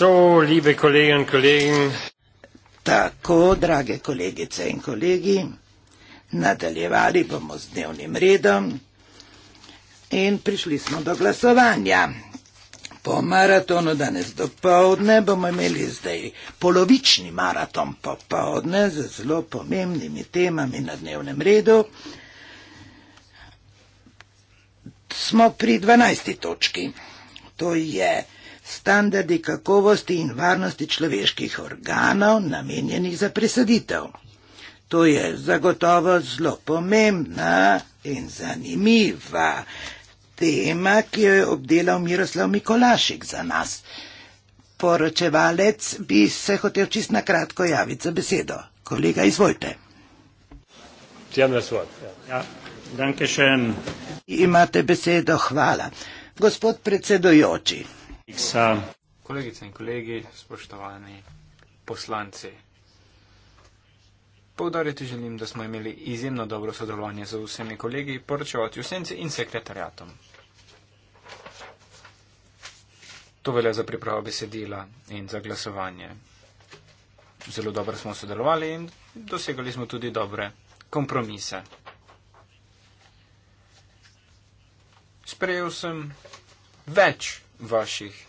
So, liebe Kolleginnen und Kollegen. Tako, drage kolegice in kolegi, nadaljevali bomo z dnevnim redom in prišli smo do glasovanja. Po maratonu danes do povdne bomo imeli zdaj polovični maraton popovdne z zelo pomembnimi temami na dnevnem redu. Smo pri 12. točki. To je standardi kakovosti in varnosti človeških organov, namenjenih za presaditev. To je zagotovo zelo pomembna in zanimiva tema, ki jo je obdelal Miroslav Mikolašik za nas. Poročevalec bi se hotel čist na kratko javiti za besedo. Kolega, izvolite. Ja. Ja, Imate besedo, hvala. Gospod predsedojoči, Iksa. Kolegice in kolegi, spoštovani poslanci. Povdariti želim, da smo imeli izjemno dobro sodelovanje z vsemi kolegi, poročevati vsemci in sekretarjatom. To velja za pripravo besedila in za glasovanje. Zelo dobro smo sodelovali in dosegali smo tudi dobre kompromise. Sprejel sem več vaših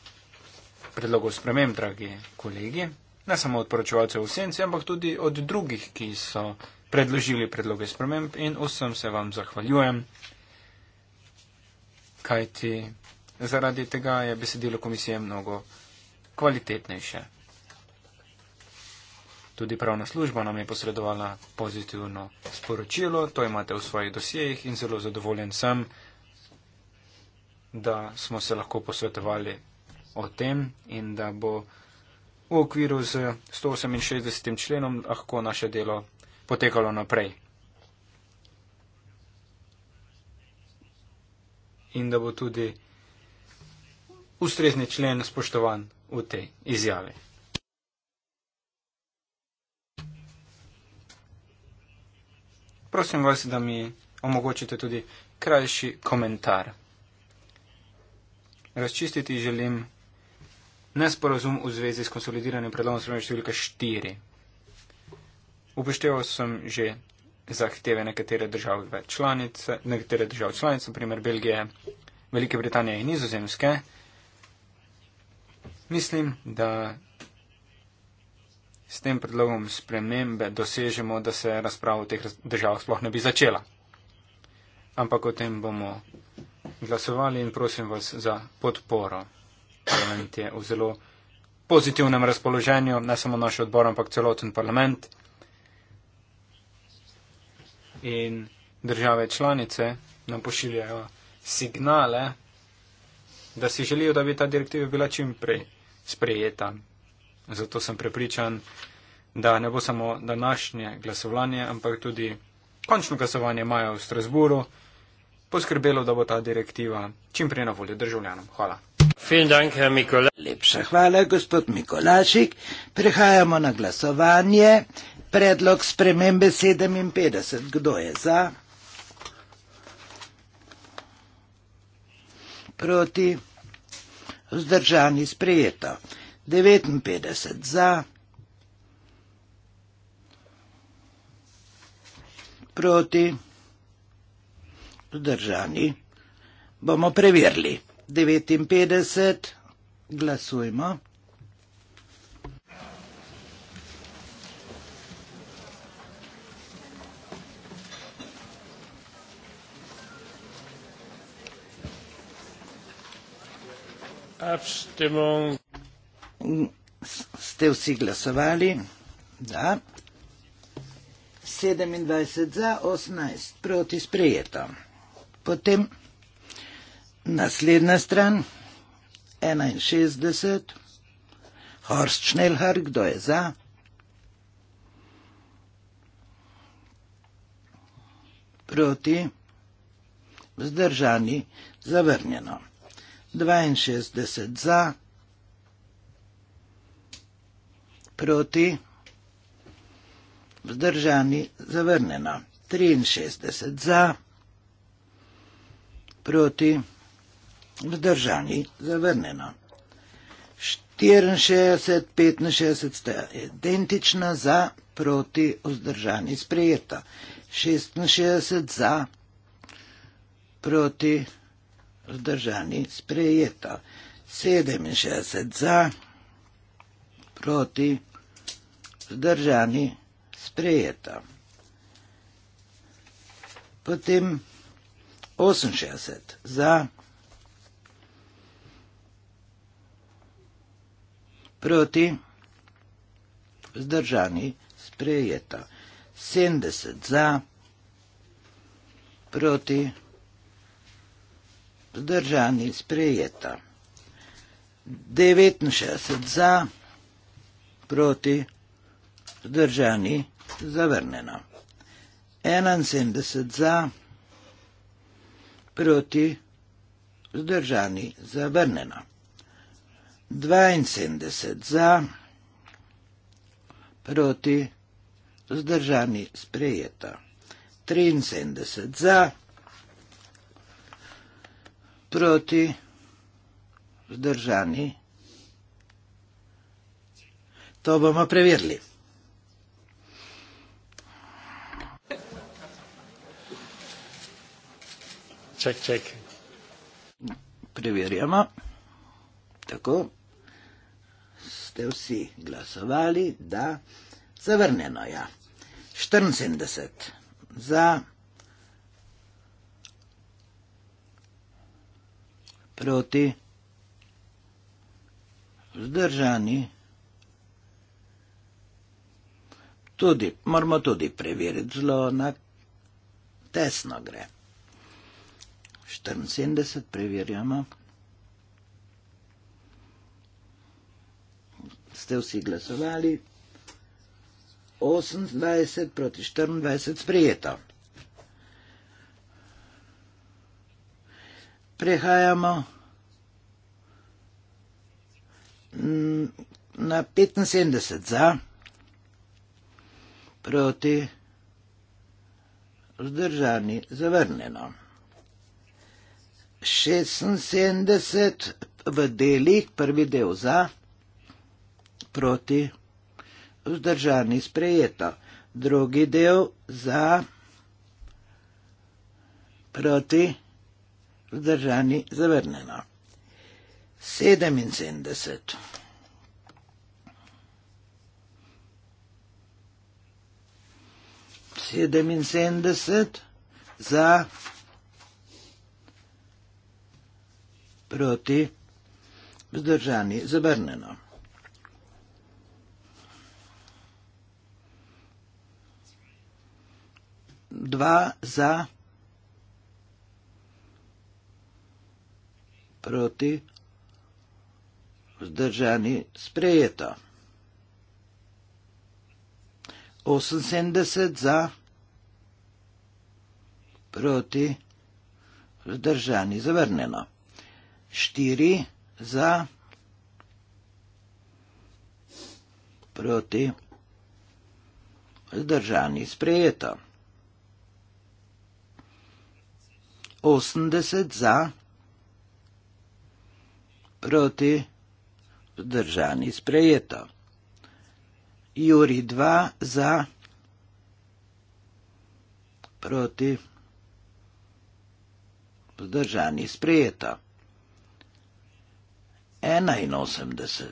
predlogov sprememb, dragi kolegi, ne samo od poročevalcev v senci, ampak tudi od drugih, ki so predložili predloge sprememb in vsem se vam zahvaljujem, kajti zaradi tega je besedilo komisije mnogo kvalitetnejše. Tudi pravna služba nam je posredovala pozitivno sporočilo, to imate v svojih dosjejih in zelo zadovoljen sem, da smo se lahko posvetovali o tem in da bo v okviru z 168. členom lahko naše delo potekalo naprej. In da bo tudi ustrezni člen spoštovan v tej izjavi. Prosim vas, da mi omogočite tudi krajši komentar. Razčistiti želim nesporazum v zvezi s konsolidiranjem predlogom spremembe številka 4. Upošteval sem že zahteve nekatere države članice, nekatere države članice, primer Belgije, Velike Britanije in Nizozemske. Mislim, da s tem predlogom spremembe dosežemo, da se razprava v teh državah sploh ne bi začela. Ampak o tem bomo glasovali in prosim vas za podporo. Parlament je v zelo pozitivnem razpoloženju, ne samo naš odbor, ampak celoten parlament. In države članice nam pošiljajo signale, da si želijo, da bi ta direktiva bila čim prej sprejeta. Zato sem prepričan, da ne bo samo današnje glasovanje, ampak tudi končno glasovanje maja v Strasburu poskrbelo, da bo ta direktiva čim prej na voljo državljanom. Hvala. Dank, Lepša hvala, gospod Mikolašik. Prehajamo na glasovanje. Predlog spremembe 57. Kdo je za? Proti. Vzdržani sprejeto. 59 za. Proti vzdržani? Bomo preverili. 59, glasujmo. Abstimum. Ste vsi glasovali? Da. 27 za, 18 proti sprejetom. Potem naslednja stran, 61, Horst Schnellhar, kdo je za? Proti, vzdržani, zavrnjeno. 62 za, proti, vzdržani, zavrnjeno. 63 za proti vzdržani zavrnjeno. 64, 65 sta identična za proti vzdržani sprejeta. 66 za proti vzdržani sprejeta. 67 za proti vzdržani sprejeta. Potem 68 za proti vzdržani sprejeta 70 za proti vzdržani sprejeta 69 za proti vzdržani zavrnjena 71 za proti vzdržani sprejeta proti zdržani zavrnjeno. 72 za proti zdržani sprejeto. 73 za proti zdržani. To bomo preverili. Ček, ček. Preverjamo. Tako. Ste vsi glasovali, da zavrnjeno je. Ja. 74 za, proti, vzdržani. Tudi, moramo tudi preveriti zelo na tesno gre. 74 preverjamo. Ste vsi glasovali? 28 proti 24 sprijeto. Prehajamo na 75 za, proti vzdržani, zavrnjeno. 76 v delih, prvi del za, proti, vzdržani sprejeto, drugi del za, proti, vzdržani zavrnjeno. 77. Sedeminsedemdeset za proti, vzdržani, zavrnjeno. Dva za, proti, vzdržani, sprejeto. 78 za, proti, vzdržani, zavrnjeno štiri za, proti, zdržani sprejeto. 80 za, proti, zdržani sprejeto. Juri 2 za, proti, zdržani sprejeto. 81,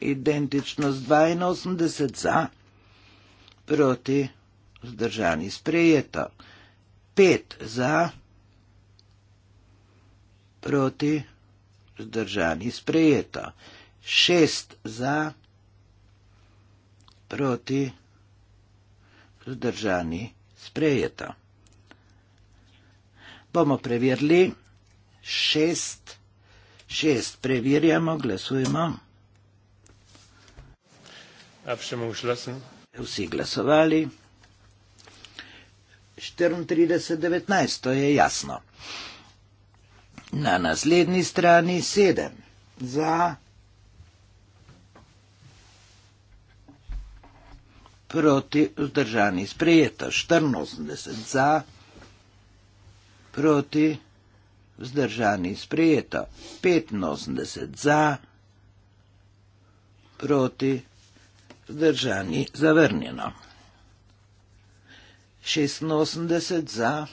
identično z 82 za, proti zdržani sprejeto, 5 za, proti zdržani sprejeto, 6 za, proti zdržani sprejeto. Bomo preverili 6 za. Šest, preverjamo, glasujemo. Vsi glasovali. 34.19, to je jasno. Na naslednji strani sedem. Za. Proti vzdržani sprejeto 84 za, proti vzdržani sprejeto 85 za, proti vzdržani zavrnjeno. 86 za,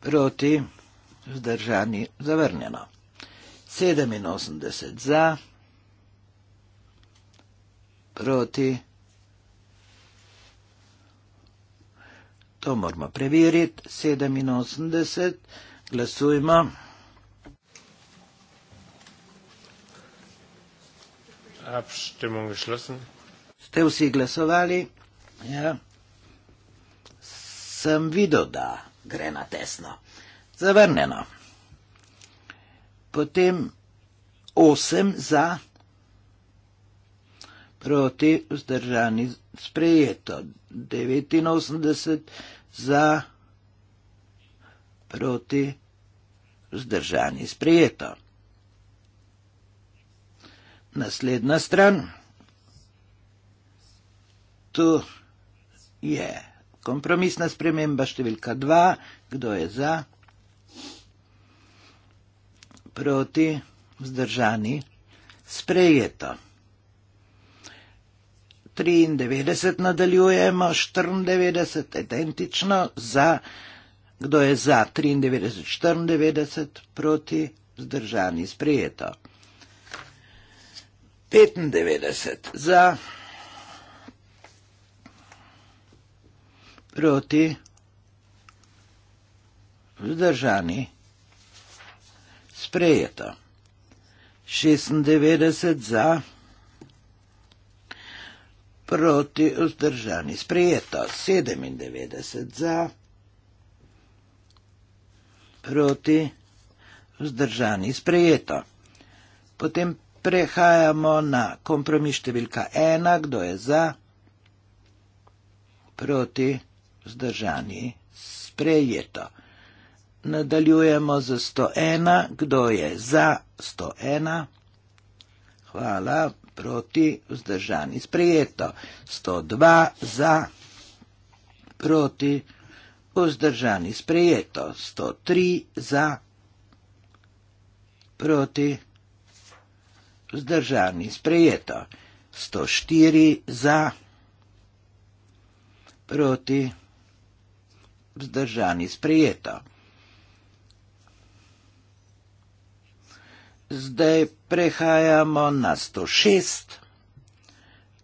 proti vzdržani zavrnjeno. 87 za, proti vzdržani zavrnjeno. To moramo preveriti. 87, glasujmo. Ste vsi glasovali? Ja. Sem videl, da gre na tesno. Zavrnjeno. Potem 8 za proti vzdržani sprejeto, 89 za proti vzdržani sprejeto. Naslednja stran, tu je kompromisna sprememba številka 2, kdo je za, proti vzdržani sprejeto. 93 nadaljujemo, 94 identično, za, kdo je za 93, 94 proti, zdržani sprejeto. 95 za, proti, zdržani sprejeto. 96 za, proti, zdržani sprejeto proti vzdržani. Sprijeto 97 za, proti vzdržani. Sprijeto. Potem prehajamo na kompromis številka 1, kdo je za, proti vzdržani. Sprijeto. Nadaljujemo z 101, kdo je za 101. Hvala proti, vzdržani, sprejeto. 102 za, proti, vzdržani, sprejeto. 103 za, proti, vzdržani, sprejeto. 104 za, proti, vzdržani, sprejeto. Zdaj prehajamo na 106.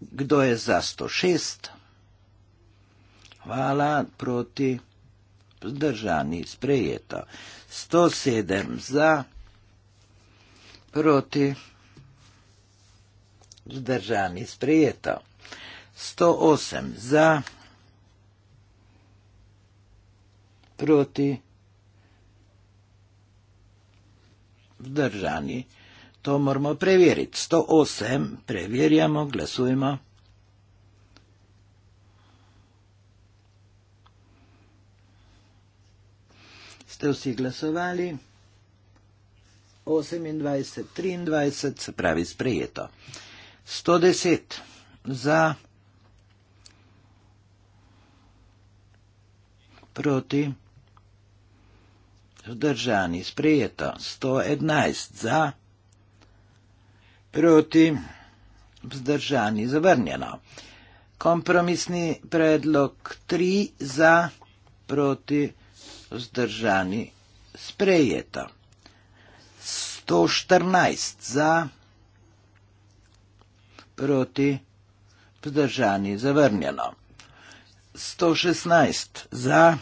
Kdo je za 106? Hvala, proti, zdržani, sprejeto. 107 za, proti, zdržani, sprejeto. 108 za, proti, zdržani. vzdržani. To moramo preveriti. 108, preverjamo, glasujemo. Ste vsi glasovali? 28, 23, se pravi sprejeto. 110 za, proti vzdržani, sprejeto 111 za, proti vzdržani, zavrnjeno. Kompromisni predlog 3 za, proti vzdržani, sprejeto 114 za, proti vzdržani, zavrnjeno. 116 za.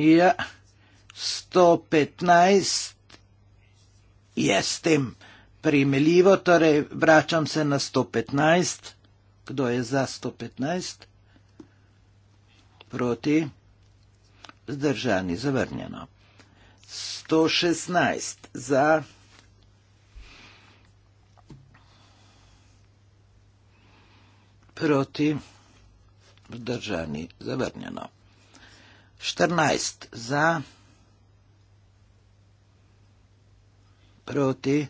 Ja, 115 je s tem primeljivo, torej vračam se na 115. Kdo je za 115? Proti? Zdržani, zavrnjeno. 116 za. Proti? Zdržani, zavrnjeno. 14 za, proti,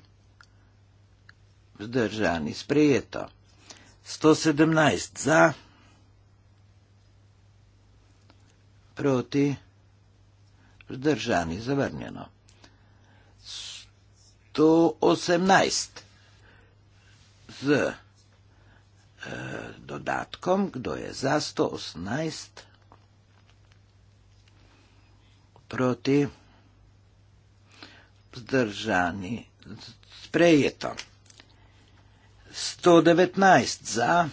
vzdržani, sprejeto. 117 za, proti, vzdržani, zavrnjeno. 118 z e, dodatkom, kdo je za 118 za proti vzdržani. Sprejeto. 119 za,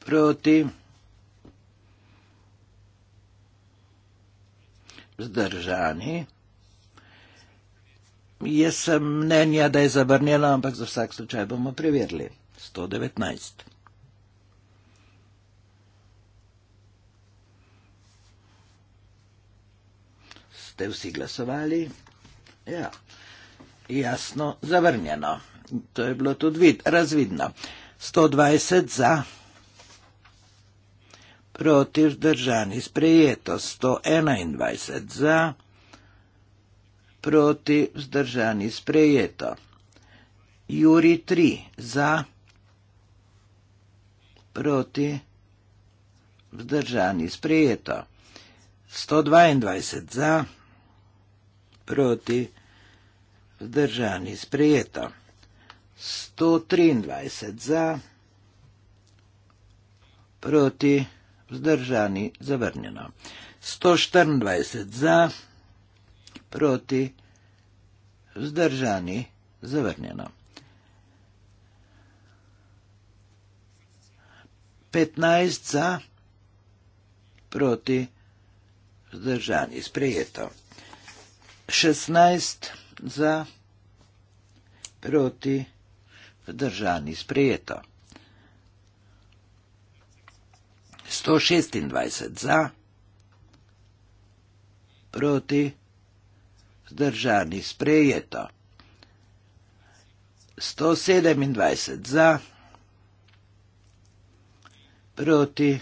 proti vzdržani. Jaz sem mnenja, da je zavrnjeno, ampak za vsak slučaj bomo preverili. 119. ste vsi glasovali? Ja, jasno, zavrnjeno. To je bilo tudi vid, razvidno. 120 za, proti vzdržani, sprejeto 121 za, proti vzdržani, sprejeto. Juri 3 za, proti vzdržani, sprejeto. 122 za proti vzdržani sprejeto. 123 za, proti vzdržani zavrnjeno. 124 za, proti vzdržani zavrnjeno. 15 za, proti vzdržani sprejeto. 16 za proti vzdržani sprejeto. 126 za proti vzdržani sprejeto. 127 za proti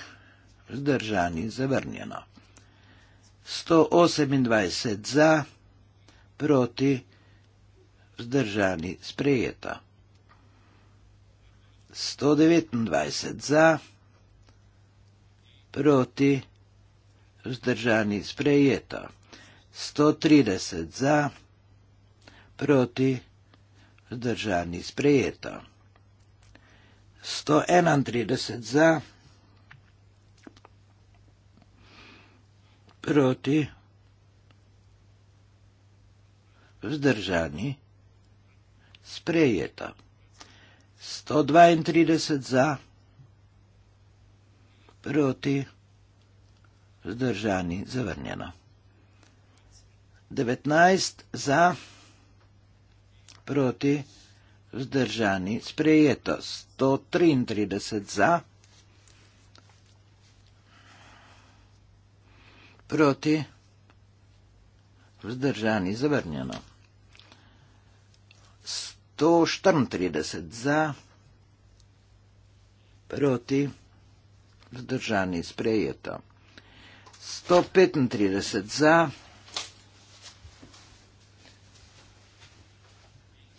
vzdržani zavrnjeno. 128 za proti vzdržani zavrnjeno proti, vzdržani, sprejeta. 129 za, proti, vzdržani, sprejeta. 130 za, proti, vzdržani, sprejeta. 131 za, proti, vzdržani, sprejeta. 132 za, proti, vzdržani, zavrnjena. 19 za, proti, vzdržani, sprejeto. 133 za, proti, vzdržani, zavrnjeno. 134 za, proti, vzdržani, sprejeto. 135 za,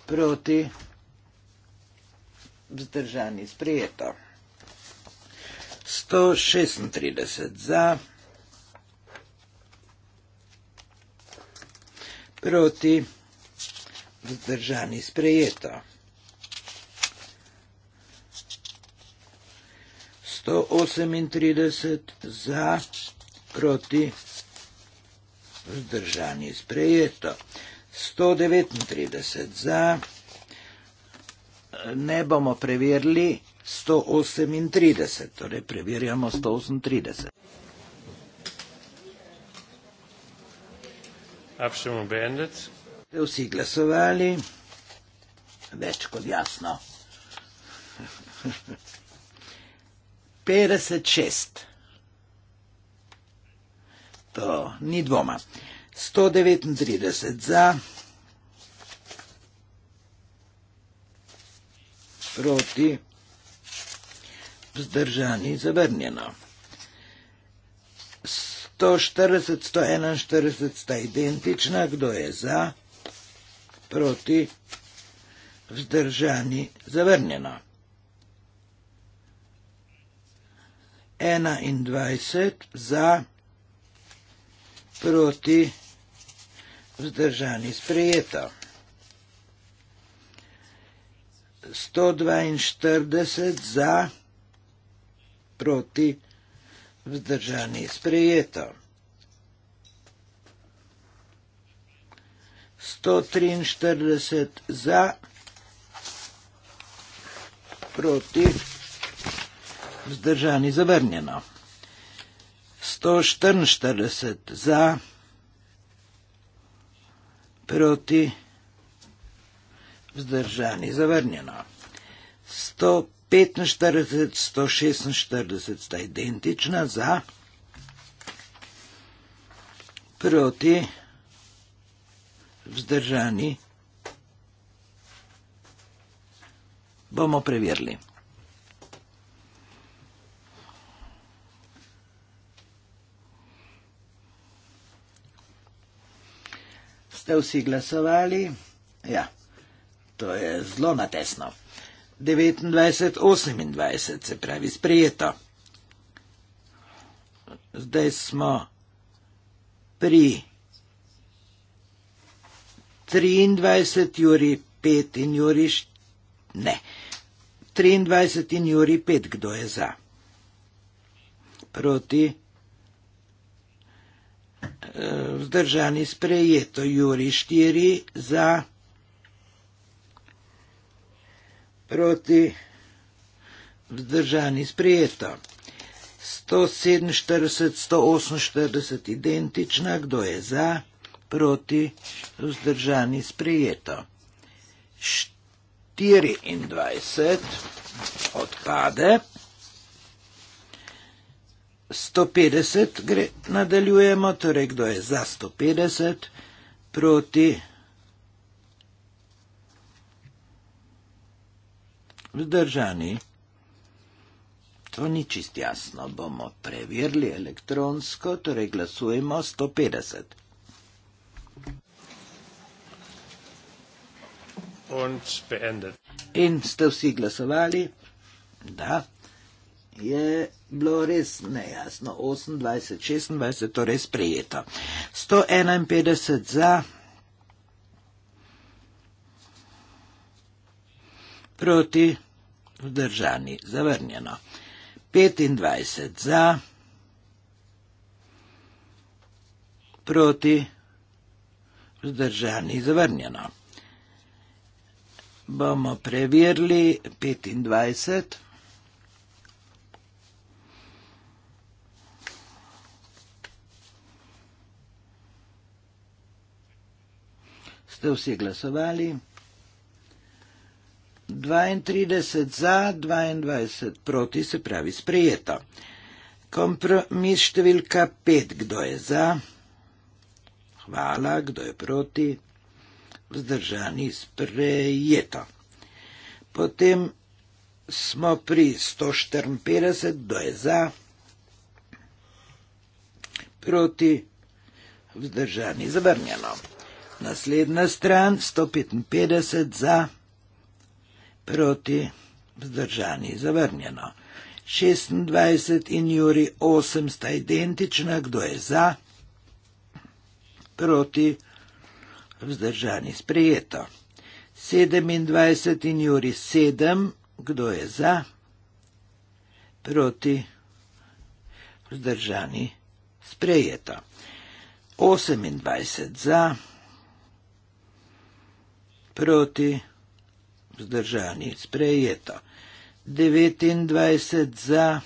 proti, vzdržani, sprejeto. 136 za, proti, vzdržani, sprejeto vzdržani sprejeto. 138 za, proti, vzdržani sprejeto. 139 za, ne bomo preverili, 138, torej preverjamo 138. Abstimmung beendet ste vsi glasovali, več kot jasno. 56. To ni dvoma. 139 za, proti, vzdržani, zavrnjeno. 140, 141 sta identična, kdo je za? proti, vzdržani, zavrnjeno. 21 za, proti, vzdržani, sprejeto. 142 za, proti, vzdržani, sprejeto. 143 za, proti, vzdržani, zavrnjeno. 144 za, proti, vzdržani, zavrnjeno. 145, 146 sta identična za, proti, vzdržani, zavrnjeno vzdržani, bomo preverili. Ste vsi glasovali? Ja, to je zelo natesno. 29-28 se pravi sprejeto. Zdaj smo pri 23 juri 5 in juri 4. Ne, 23 in juri 5, kdo je za? Proti. Vzdržani sprejeto juri 4 za. Proti. Vzdržani sprejeto. 147, 148 identična, kdo je za? proti vzdržani sprejeto. 24 odpade, 150 gre, nadaljujemo, torej kdo je za 150 proti vzdržani. To ni čist jasno, bomo preverili elektronsko, torej glasujemo 150. In ste vsi glasovali, da je bilo res nejasno. 28, 26, torej sprejeto. 151 za, proti, vzdržani, zavrnjeno. 25 za, proti, vzdržani zdržani, zavrnjeno. Bomo preverili 25. Ste vsi glasovali? 32 za, 22 proti, se pravi sprejeto. Kompromis številka 5, kdo je za? hvala, kdo je proti, vzdržani sprejeto. Potem smo pri 154, kdo je za, proti, vzdržani zavrnjeno. Naslednja stran 155 za, proti, vzdržani zavrnjeno. 26 in Juri 8 sta identična, kdo je za proti, vzdržani sprejeto. 27 in juri 7, kdo je za, proti, vzdržani sprejeto. 28 za, proti, vzdržani sprejeto. 29 za,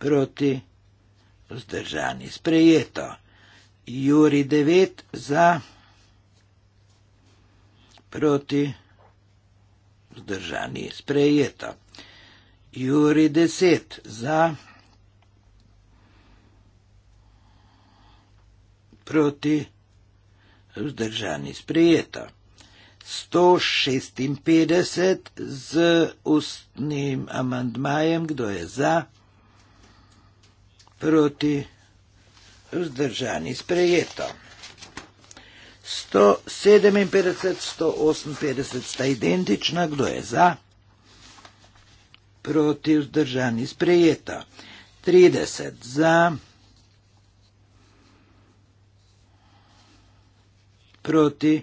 proti, vzdržani sprejeto. Juri 9 za, proti, vzdržani, sprejeta. Juri 10 za, proti, vzdržani, sprejeta. 156 z ustnim amandmajem, kdo je za, proti, vzdržani vzdržani, sprejeto. 157, 158 sta identična, kdo je za? Proti vzdržani, sprejeto. 30 za. Proti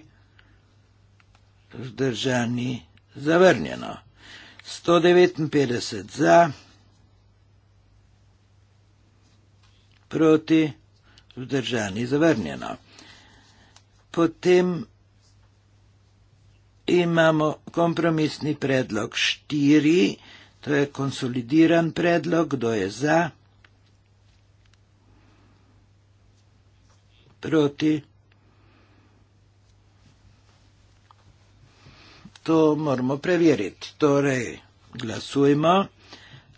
vzdržani, zavrnjeno. 159 za. Proti vzdržani, zavrnjeno. Potem imamo kompromisni predlog štiri, to je konsolidiran predlog, kdo je za, proti. To moramo preveriti. Torej, glasujmo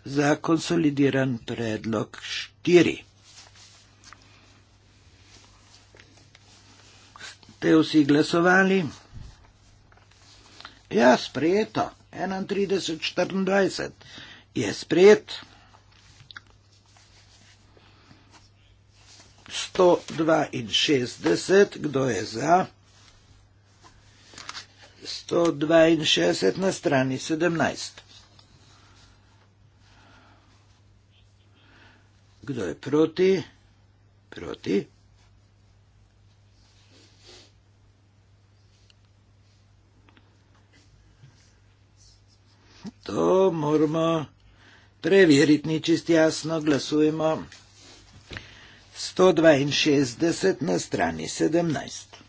za konsolidiran predlog štiri. ste vsi glasovali? Ja, sprejeto. 31-24 je sprejet. 162, kdo je za? 162 na strani 17. Kdo je proti? Proti. To moramo preveriti, ni čist jasno, glasujemo. 162 na strani 17.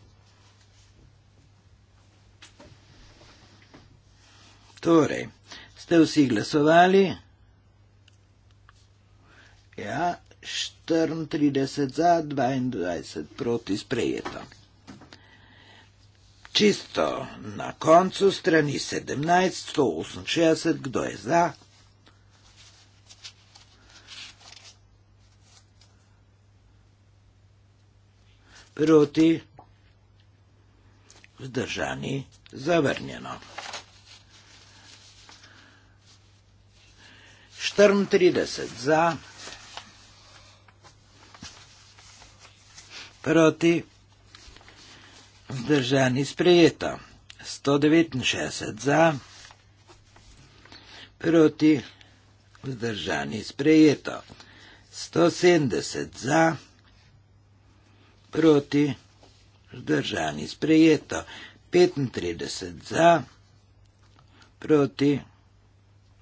Torej, ste vsi glasovali? Ja, 34 za, 22 proti sprejeto. Čisto na koncu strani 17, 168, kdo je za? Proti, vzdržani, zavrnjeno. 34 za, proti, vzdržani sprejeto. 169 za, proti vzdržani sprejeto. 170 za, proti vzdržani sprejeto. 35 za, proti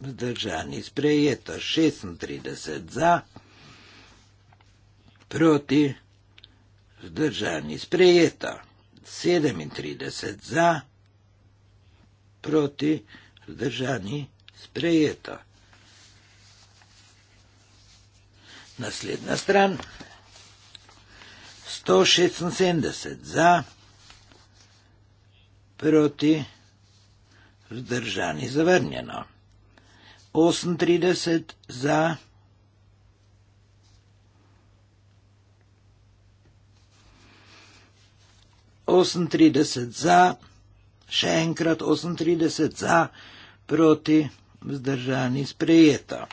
vzdržani sprejeto. 36 za, proti vzdržani sprejeto. 37 za, proti vzdržani sprejeto. Naslednja stran 176 za, proti vzdržani zavrnjeno. 38 za, proti vzdržani zavrnjeno. 38 za, še enkrat 38 za, proti vzdržani sprejeta.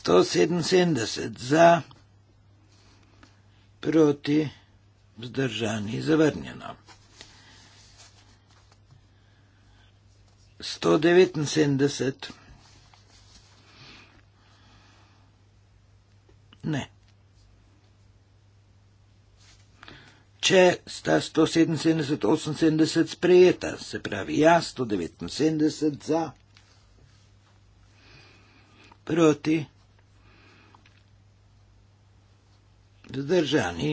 177 za, proti vzdržani zavrnjena. 179 ne. če sta 177, 78 sprejeta, se pravi ja, 179 za, proti, zdržani.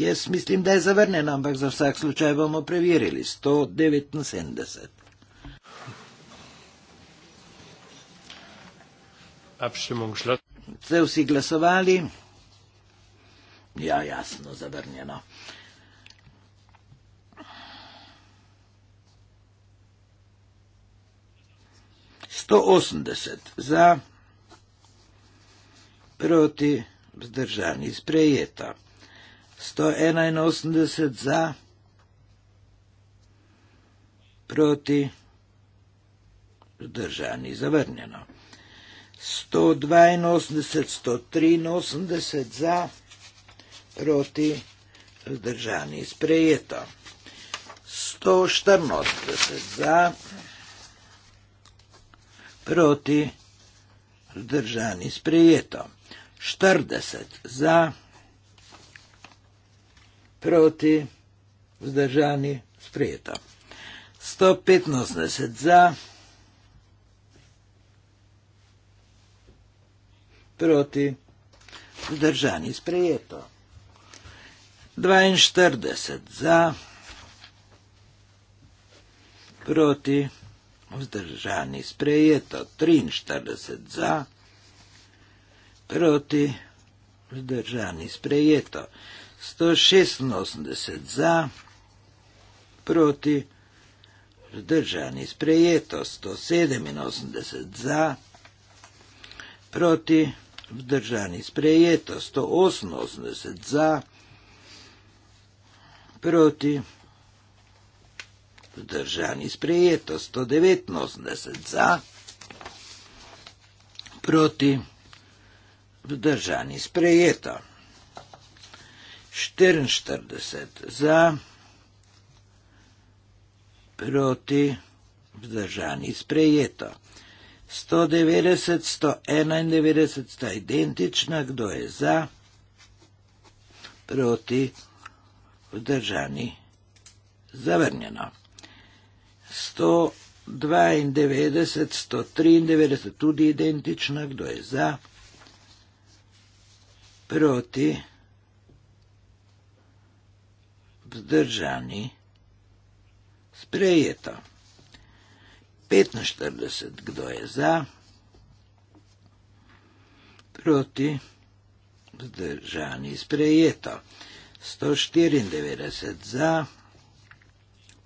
Jaz mislim, da je zavrnjen, ampak za vsak slučaj bomo preverili. 179. Abšemo šlo. Vse vsi glasovali. Ja, jasno, zavrnjeno. Sto osemdeset za, proti, vzdržani, sprejeta. Sto enainosemdeset za, proti, vzdržani, zavrnjeno. Sto dvainosemdeset, sto triinosemdeset za proti vzdržani sprejeto. 140 za, proti vzdržani sprejeto. 40 za, proti vzdržani sprejeto. 115 za, proti vzdržani sprejeto. 42 za, proti, vzdržani, sprejeto 43 za, proti, vzdržani, sprejeto 186 za, proti, vzdržani, sprejeto 187 za, proti, vzdržani, sprejeto 188 za, proti, Proti. Vzdržani sprejeto 189 za. Proti. Vzdržani sprejeto 44 za. Proti. Vzdržani sprejeto 190, 191 sta identična, kdo je za. Proti vzdržani. Zavrnjeno. 192, 193, tudi identična, kdo je za, proti, vzdržani, sprejeto. 45, kdo je za, proti, vzdržani, sprejeto. 194 za,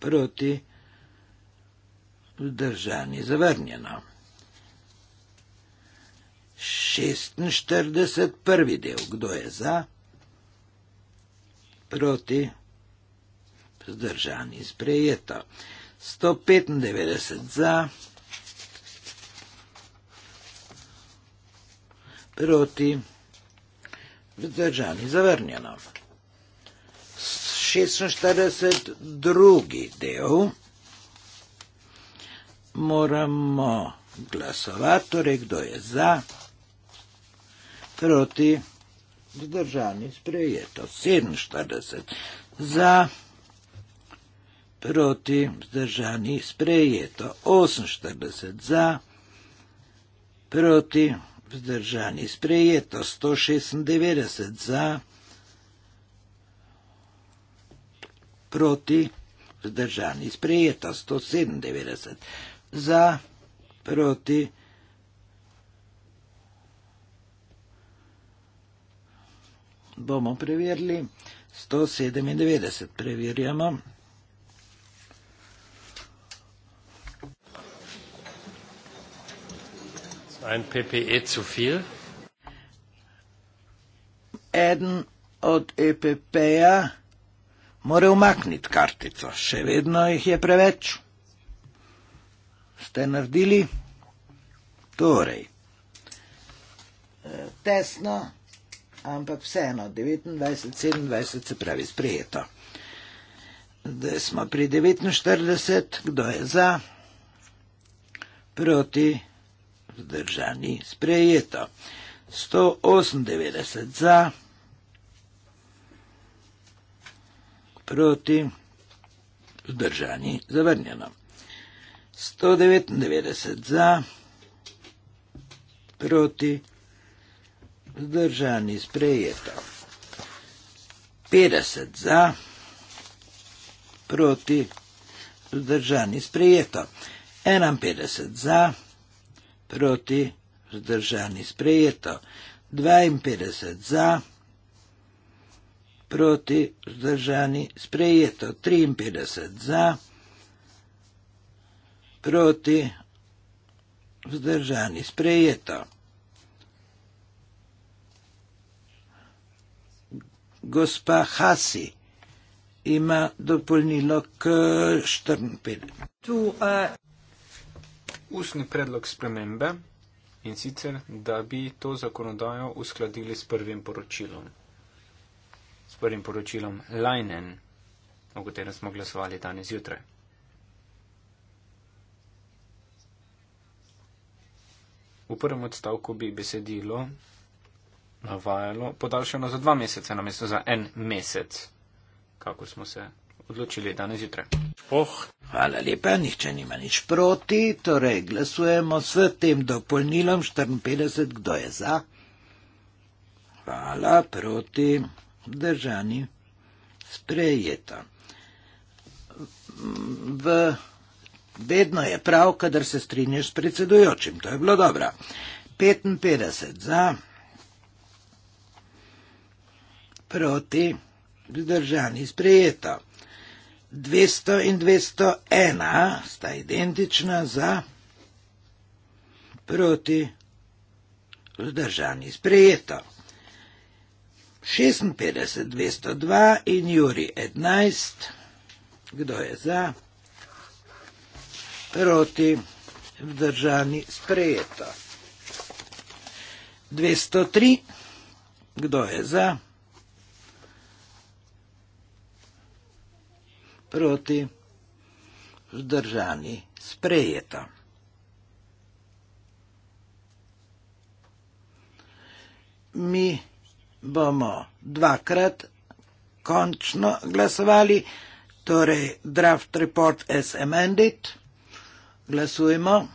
proti, vzdržani, zavrnjeno. 46, prvi del, kdo je za, proti, vzdržani, sprejeto. 195 za, proti, vzdržani, zavrnjeno. 46, drugi del, moramo glasovati, torej kdo je za, proti, zdržani, sprejeto. 47, za, proti, zdržani, sprejeto. 48, za, proti, zdržani, sprejeto. 196, za, proti, proti, vzdržani, sprejeta 197, za, proti. Bomo preverili 197, preverjamo. Ein PPE zu viel? Eden od EPP-ja. More umakniti kartico, še vedno jih je preveč. Ste naredili? Torej, eh, tesno, ampak vseeno, 29, 27 se pravi sprejeto. Zdaj smo pri 49, kdo je za, proti, vzdržani, sprejeto. 198 za. proti, vzdržani, zavrnjeno. 199 za, proti, vzdržani, sprejeto. 50 za, proti, vzdržani, sprejeto. 51 za, proti, vzdržani, sprejeto. 52 za, proti, vzdržani, sprejeto proti vzdržani sprejeto 53 za, proti vzdržani sprejeto. Gospa Hasi ima dopolnilo k 54. Tu je uh... ustni predlog spremembe in sicer, da bi to zakonodajo uskladili s prvim poročilom prvim poročilom Leinen, o katerem smo glasovali danes jutraj. V prvem odstavku bi besedilo navajalo podaljšano za dva meseca, namesto za en mesec, kako smo se odločili danes jutraj. Oh. Hvala lepa, nihče nima nič proti, torej glasujemo s tem dopolnilom 54, kdo je za. Hvala, proti vzdržani, sprejeta. V... Vedno je prav, kadar se strinješ s predsedujočim. To je bilo dobro. 55 za, proti, vzdržani, sprejeto. 200 in 201 sta identična za, proti, vzdržani, sprejeto. 56, 202 in Juri 11. Kdo je za? Proti, vzdržani, sprejeto. 203. Kdo je za? Proti, vzdržani, sprejeto bomo dvakrat končno glasovali, torej draft report as amended. Glasujmo.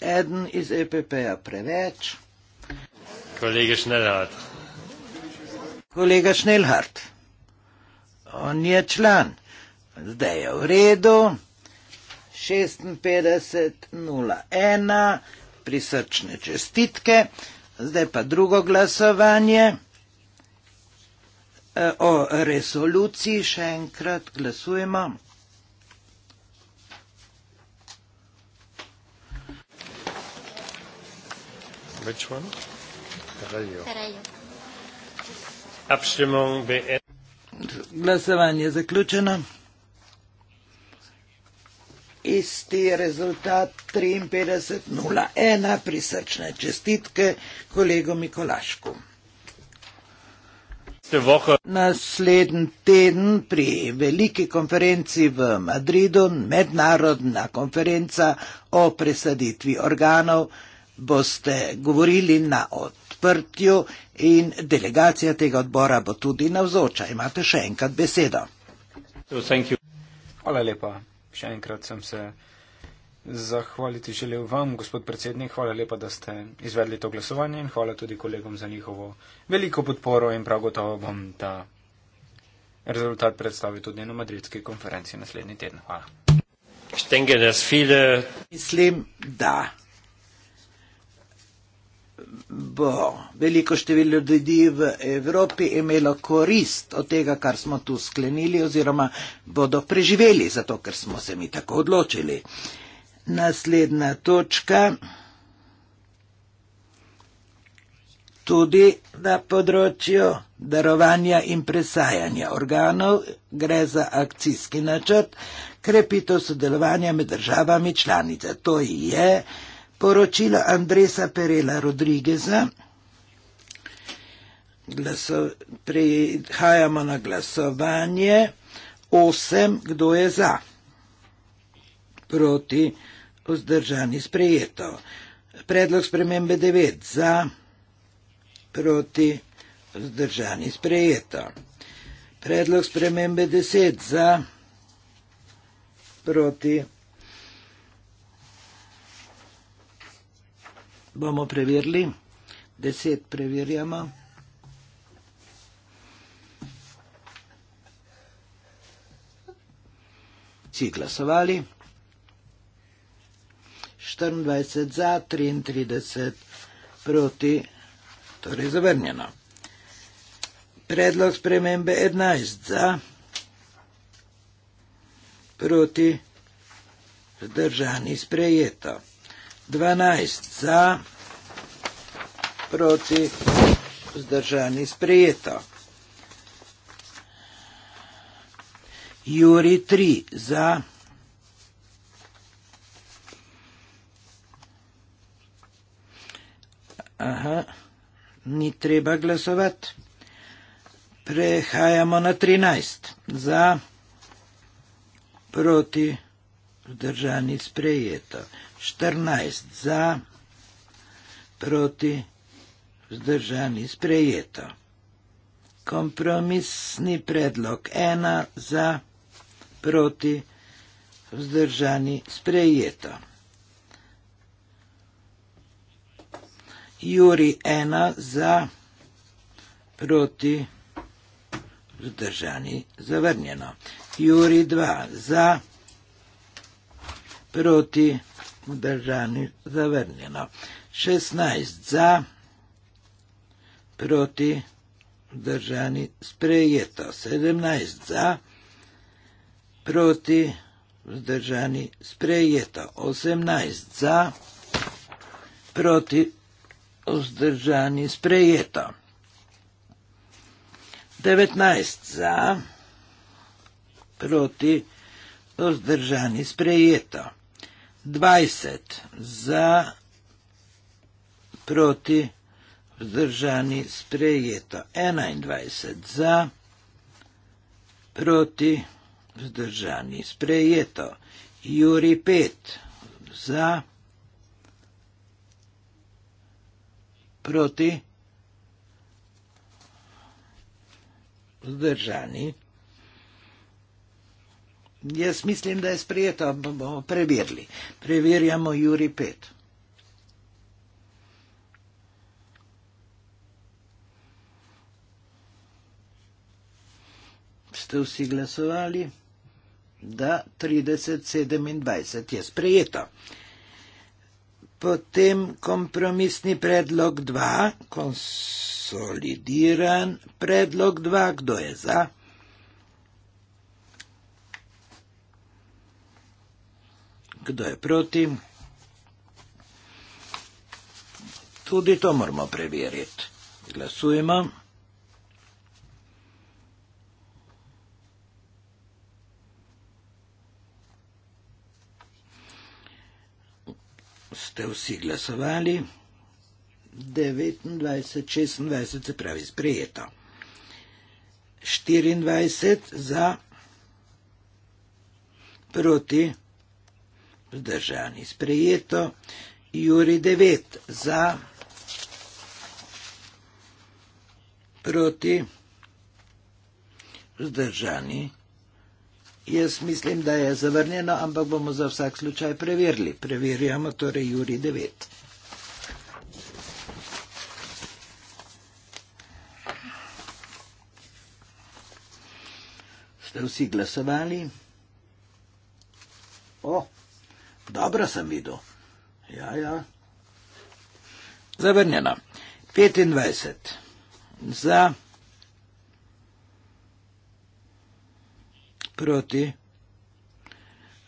Eden iz EPP-ja preveč. Kolega Šnelhart. Kolega Šnelhart. On je član. Zdaj je v redu. 56.01, prisrčne čestitke. Zdaj pa drugo glasovanje e, o resoluciji, še enkrat glasujemo. Glasovanje je zaključeno iz te rezultat 53.01 prisrčne čestitke kolegu Mikolašku. Naslednji teden pri veliki konferenci v Madridu, mednarodna konferenca o presaditvi organov, boste govorili na odprtju in delegacija tega odbora bo tudi navzoča. Imate še enkrat besedo. Hvala lepa še enkrat sem se zahvaliti želel vam, gospod predsednik, hvala lepa, da ste izvedli to glasovanje in hvala tudi kolegom za njihovo veliko podporo in prav gotovo bom ta rezultat predstavil tudi na madridski konferenci naslednji teden. Hvala. Mislim, da bo veliko število ljudi v Evropi imelo korist od tega, kar smo tu sklenili oziroma bodo preživeli, zato ker smo se mi tako odločili. Naslednja točka. Tudi na področju darovanja in presajanja organov gre za akcijski načrt krepitev sodelovanja med državami članice. To je poročila Andresa Perela Rodrigeza. Glasov, prihajamo na glasovanje. Osem, kdo je za? Proti, vzdržani, sprejeto. Predlog spremembe 9, za, proti, vzdržani, sprejeto. Predlog spremembe 10, za, proti, vzdržani. bomo preverili, deset preverjamo. Vsi glasovali, 24 za, 33 proti, torej zavrnjeno. Predlog spremembe 11 za, proti, zdržani sprejeto. 12 za, proti, vzdržani, sprejeto. Juri 3 za, aha, ni treba glasovati. Prehajamo na 13 za, proti, vzdržani, sprejeto. 14 za, proti, vzdržani, sprejeto. Kompromisni predlog 1 za, proti, vzdržani, sprejeto. Juri 1 za, proti, vzdržani, zavrnjeno. Juri 2 za, proti, vzdržani, sprejeto vzdržani, zavrnjeno. 16 za, proti, vzdržani, sprejeto. 17 za, proti, vzdržani, sprejeto. 18 za, proti, vzdržani, sprejeto. 19 za, proti, vzdržani, sprejeto. 20 za proti vzdržani sprejeto, 21 za proti vzdržani sprejeto, Juri 5 za proti vzdržani sprejeto. Jaz mislim, da je sprejeto, bomo preverili. Preverjamo Juri 5. Ste vsi glasovali? Da, 30-27 je sprejeto. Potem kompromisni predlog 2, konsolidiran predlog 2, kdo je za? Kdo je proti? Tudi to moramo preveriti. Glasujemo. Ste vsi glasovali? 29, 26 se pravi sprejeto. 24 za, proti vzdržani. Sprejeto Juri 9 za proti vzdržani. Jaz mislim, da je zavrnjeno, ampak bomo za vsak slučaj preverili. Preverjamo torej Juri 9. Ste vsi glasovali? O! Oh. Dobro sem videl. Ja, ja. Zavrnjena. 25. Za. Proti.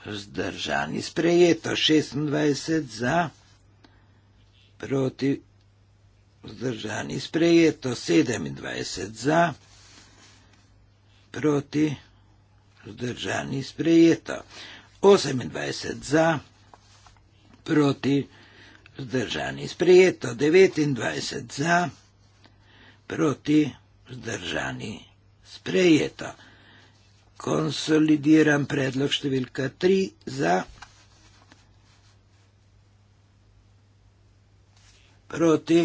Zdržani. Sprejeto. 26. Za. Proti. Zdržani. Sprejeto. 27. Za. Proti. Zdržani. Sprejeto. 28. Za proti, vzdržani. Sprejeto 29 za, proti, vzdržani. Sprejeto. Konsolidiran predlog številka 3 za, proti,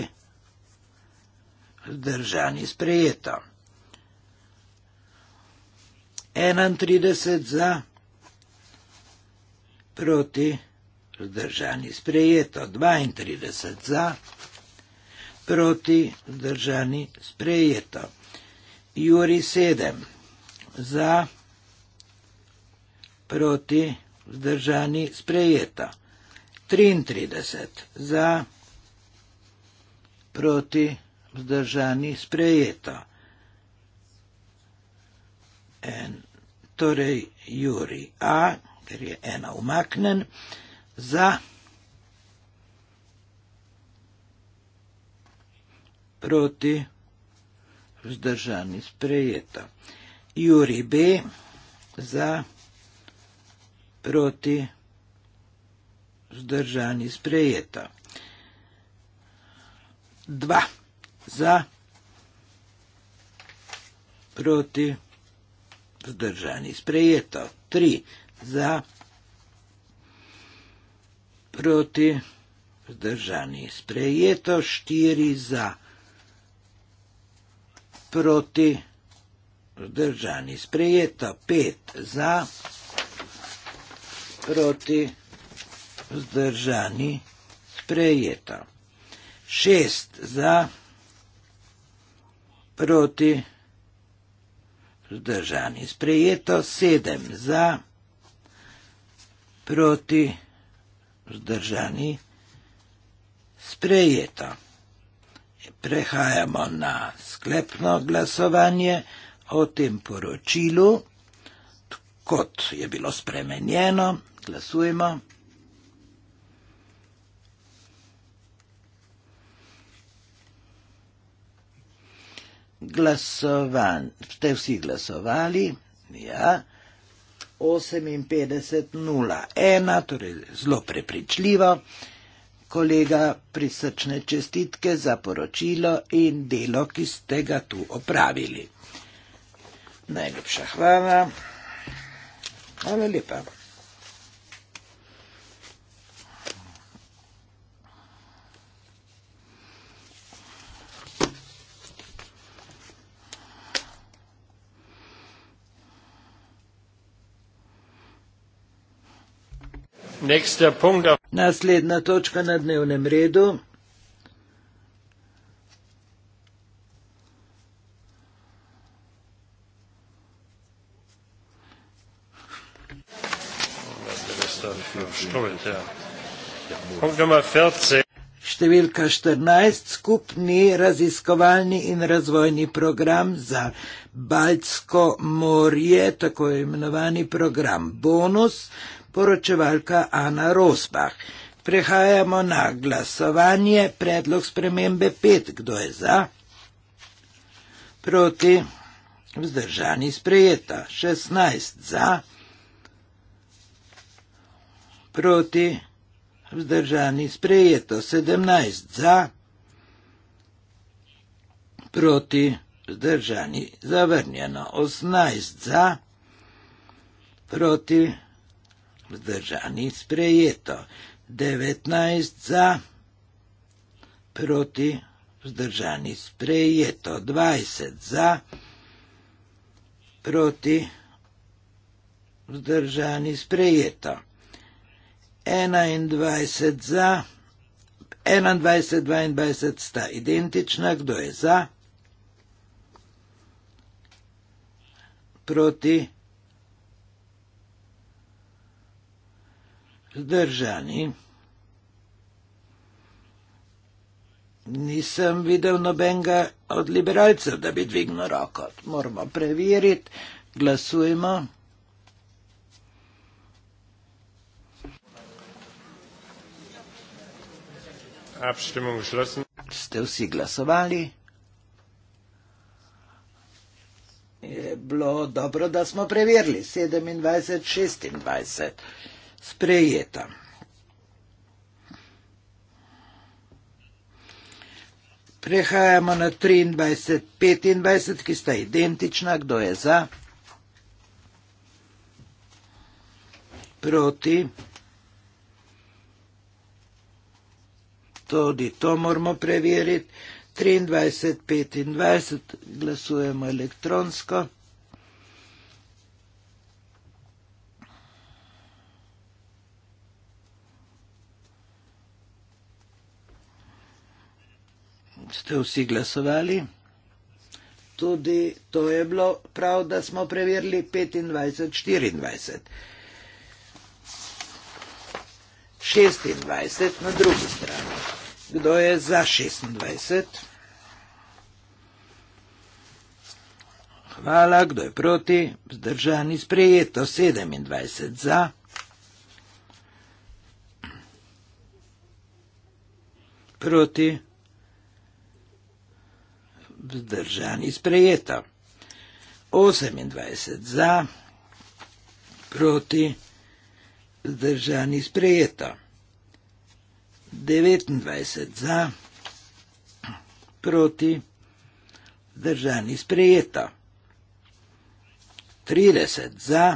vzdržani. Sprejeto. 31 za, proti, vzdržani vzdržani sprejeto 32 za, proti vzdržani sprejeto. Juri 7 za, proti vzdržani sprejeto. 33 za, proti vzdržani sprejeto. En, torej Juri A, ker je ena umaknen za proti vzdržani sprejeta. Juri B za proti vzdržani sprejeta. Dva za proti vzdržani sprejeta. Tri za proti proti, vzdržani, sprejeto štiri za, proti, vzdržani, sprejeto pet za, proti, vzdržani, sprejeto šest za, proti, vzdržani, sprejeto sedem za, proti, vzdržani, sprejeto vzdržani, sprejeta. Prehajamo na sklepno glasovanje o tem poročilu, kot je bilo spremenjeno. Glasujemo. Glasovan, ste vsi glasovali? Ja. 5801, torej zelo prepričljivo. Kolega, prisrčne čestitke za poročilo in delo, ki ste ga tu opravili. Najlepša hvala. Hvala lepa. Naslednja točka na dnevnem redu. Številka 14. Skupni raziskovalni in razvojni program za Baltsko morje, tako imenovani program Bonus, poročevalka Ana Rosbach. Prehajamo na glasovanje, predlog spremembe pet, kdo je za, proti, vzdržani sprejeta, šestnajst za, proti, vzdržani sprejeto, sedemnajst za, proti, vzdržani zavrnjeno, osemnajst za, proti, vzdržani zavrnjeno, vzdržani sprejeto, 19 za, proti vzdržani sprejeto, 20 za, proti vzdržani sprejeto, 21 za, 21, 22 sta identična, kdo je za, proti zdržani. Nisem videl nobenega od liberalcev, da bi dvignil roko. Moramo preveriti, glasujmo. Ste vsi glasovali? Je bilo dobro, da smo preverili 27-26 sprejeta. Prehajamo na 23, 25, ki sta identična, kdo je za, proti. Tudi to moramo preveriti. 23, 25 glasujemo elektronsko. ste vsi glasovali. Tudi to je bilo prav, da smo preverili 25-24. 26 na drugi strani. Kdo je za 26? Hvala, kdo je proti? Zdržani sprejeto 27 za. Proti vzdržani sprejeto. 28 za, proti, vzdržani sprejeto. 29 za, proti, vzdržani sprejeto. 30 za,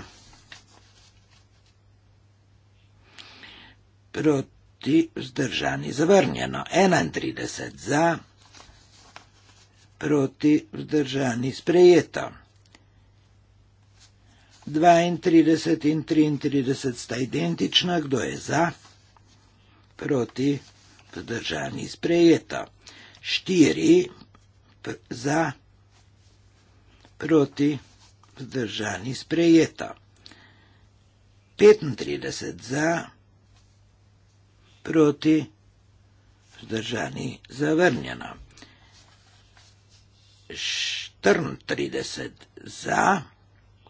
proti, vzdržani zavrnjeno. 31 za, proti, vzdržani zavrnjeno proti vzdržani sprejeta. 32 in 33 sta identična, kdo je za, proti vzdržani sprejeta. 4 za, proti vzdržani sprejeta. 35 za, proti vzdržani zavrnjena. 34 za,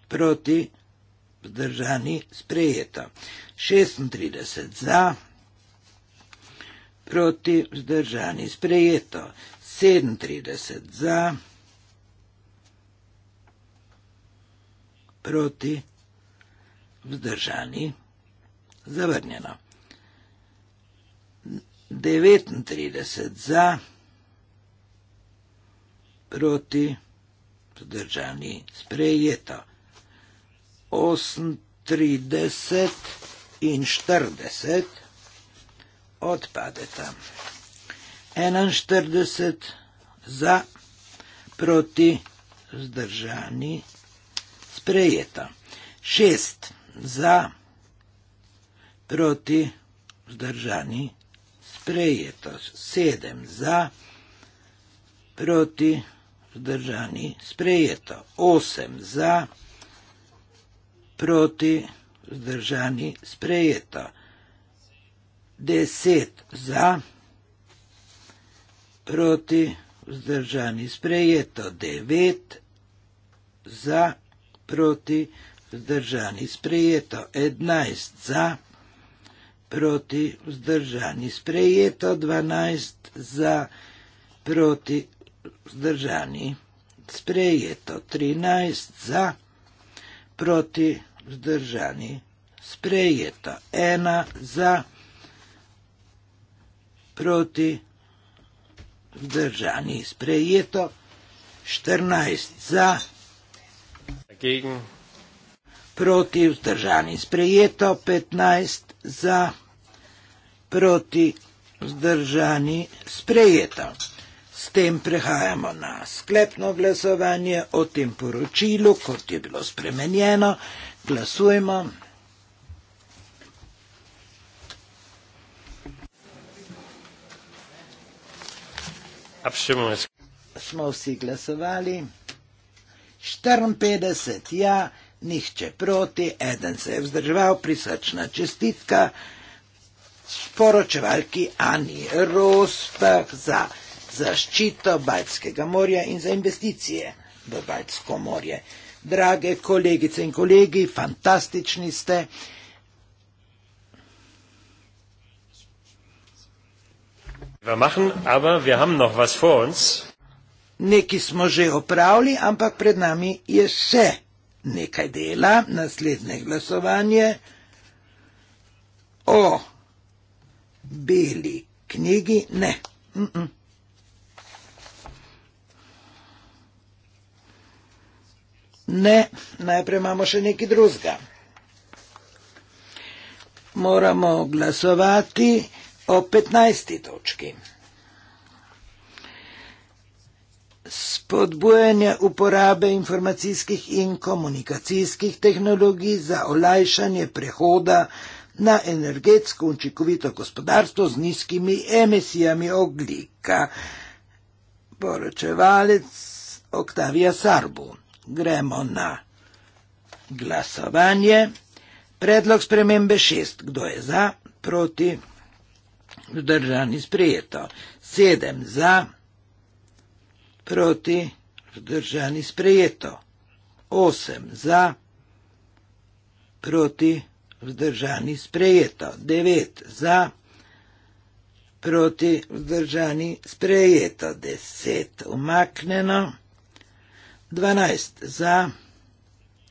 proti, vzdržani, sprejeto. 36 za, proti, vzdržani, sprejeto. 37 za, proti, vzdržani, zavrnjeno. 39 za, proti, vzdržani, zavrnjeno proti, zdržani, sprejeto. 38 in 40 odpadeta. 41 za, proti, zdržani, sprejeto. 6 za, proti, zdržani, sprejeto. 7 za, proti, zdržani vzdržani, sprejeto 8 za, proti vzdržani, sprejeto 10 za, proti vzdržani, sprejeto 9 za, proti vzdržani, sprejeto 11 za, proti vzdržani, sprejeto 12 za, proti vzdržani vzdržani, sprejeto 13 za, proti vzdržani, sprejeto 1 za, proti vzdržani, sprejeto 14 za, Gegen. proti vzdržani, sprejeto 15 za, proti vzdržani, sprejeto tem prehajamo na sklepno glasovanje o tem poročilu, kot je bilo spremenjeno. Glasujemo. Smo vsi glasovali. 54 ja, nihče proti, eden se je vzdržal, prisrčna čestitka. Sporočevalki Ani Rostah za zaščito Baltskega morja in za investicije v Baltsko morje. Drage kolegice in kolegi, fantastični ste. Nekaj smo že opravili, ampak pred nami je še nekaj dela, naslednje glasovanje o beli knjigi. Ne. Mm -mm. Ne, najprej imamo še neki druzga. Moramo glasovati o 15. točki. Spodbujanje uporabe informacijskih in komunikacijskih tehnologij za olajšanje prehoda na energetsko učinkovito gospodarstvo z nizkimi emisijami oglika. Poročevalec Oktavija Sarbun gremo na glasovanje. Predlog spremembe šest. Kdo je za, proti, vzdržani sprejeto. Sedem za, proti, vzdržani sprejeto. Osem za, proti, vzdržani sprejeto. Devet za, proti, vzdržani sprejeto. Deset umaknjeno. 12 za,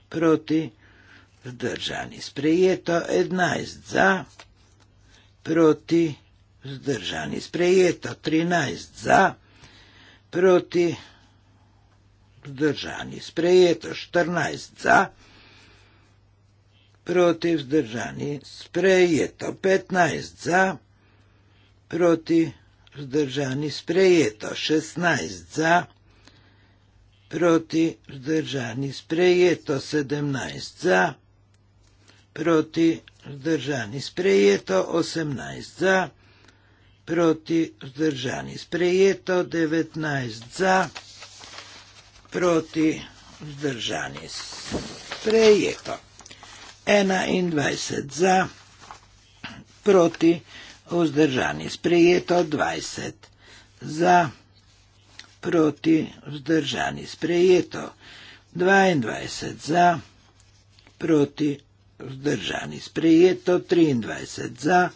proti vzdržani. Sprejeto 11 za, proti vzdržani. Sprejeto 13 za, proti vzdržani. Sprejeto 14 za, proti vzdržani. Sprejeto 15 za, proti vzdržani. Sprejeto 16 za, proti vzdržani proti vzdržani, sprejeto 17 za, proti vzdržani, sprejeto 18 za, proti vzdržani, sprejeto 19 za, proti vzdržani, sprejeto 21 za, proti vzdržani, sprejeto 20 za, proti vzdržani, sprejeto 20 za, proti vzdržani sprejeto, 22 za proti vzdržani sprejeto, 23 za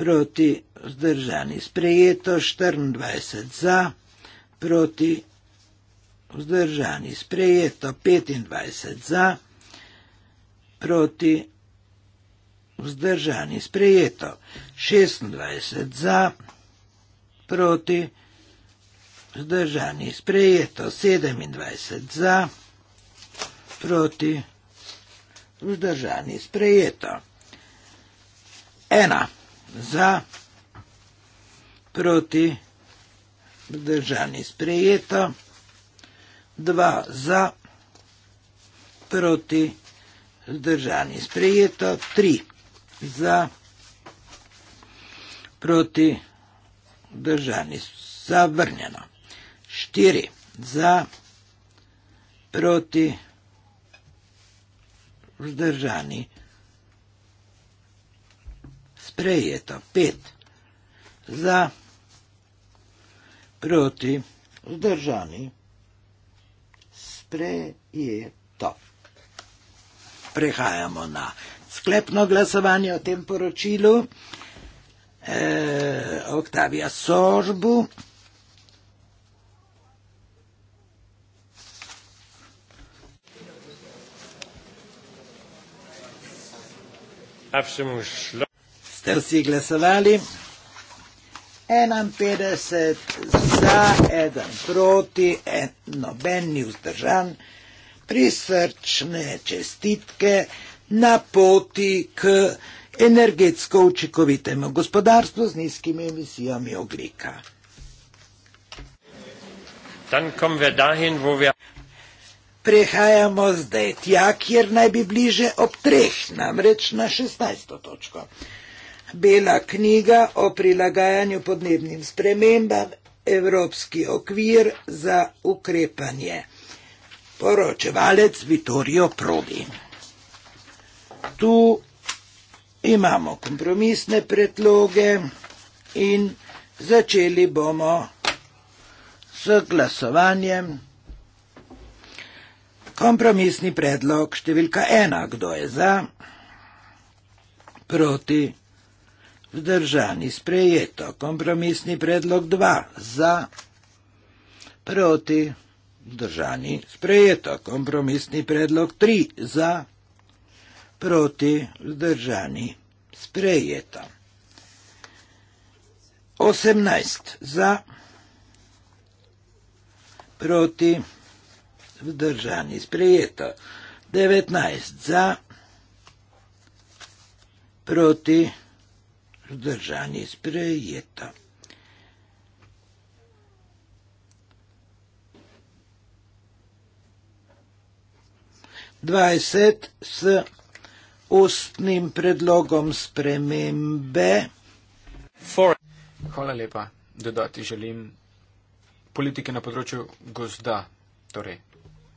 proti vzdržani sprejeto, 24 za proti vzdržani sprejeto, 25 za proti vzdržani sprejeto, 26 za proti vzdržani sprejeto. Zdržani sprejeto 27 za, proti vzdržani sprejeto. Ena za, proti vzdržani sprejeto. Dva za, proti vzdržani sprejeto. Tri za, proti vzdržani zavrnjeno. 4 za proti vzdržani. Sprejeto 5 za proti vzdržani. Sprejeto. Prehajamo na sklepno glasovanje o tem poročilu. Eh, Oktavija Sožbu. Ste vsi glasovali? 51 za, 1 proti, noben ni vzdržan. Prisrčne čestitke na poti k energetsko učinkovitemu gospodarstvu z nizkimi emisijami oglika. Dan kommen wir dahin, wo wir Prehajamo zdaj tja, kjer naj bi bliže ob treh, namreč na 16. točko. Bela knjiga o prilagajanju podnebnim spremembam, Evropski okvir za ukrepanje. Poročevalec Vittorio Prodi. Tu imamo kompromisne predloge in začeli bomo s glasovanjem. Kompromisni predlog številka ena, kdo je za, proti, vzdržani, sprejeto. Kompromisni predlog dva, za, proti, vzdržani, sprejeto. Kompromisni predlog tri, za, proti, vzdržani, sprejeto. 18 za, proti, vzdržani, sprejeto 19 za, proti vzdržani, sprejeto. Dvajset s ustnim predlogom spremembe. For. Hvala lepa, dodati želim politike na področju gozda, torej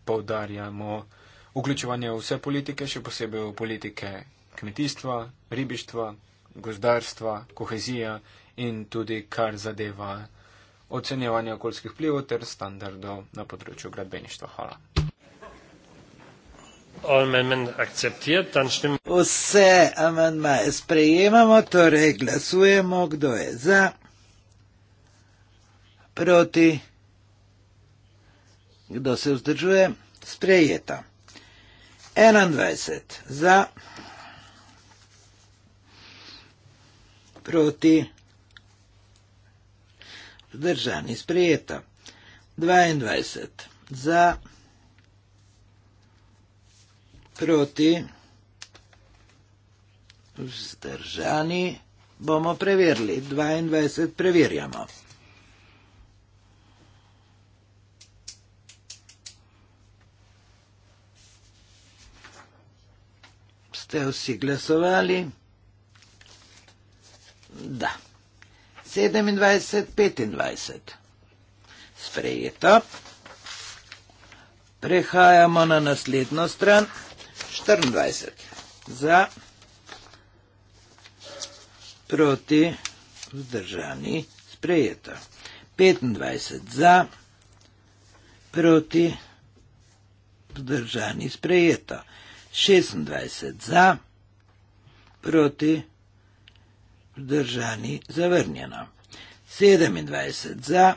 poudarjamo vključevanje vse politike, še posebej v politike kmetijstva, ribištva, gozdarstva, kohezija in tudi kar zadeva ocenjevanje okoljskih vplivov ter standardov na področju gradbeništva. Hvala. Vse amandmaje sprejemamo, torej glasujemo, kdo je za, proti kdo se vzdržuje, sprejeta. 21 za, proti, vzdržani, sprejeta. 22 za, proti, vzdržani, bomo preverili. 22 preverjamo. ste vsi glasovali? Da. 27, 25. Sprejeto. Prehajamo na naslednjo stran. 24. Za. Proti. Vzdržani. Sprejeto. 25. Za. Proti. Vzdržani. Sprejeto. 26 za, proti, vzdržani, zavrnjeno. 27 za,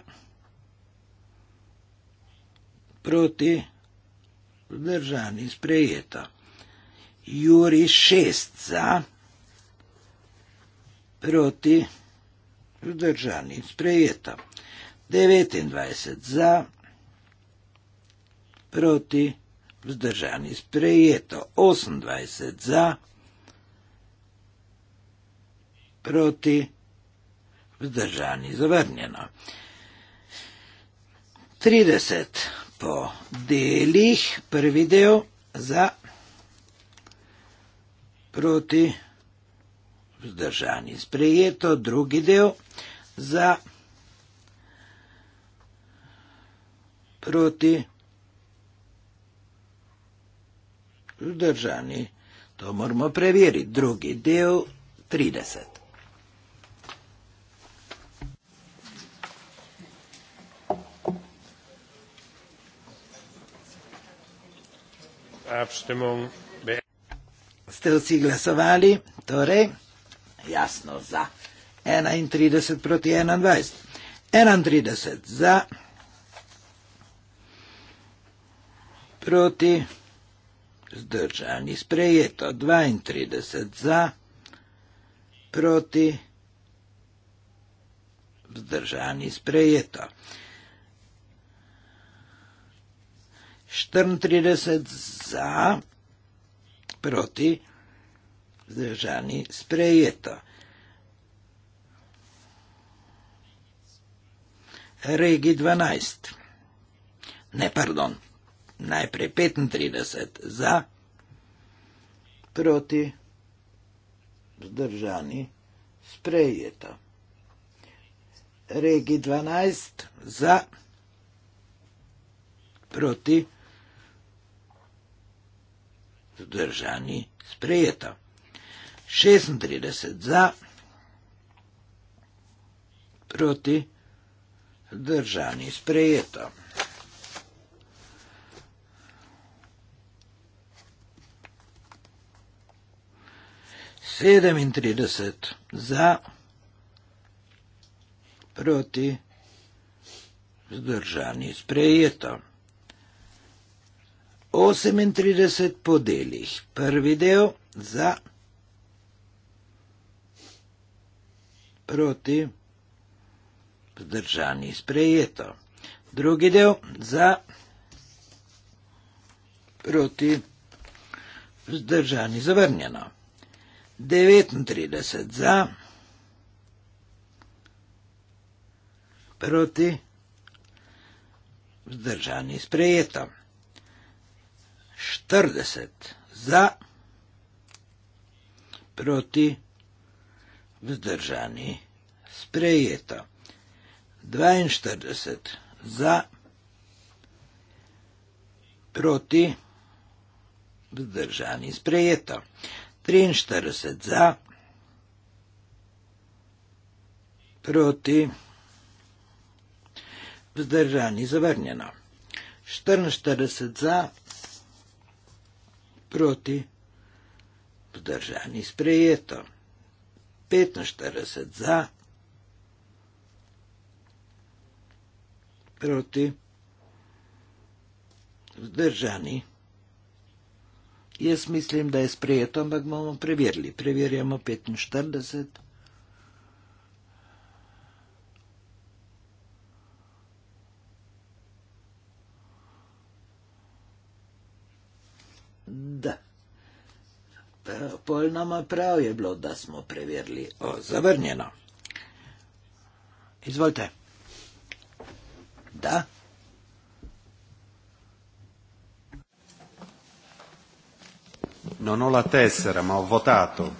proti, vzdržani, sprejeto. Juri 6 za, proti, vzdržani, sprejeto. 29 za, proti, vzdržani, sprejeto vzdržani, sprejeto 28 za, proti vzdržani, zavrnjeno. 30 po delih, prvi del za, proti vzdržani, sprejeto drugi del za, proti vzdržani. pridržani. To moramo preveriti. Drugi del 30. Ste vsi glasovali? Torej, jasno za. 31 proti 21. 31 za. Proti vzdržani, sprejeto 32 za, proti vzdržani, sprejeto 34 za, proti vzdržani, sprejeto. Regi 12. Ne, pardon, najprej 35 za, proti, zdržani, sprejeto. Regi 12 za, proti, zdržani, sprejeto. 36 za, proti, zdržani, sprejeto. 37 za, proti, zdržani, sprejeto. 38 po delih, prvi del za, proti, zdržani, sprejeto. Drugi del za, proti, zdržani, zavrnjeno. 39 za, proti, vzdržani sprejeto. 40 za, proti, vzdržani sprejeto. 42 za, proti, vzdržani sprejeto. 43 za, proti, vzdržani, zavrnjeno. 44 za, proti, vzdržani, sprejeto. 45 za, proti, vzdržani, zavrnjeno. Jaz mislim, da je sprejeto, ampak bomo preverili. Preverjamo 45. Da. Pol nama prav je bilo, da smo preverili. O, zavrnjeno. Izvolite. Da. Non ho la tessera, ma ho votato.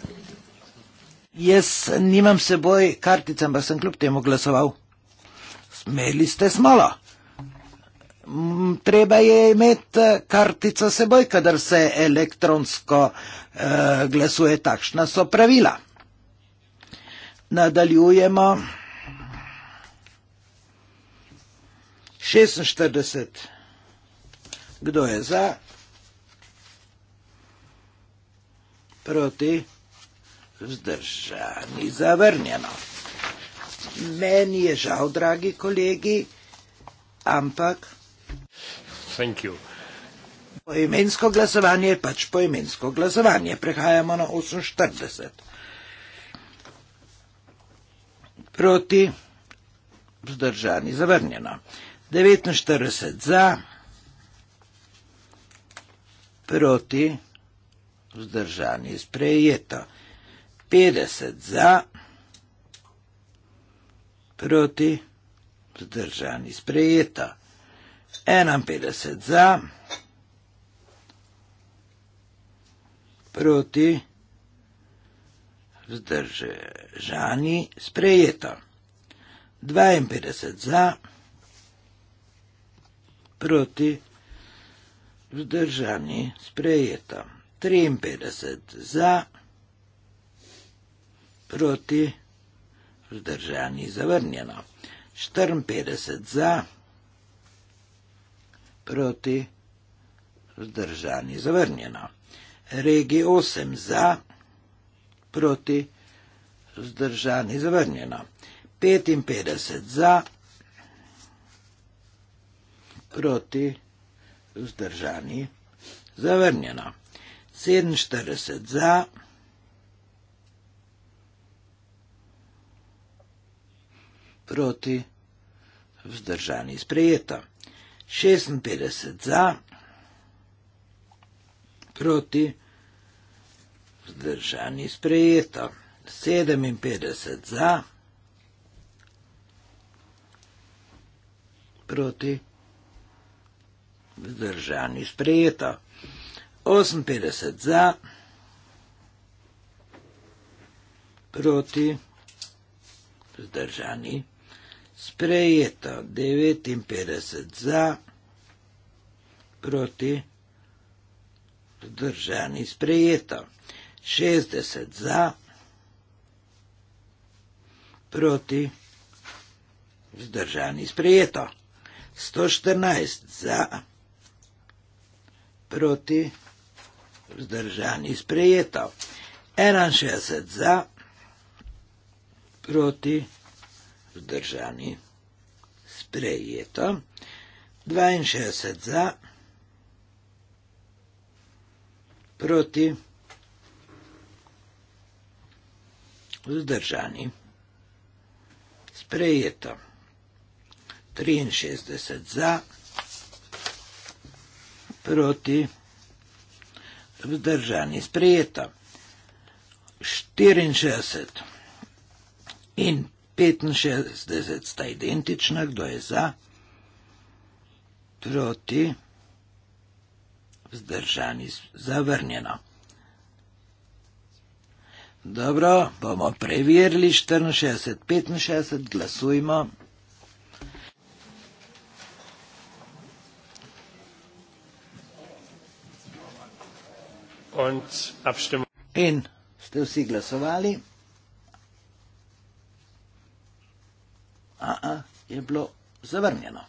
Jaz nimam seboj kartice, ampak sem kljub temu glasoval. Smeli ste smolo. Treba je imeti eh, kartico seboj, kadar se elektronsko eh, glasuje. Takšna so pravila. Nadaljujemo. 46. Kdo je za? Proti? Zdržani, zavrnjeno. Meni je žal, dragi kolegi, ampak. Thank you. Poimensko glasovanje je pač poimensko glasovanje. Prehajamo na 48. Proti, vzdržani, zavrnjeno. 49 za, proti, vzdržani, sprejeto 50 za, proti vzdržani, sprejeto 51 za, proti vzdržani, sprejeto 52 za, proti vzdržani, sprejeto. 53 za, proti vzdržani zavrnjeno. 54 za, proti vzdržani zavrnjeno. Regi 8 za, proti vzdržani zavrnjeno. 55 za, proti vzdržani zavrnjeno. 47 za. Proti vzdržani sprejeta. 56 za, proti vzdržani sprejeta. 57 za, proti vzdržani sprejeta. 58 za, proti, zdržani, sprejeto 59 za, proti, zdržani, sprejeto 60 za, proti, zdržani, sprejeto 114 za, proti, zdržani, sprejeto vzdržani sprejeto. 61 za, proti vzdržani sprejeto. 62 za, proti vzdržani sprejeto. 63 za, proti vzdržani sprejeto vzdržani, sprejeta 64 in 65 sta identična, kdo je za, proti, vzdržani, zavrnjena. Dobro, bomo preverili 64-65, glasujmo. konc abstimo. In ste vsi glasovali? Aha, je bilo zavrnjeno.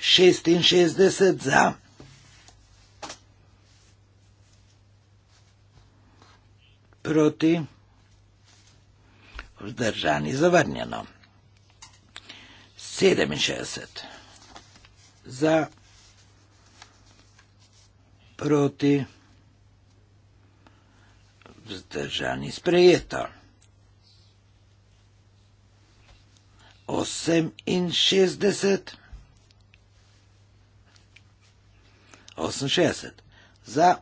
Šestinšestdeset za. Proti. Vzdržani zavrnjeno. 67 za, proti, vzdržani, sprejeto. 68, 68 za,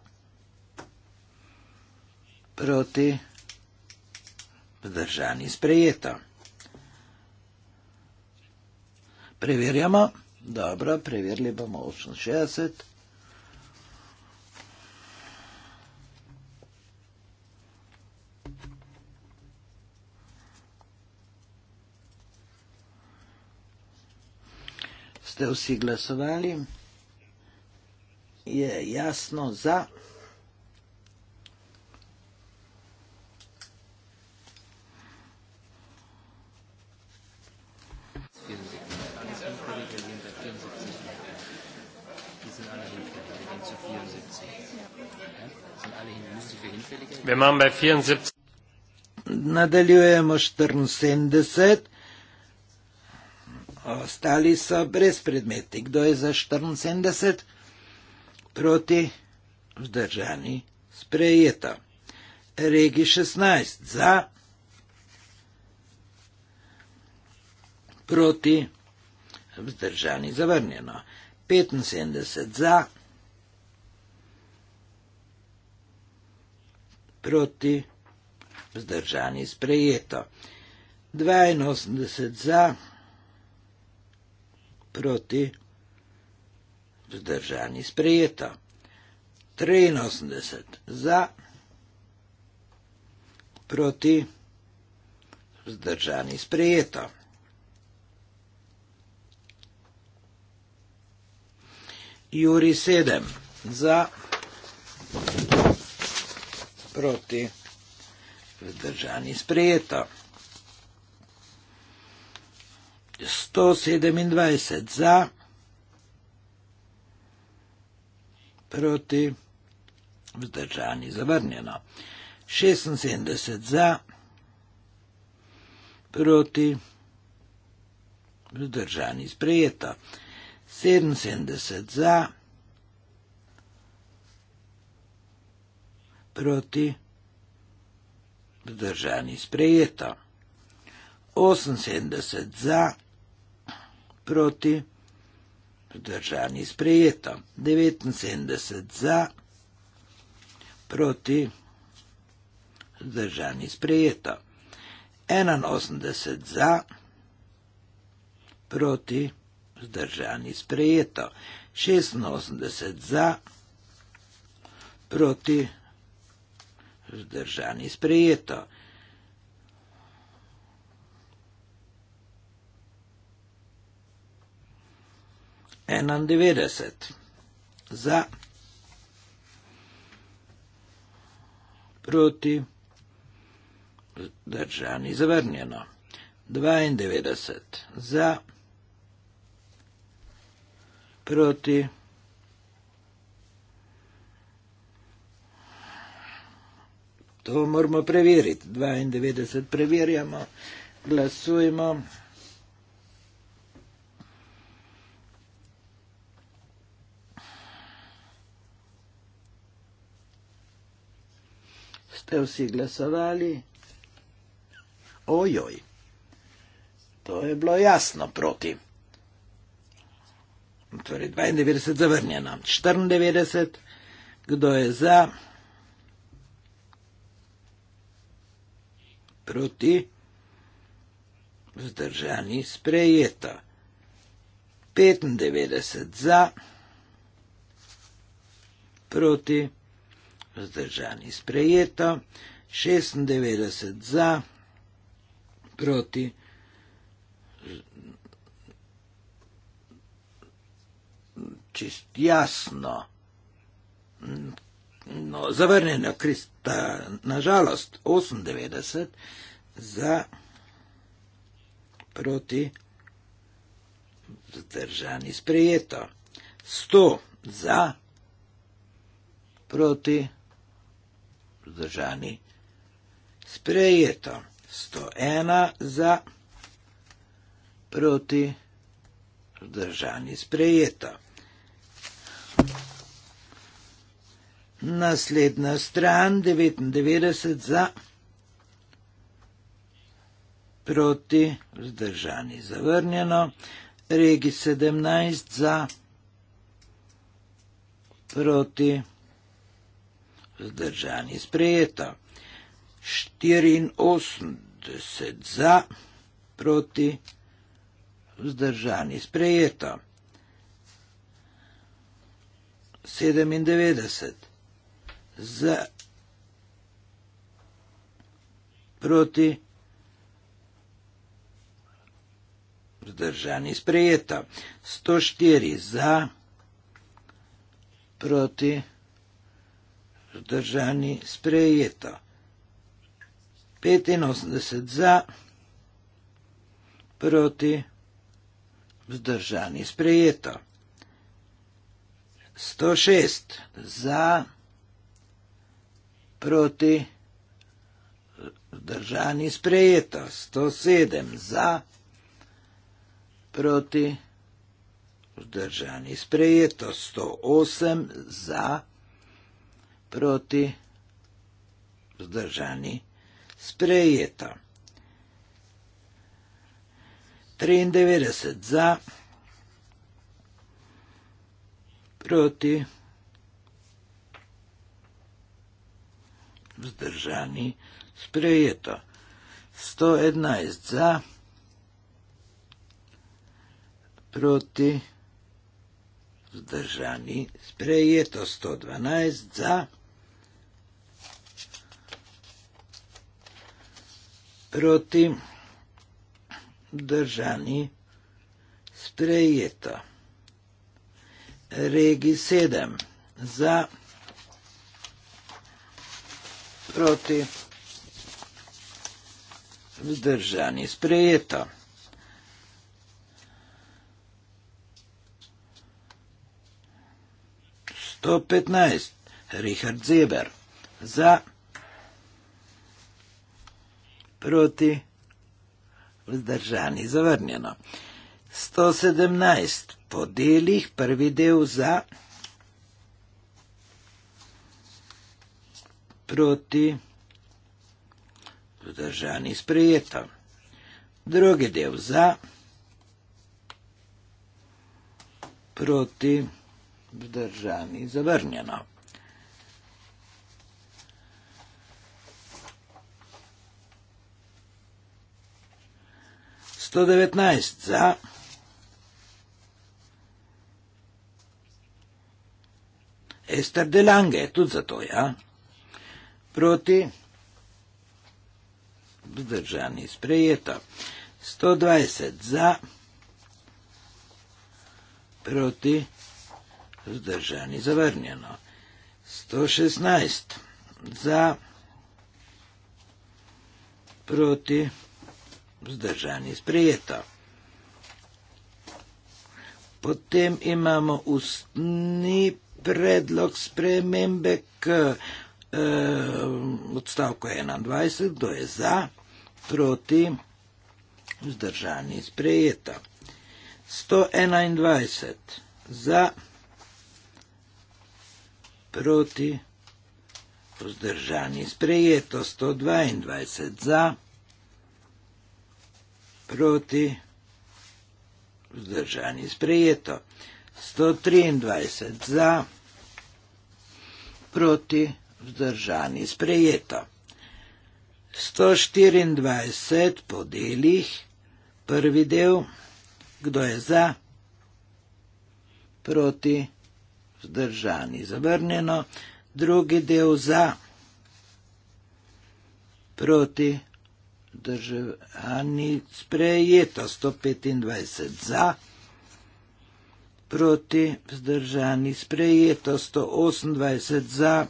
proti, vzdržani, sprejeto. Preverjamo, dobro, preverili bomo 68. Ste vsi glasovali? Je jasno za. Nadaljujemo 74. Ostali so brez predmeti. Kdo je za 74? Proti vzdržani sprejeta. Regi 16. Za. Proti vzdržani zavrnjeno. 75 za. proti, vzdržani sprejeto. 82 za, proti, vzdržani sprejeto. 83 za, proti, vzdržani sprejeto. Juri 7 za proti vzdržani sprejeto. 127 za, proti vzdržani zavrnjeno. 76 za, proti vzdržani sprejeto. 77 za, proti vzdržani sprejeto. proti vzdržani sprejeto. 78 za proti vzdržani sprejeto. 79 za proti vzdržani sprejeto. 81 za proti vzdržani sprejeto. 86 za proti vzdržani sprejeto. Vzdržani sprejeto. Enaindevetdeset za, proti, vzdržani zavrnjeno. Dvaindevetdeset za, proti, vzdržani zavrnjeno. To moramo preveriti. 92 preverjamo, glasujemo. Ste vsi glasovali? Ojoj, to je bilo jasno proti. Torej 92 zavrnjeno, 94, kdo je za? proti, vzdržani sprejeta. 95 za, proti, vzdržani sprejeta. 96 za, proti, čist jasno, no, zavrnjeno krist leta, nažalost 98, za proti vzdržani sprejeto. 100 za proti vzdržani sprejeto. 101 za proti vzdržani sprejeto. naslednja stran 99 za, proti, vzdržani, zavrnjeno, regi 17 za, proti, vzdržani, sprejeto, 84 za, proti, vzdržani, sprejeto, 97 z proti vzdržani sprejeto. 104 za proti vzdržani sprejeto. 85 za proti vzdržani sprejeto. 106 za proti proti, vzdržani sprejeto, 107 za, proti, vzdržani sprejeto, 108 za, proti, vzdržani sprejeto. 93 za, proti, vzdržani sprejeto. vzdržani, sprejeto. 111 za, proti, vzdržani, sprejeto. 112 za, proti, vzdržani, sprejeto. Regi 7 za, proti. Vzdržani sprejeto. Sto petnajst. Richard Zeber. Za. Proti. Vzdržani zavrnjeno. Sto sedemnajst. Po delih prvi del za. proti, vzdržani sprejeto. Drugi del za, proti, vzdržani zavrnjeno. Sto devetnajst za, Ester Delange, tudi zato, ja proti, vzdržani, sprejeto, 120 za, proti, vzdržani, zavrnjeno, 116 za, proti, vzdržani, sprejeto. Potem imamo ustni predlog spremembe k Ehm, odstavko 21, kdo je za, proti, vzdržani, sprejeta. 121 za, proti, vzdržani, sprejeto. 122 za, proti, vzdržani, sprejeto. 123 za, proti, vzdržani, sprejeto vzdržani sprejeto. 124 po delih, prvi del, kdo je za, proti, vzdržani, zavrnjeno, drugi del za, proti, vzdržani, sprejeto, 125 za, proti, vzdržani, sprejeto, 128 za,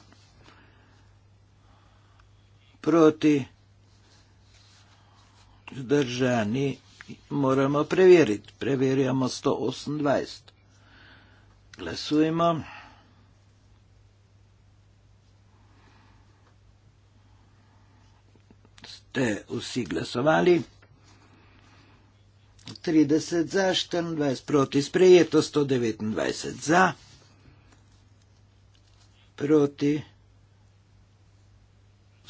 proti zdržani moramo preveriti. Preverjamo 128. Glasujemo. Ste vsi glasovali? 30 za, 24 proti, sprejeto 129 za, proti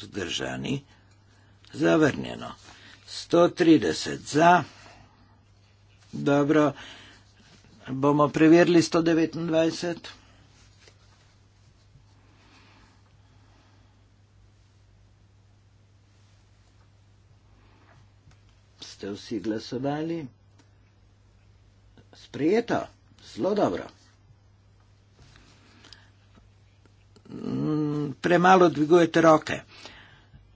vzdržani, zavrnjeno. 130 za, dobro, bomo preverili 129. Ste vsi glasovali? Sprijeto, zelo dobro. Mm, premalo dvigujete roke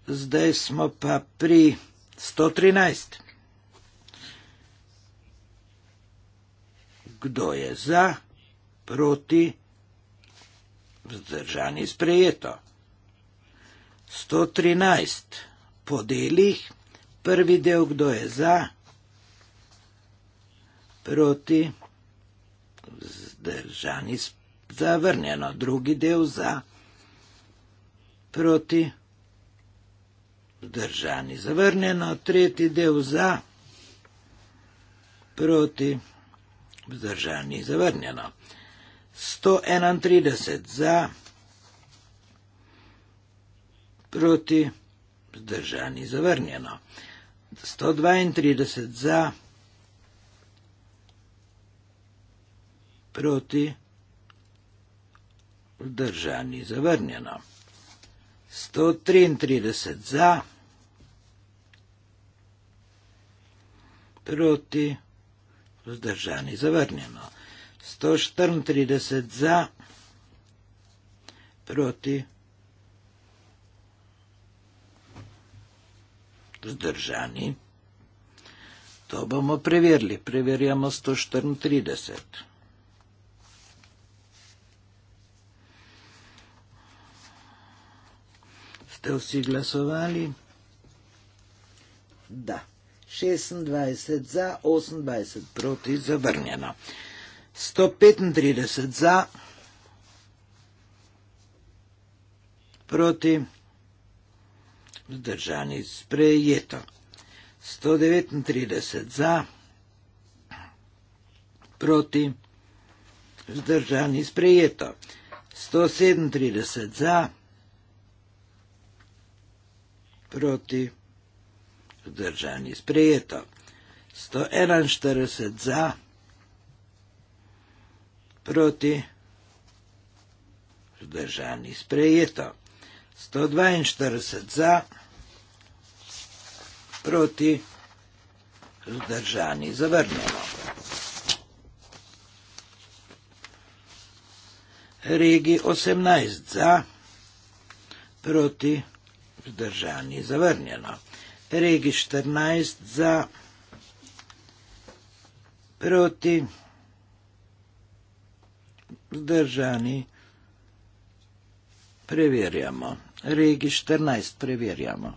zdaj smo pa pri 113. Kdo je za, proti, vzdržani sprejeto? 113. Po delih, prvi del, kdo je za, proti, vzdržani, zavrnjeno, drugi del za, proti, vzdržani. Zavrnjeno, tretji del za, proti, vzdržani, zavrnjeno. 131 za, proti, vzdržani, zavrnjeno. 132 za, proti, vzdržani, zavrnjeno. 133 za, proti, vzdržani, zavrnjeno. Proti. Vzdržani. Zavrnjeno. 134 za. Proti. Vzdržani. To bomo preverili. Preverjamo 134. Ste vsi glasovali? 26 za, 28 proti, zavrnjeno. 135 za, proti, vzdržani, sprejeto. 139 za, proti, vzdržani, sprejeto. 137 za, proti, vzdržani, sprejeto vzdržani. Sprejeto 141 za, proti vzdržani. Sprejeto 142 za, proti vzdržani. Zavrnjeno. Regi 18 za, proti vzdržani. Zavrnjeno regi 14 za proti zdržani preverjamo. Regi 14 preverjamo.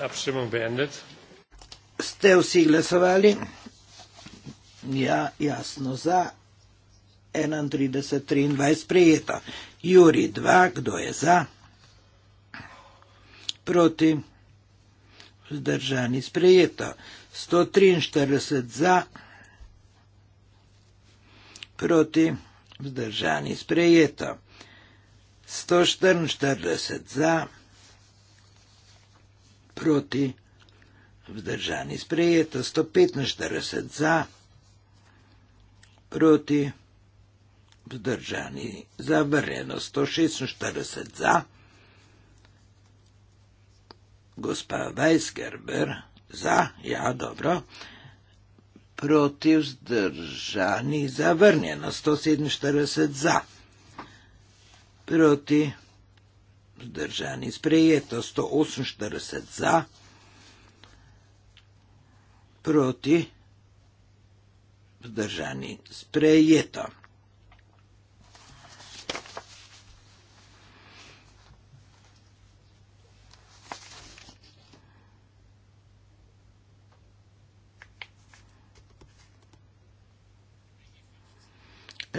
Abstimmung beendet. Ste vsi glasovali? Ja, jasno, za. 31-23 sprejeta. Juri 2, kdo je za? Proti. Vzdržani sprejeta. 143 za. Proti. Vzdržani sprejeta. 144 za. Proti. Vzdržani sprejeta. 145 za. Proti vzdržani, zavrjeno 146 za. Gospa Weisgerber za, ja, dobro. Proti vzdržani, zavrnjeno 147 za. Proti vzdržani, sprejeto 148 za. Proti vzdržani, sprejeto.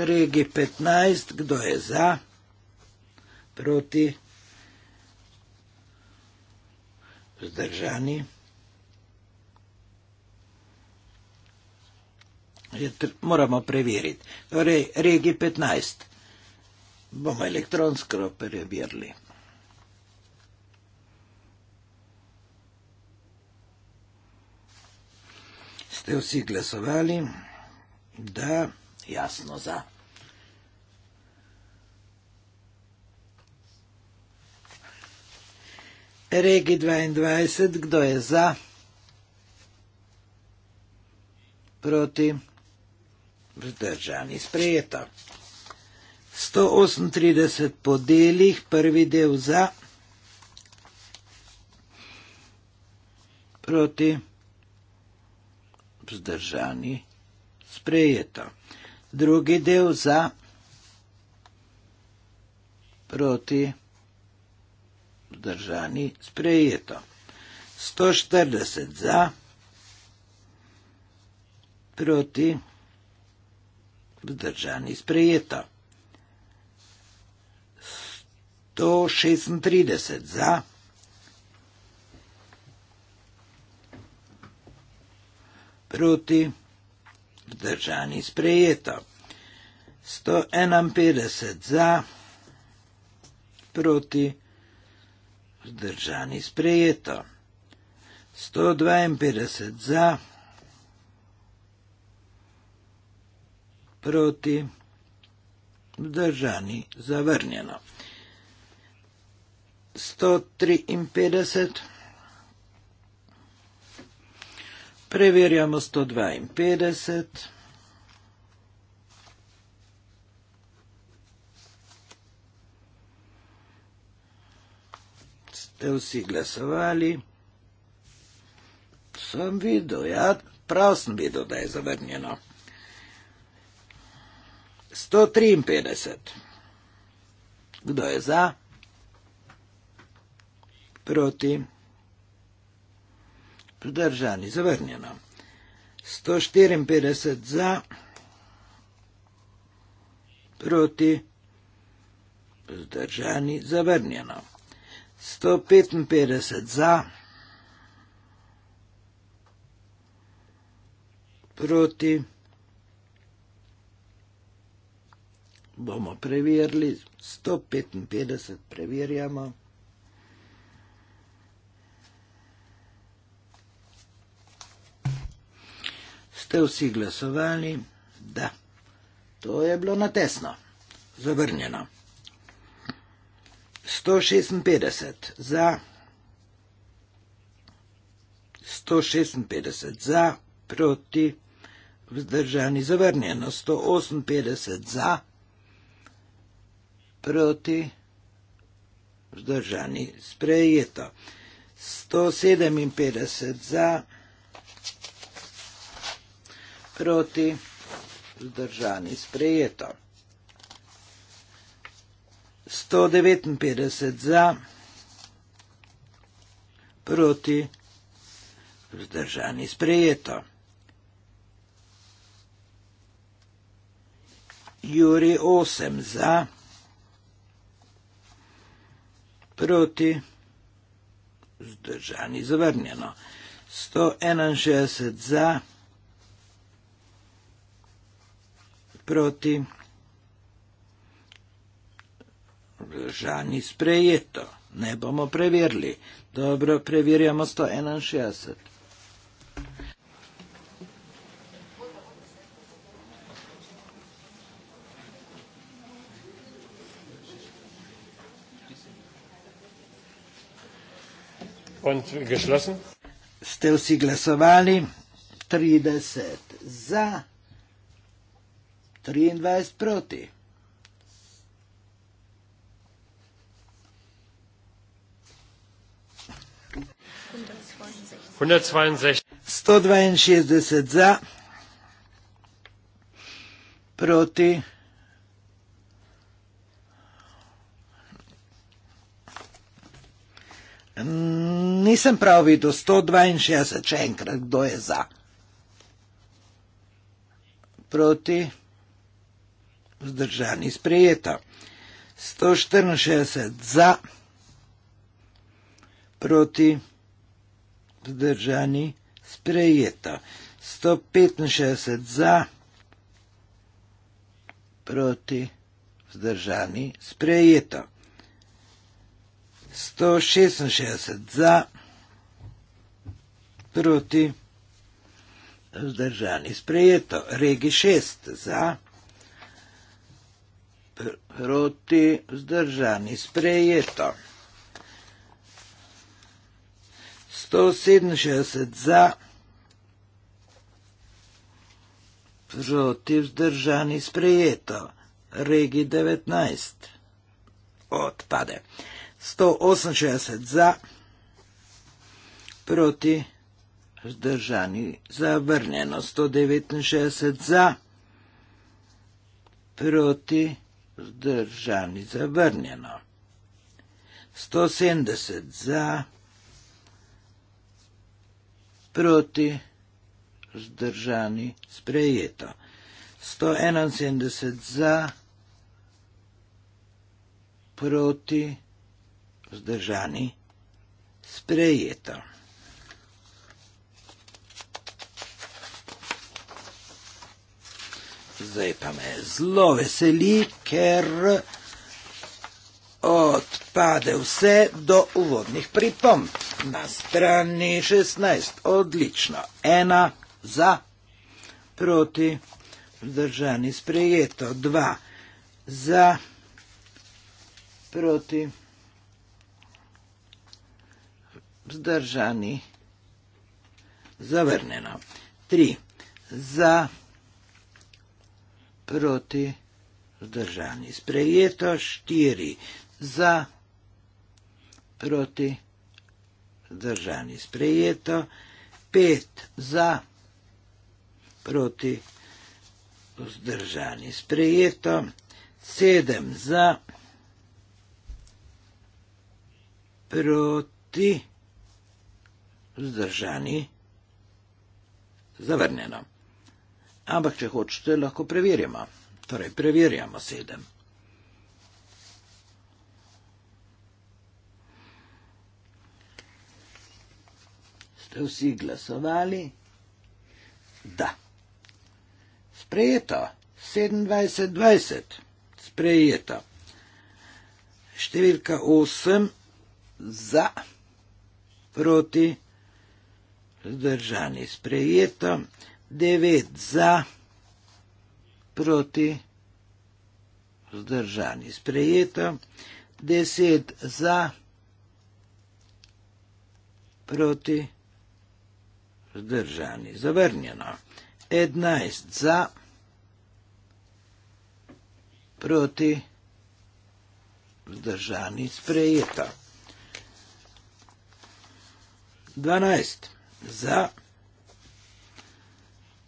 regi 15, kdo je za, proti, vzdržani. Je, moramo preveriti. Torej, regi 15 bomo elektronsko preverili. Ste vsi glasovali? Da, jasno za. Regi 22, kdo je za? Proti. Vzdržani sprejeto. 138 po delih, prvi del za. Proti. Vzdržani sprejeto. Drugi del za. Proti vzdržani, sprejeto. 140 za, proti, vzdržani, sprejeto. 136 za, proti, vzdržani, sprejeto. 151 za, proti, vzdržani, sprejeto vzdržani sprejeto. 152 za, proti, vzdržani zavrnjeno. 153. Preverjamo 152. ste vsi glasovali. Sem videl, ja, prav sem videl, da je zavrnjeno. 153. Kdo je za? Proti. Pridržani, zavrnjeno. 154 za. Proti. Pridržani, zavrnjeno. 155 za, proti bomo preverili, 155 preverjamo. Ste vsi glasovali? Da. To je bilo na tesno. Zavrnjeno. 156 za, 156 za, proti, vzdržani, zavrnjeno, 158 za, proti, vzdržani, sprejeto, 157 za, proti, vzdržani, sprejeto. 159 za, proti, vzdržani sprejeto. Juri 8 za, proti, vzdržani zavrnjeno. 161 za, proti, vzdržani zavrnjeno vprašanje sprejeto. Ne bomo preverili. Dobro, preverjamo 161. Ste vsi glasovali? 30 za, 23 proti. 162 za, proti. Nisem prav videl 162, če enkrat kdo je za. Proti. Zdržani sprejeta. 164 za. Proti vzdržani, sprejeto. 165 za, proti, vzdržani, sprejeto. 166 za, proti, vzdržani, sprejeto. Regi 6 za, proti, vzdržani, sprejeto. 167 za, proti vzdržani sprejeto, regi 19, odpade. 168 za, proti vzdržani zavrnjeno, 169 za, proti vzdržani zavrnjeno. 170 za, proti vzdržani zavrnjeno proti, vzdržani, sprejeto. 171 za, proti, vzdržani, sprejeto. Zdaj pa me zelo veseli, ker Odpade vse do uvodnih pripomb. Na strani 16. Odlično. Ena za, proti, vzdržani, sprejeto. Dva za, proti, vzdržani, zavrnjeno. Tri za, proti, vzdržani, sprejeto. Štiri za, proti, zdržani. Sprejeto, pet za, proti, zdržani. Sprejeto, sedem za, proti, zdržani, zavrnjeno. Ampak, če hočete, lahko preverjamo. Torej, preverjamo sedem. ste vsi glasovali? Da. Sprejeto, 27-20, sprejeto. Številka 8 za, proti, zdržani, sprejeto, 9 za, proti, zdržani, sprejeto, 10 za, proti, zdržani. Zdržani, zavrnjeno. 11 za, proti, zdržani, sprejeto. 12 za,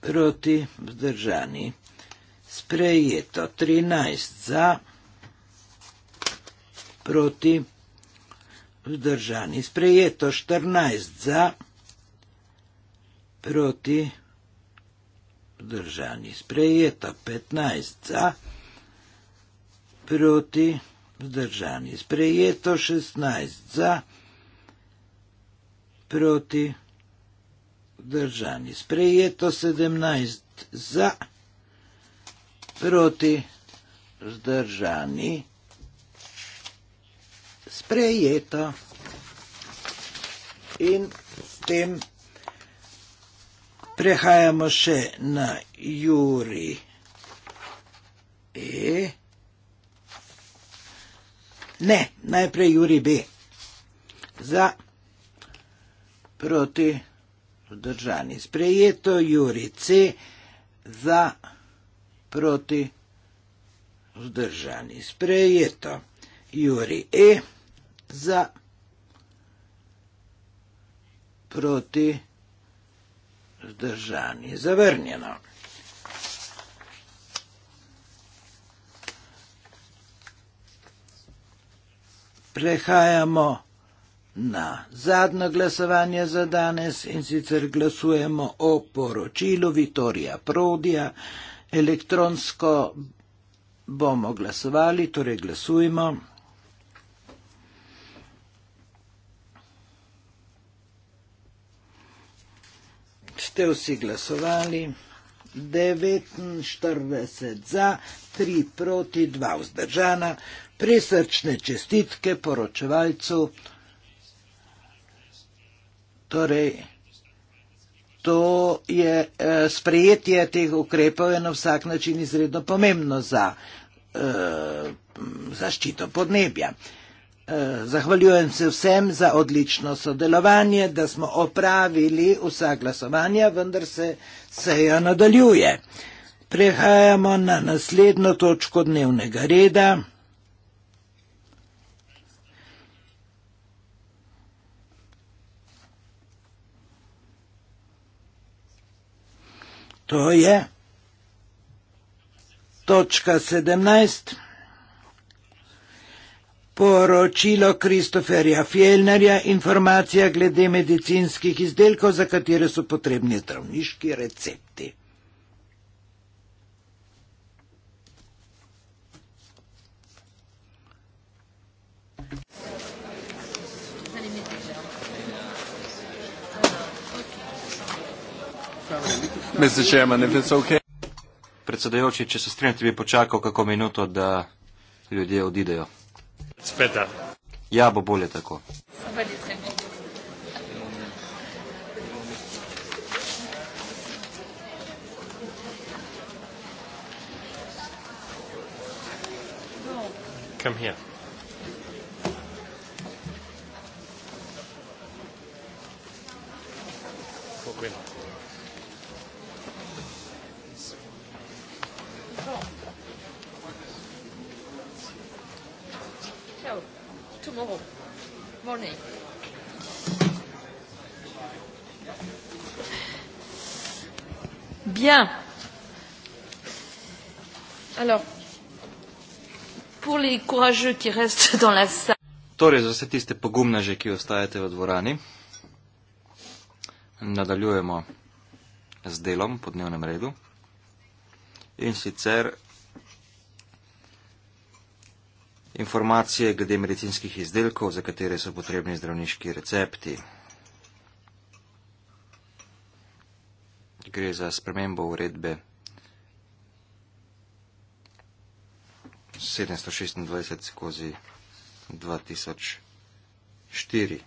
proti, zdržani, sprejeto. 13 za, proti, zdržani, sprejeto. 14 za, proti, zdržani, sprejeto proti, vzdržani, sprejeta 15 za, proti, vzdržani, sprejeto 16 za, proti, vzdržani, sprejeto 17 za, proti, vzdržani, sprejeto. In s tem Prehajamo še na Juri E. Ne, najprej Juri B. Za proti vzdržani. Sprejeto Juri C. Za proti vzdržani. Sprejeto Juri E. Za proti vzdržani. Zdržani, zavrnjeno. Prehajamo na zadnjo glasovanje za danes in sicer glasujemo o poročilu Vitorija Prodija. Elektronsko bomo glasovali, torej glasujemo. ste vsi glasovali, 49 za, 3 proti, 2 vzdržana, prisrčne čestitke poročevalcu. Torej, to je, eh, sprejetje teh ukrepov je na vsak način izredno pomembno za eh, zaščito podnebja. Eh, Eh, zahvaljujem se vsem za odlično sodelovanje, da smo opravili vsa glasovanja, vendar se seja nadaljuje. Prehajamo na naslednjo točko dnevnega reda. To je točka sedemnajst. Poročilo Kristoferja Fjellnerja, informacija glede medicinskih izdelkov, za katere so potrebni travniški recepti. Predsedujoči, če se strinjate, bi počakal kako minuto, da ljudje odidejo. Spet. Ja, bo bolje tako. Come here. Okay. tomorrow morning. Bien. Alors, pour les courageux qui restent dans la salle. Torej, za vse tiste pogumneže, ki ostajate v dvorani, nadaljujemo z delom po dnevnem redu. In sicer informacije glede medicinskih izdelkov, za katere so potrebni zdravniški recepti. Gre za spremembo uredbe 726 skozi 2004.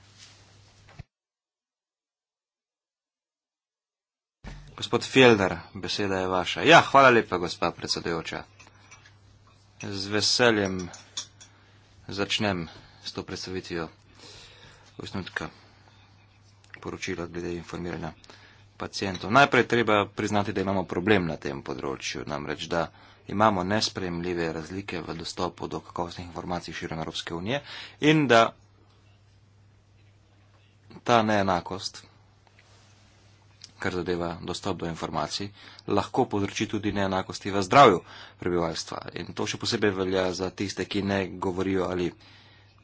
Gospod Fjeldar, beseda je vaša. Ja, hvala lepa, gospa predsedujoča. Z veseljem začnem s to predstavitvijo osnutka poročila glede informiranja pacijentov. Najprej treba priznati, da imamo problem na tem področju, namreč da imamo nespremljive razlike v dostopu do kakovostnih informacij širom Evropske unije in da ta neenakost kar zadeva dostop do informacij, lahko povzroči tudi neenakosti v zdravju prebivalstva. In to še posebej velja za tiste, ki ne govorijo ali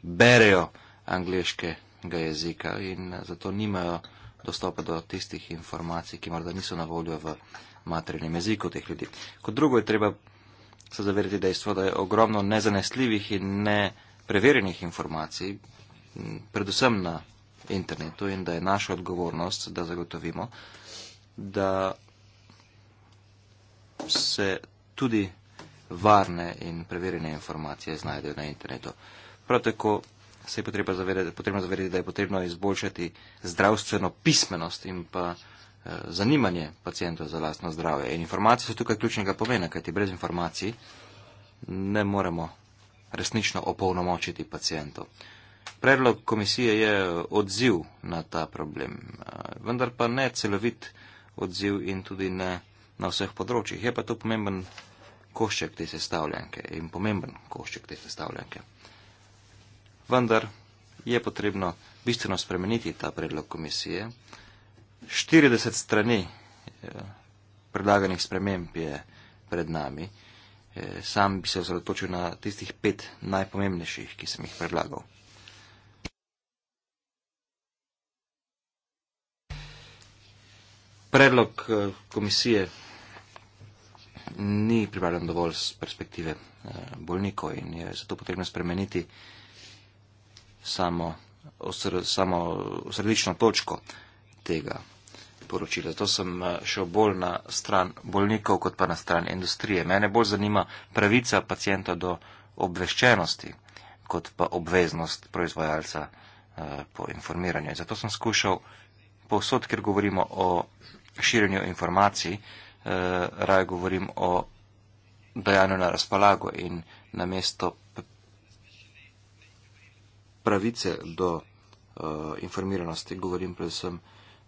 berejo angliškega jezika in zato nimajo dostopa do tistih informacij, ki morda niso na voljo v materinem jeziku teh ljudi. Kot drugo je treba se zaveriti dejstvo, da je ogromno nezanesljivih in nepreverjenih informacij, predvsem na internetu in da je naša odgovornost, da zagotovimo, da se tudi varne in preverjene informacije znajdejo na internetu. Prav tako se je potrebno zavedati, potrebno zavedati, da je potrebno izboljšati zdravstveno pismenost in pa eh, zanimanje pacijentov za lastno zdravje. In informacije so tukaj ključnega pomena, kajti brez informacij ne moremo resnično opolnomočiti pacijentov. Predlog komisije je eh, odziv na ta problem, eh, vendar pa ne celovit odziv in tudi ne na vseh področjih. Je pa to pomemben košček te sestavljanke in pomemben košček te sestavljanke. Vendar je potrebno bistveno spremeniti ta predlog komisije. 40 strani eh, predlaganih sprememb je pred nami. Eh, sam bi se osredotočil na tistih pet najpomembnejših, ki sem jih predlagal. predlog eh, komisije ni pripravljen dovolj z perspektive eh, bolnikov in je zato potrebno spremeniti samo, osr, samo srdično točko tega poročila. Zato sem eh, šel bolj na stran bolnikov, kot pa na stran industrije. Mene bolj zanima pravica pacijenta do obveščenosti, kot pa obveznost proizvajalca po informiranju. Zato sem skušal povsod, ker govorimo o širjenju informacij, eh, raje govorim o dajanju na razpolago in na mesto pravice do eh, informiranosti govorim predvsem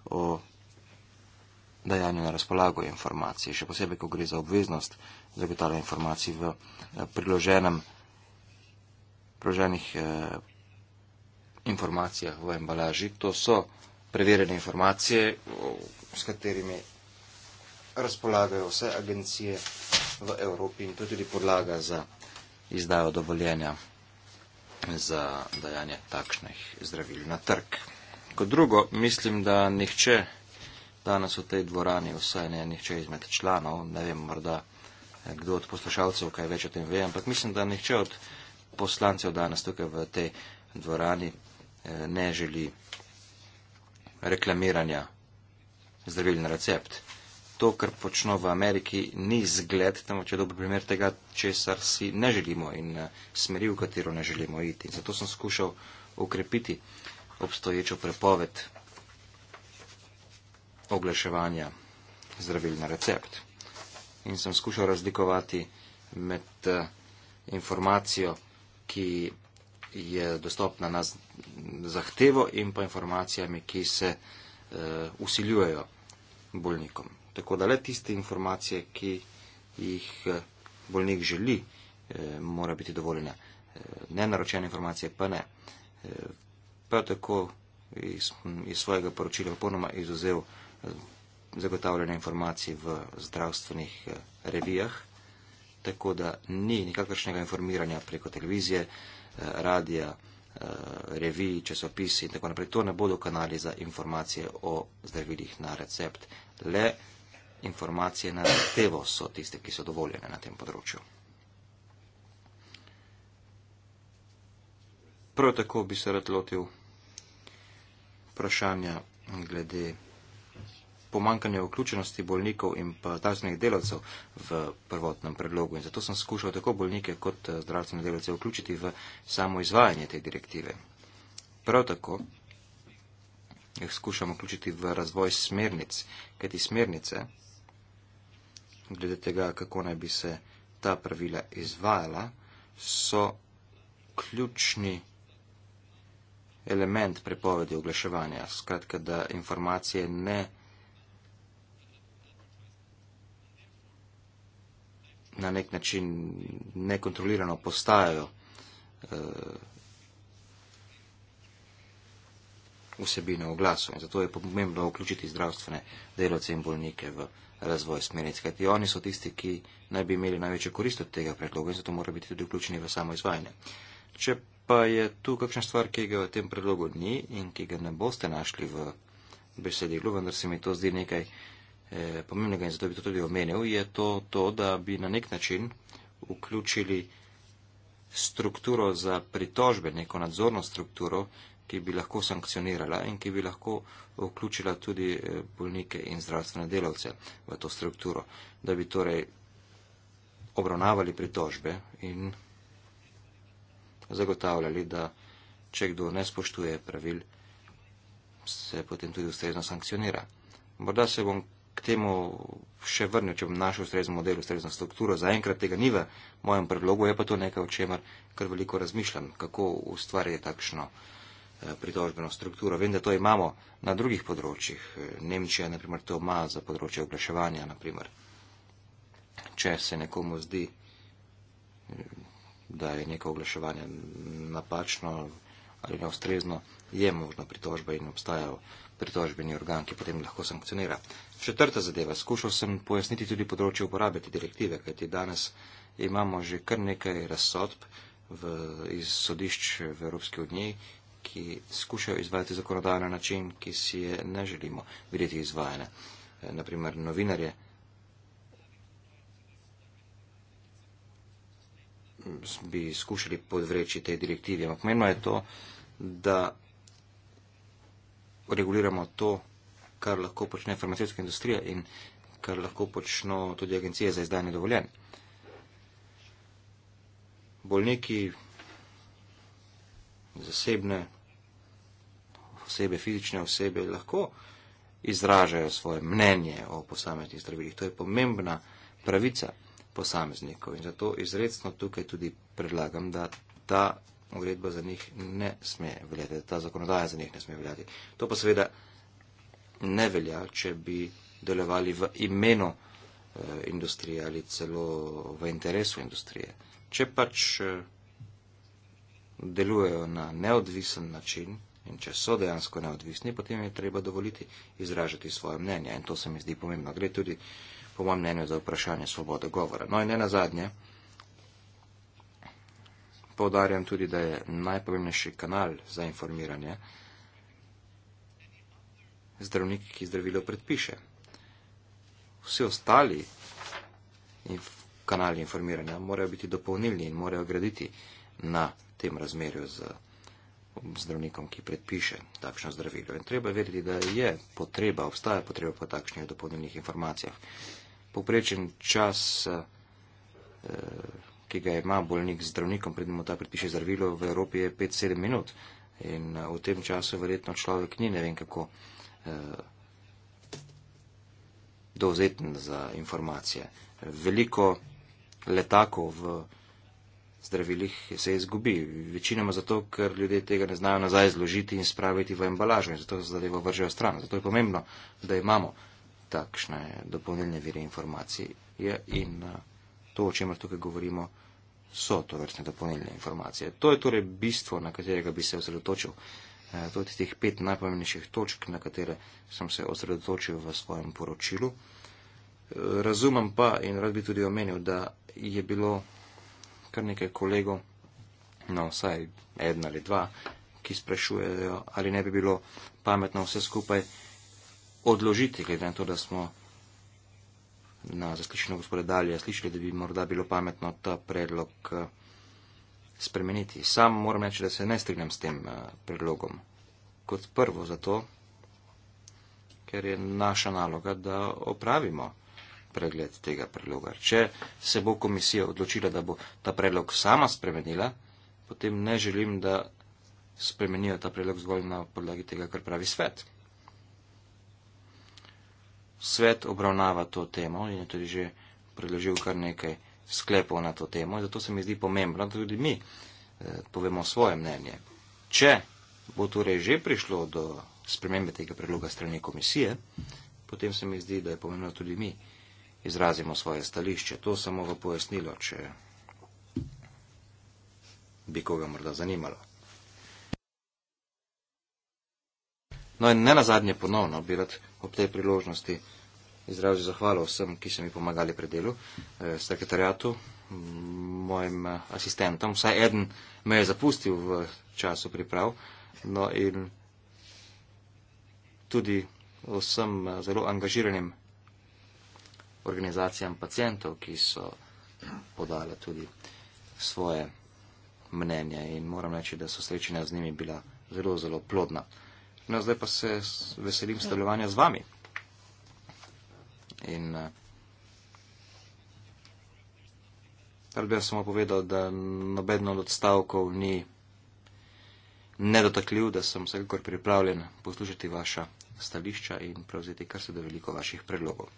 o dajanju na razpolago informacij, še posebej, ko gre za obveznost zagotavljanja informacij v eh, priloženem, priloženih eh, informacijah v embalaži. To so preverjene informacije, s katerimi razpolagajo vse agencije v Evropi in to je tudi podlaga za izdajo dovoljenja za dajanje takšnih zdravil na trg. Kot drugo, mislim, da nihče danes v tej dvorani, vsaj ne nihče izmed članov, ne vem morda, kdo od poslušalcev kaj več o tem ve, ampak mislim, da nihče od poslancev danes tukaj v tej dvorani eh, ne želi reklamiranja zdravilni recept. To, kar počno v Ameriki, ni zgled, temveč je dober primer tega, česar si ne želimo in eh, smeri, v katero ne želimo iti. Zato sem skušal ukrepiti obstoječo prepoved oglaševanja zdravilni recept. In sem skušal razlikovati med eh, informacijo, ki je dostopna na zahtevo in pa informacijami, ki se Eh, usiljujejo bolnikom. Tako da le tiste informacije, ki jih eh, bolnik želi, eh, mora biti dovoljene. Nenaročene informacije pa ne. Prav tako iz, iz svojega poročila ponoma izuzev zagotavljene informacije v zdravstvenih revijah, tako da ni nikakršnega informiranja preko televizije, radija, Eh, reviji, časopisi in tako naprej. To ne bodo kanali za informacije o zdravilih na recept. Le informacije na zahtevo so tiste, ki so dovoljene na tem področju. Prav tako bi se rad lotil vprašanja glede pomankanje vključenosti bolnikov in pa zdravstvenih delavcev v prvotnem predlogu. In zato sem skušal tako bolnike kot eh, zdravstvene delavce vključiti v samo izvajanje te direktive. Prav tako jih skušam vključiti v razvoj smernic, kajti smernice, glede tega, kako naj bi se ta pravila izvajala, so ključni element prepovedi oglaševanja. Skratka, da informacije ne. na nek način nekontrolirano postajajo eh, vsebine v glasu. In zato je pomembno vključiti zdravstvene delavce in bolnike v razvoj smernic, kajti oni so tisti, ki naj bi imeli največjo korist od tega predloga in zato mora biti tudi vključeni v samo izvajanje. Če pa je tu kakšna stvar, ki ga v tem predlogu ni in ki ga ne boste našli v besedilu, vendar se mi to zdi nekaj, Eh, pomembnega in zato bi to tudi omenil, je to, to, da bi na nek način vključili strukturo za pritožbe, neko nadzorno strukturo, ki bi lahko sankcionirala in ki bi lahko vključila tudi eh, bolnike in zdravstvene delavce v to strukturo, da bi torej obravnavali pritožbe in zagotavljali, da če kdo ne spoštuje pravil, se potem tudi ustrezno sankcionira. Morda se bom k temu še vrnil, če bom našel ustrezen model, ustrezno strukturo. Zaenkrat tega ni v mojem predlogu, je pa to nekaj, o čemer kar veliko razmišljam, kako ustvarjati takšno eh, pritožbeno strukturo. Vem, da to imamo na drugih področjih. Eh, Nemčija, naprimer, to ima za področje oglaševanja, naprimer. Če se nekomu zdi, eh, da je neko oglaševanje napačno ali neustrezno, je možno pritožba in obstajajo pritožbeni organ, ki potem lahko sankcionira. Četrta zadeva. Skušal sem pojasniti tudi področje uporabe te direktive, kajti danes imamo že kar nekaj razsodb v, iz sodišč v Evropski uniji, ki skušajo izvajati zakonodajo na način, ki si je ne želimo videti izvajane. Naprimer, novinarje bi skušali podvreči tej direktivi. Ampak menno je to, da reguliramo to, kar lahko počne farmacijska industrija in kar lahko počno tudi agencije za izdajanje dovoljen. Bolniki, zasebne osebe, fizične osebe lahko izražajo svoje mnenje o posameznih zdravilih. To je pomembna pravica posameznikov in zato izredno tukaj tudi predlagam, da ta uredba za njih ne sme veljati, ta zakonodaja za njih ne sme veljati. To pa seveda ne velja, če bi delovali v imenu eh, industrije ali celo v interesu industrije. Če pač eh, delujejo na neodvisen način in če so dejansko neodvisni, potem je treba dovoliti izražati svoje mnenje in to se mi zdi pomembno. Gre tudi, po mojem mnenju, za vprašanje svobode govora. No in ne nazadnje. Poudarjam tudi, da je najpomembnejši kanal za informiranje zdravnik, ki zdravilo predpiše. Vsi ostali inf kanali informiranja morajo biti dopolnilni in morajo graditi na tem razmerju z zdravnikom, ki predpiše takšno zdravilo. In treba vedeti, da je potreba, obstaja potreba po takšnih dopolnilnih informacijah. Poprečen čas. Eh, ki ga ima bolnik z zdravnikom, predimo ta predpiše zdravilo, v Evropi je 5-7 minut. In eh, v tem času verjetno človek ni ne vem kako eh, dovzeten za informacije. Veliko letakov v zdravilih se izgubi. Večinoma zato, ker ljudje tega ne znajo nazaj zložiti in spraviti v embalažo in zato zadevo vržejo stran. Zato je pomembno, da imamo takšne dopolnilne vire informacij. Je in eh, to, o čemer tukaj govorimo so to vrstne dopolnilne informacije. To je torej bistvo, na katerega bi se osredotočil. Eh, to je tistih pet najpomembnejših točk, na katere sem se osredotočil v svojem poročilu. Eh, razumem pa in rad bi tudi omenil, da je bilo kar nekaj kolegov, no vsaj en ali dva, ki sprašujejo, ali ne bi bilo pametno vse skupaj odložiti, glede na to, da smo na zaslišanju gospoda Dalija slišali, da bi morda bilo pametno ta predlog eh, spremeniti. Sam moram reči, da se ne strinjam s tem eh, predlogom. Kot prvo zato, ker je naša naloga, da opravimo pregled tega predloga. Če se bo komisija odločila, da bo ta predlog sama spremenila, potem ne želim, da spremenijo ta predlog zgolj na podlagi tega, kar pravi svet svet obravnava to temo in je tudi že predložil kar nekaj sklepov na to temo. Zato se mi zdi pomembno, da tudi mi eh, povemo svoje mnenje. Če bo torej že prišlo do spremembe tega predloga strani komisije, potem se mi zdi, da je pomembno tudi mi izrazimo svoje stališče. To samo v pojasnilo, če bi koga morda zanimalo. No in ne nazadnje ponovno bi rad ob tej priložnosti izrazil zahvalo vsem, ki so mi pomagali pri delu, eh, sekretarjatu, mojim eh, asistentom. Vsaj eden me je zapustil v času priprav. No in tudi vsem eh, zelo angažiranim organizacijam pacijentov, ki so podale tudi svoje mnenje in moram reči, da so srečanja z njimi bila zelo, zelo plodna. No, zdaj pa se veselim sodelovanja z vami. In tako eh, bi jaz samo povedal, da noben od odstavkov ni nedotakljiv, da sem vsekakor pripravljen poslušati vaša stališča in prevzeti kar se da veliko vaših predlogov.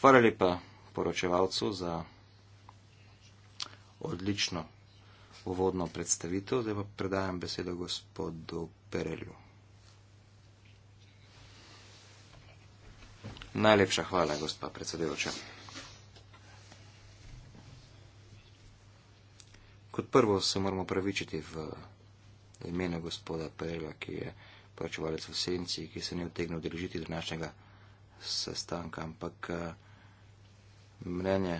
Hvala lepa poročevalcu za odlično uvodno predstavitev. Zdaj pa predajam besedo gospodu Perelju. Najlepša hvala, gospa predsedujoča. Kot prvo se moramo pravičiti v imenu gospoda Perela, ki je plačevalec v senci, ki se ni vtegnil deležiti današnjega sestanka, ampak eh, mnenje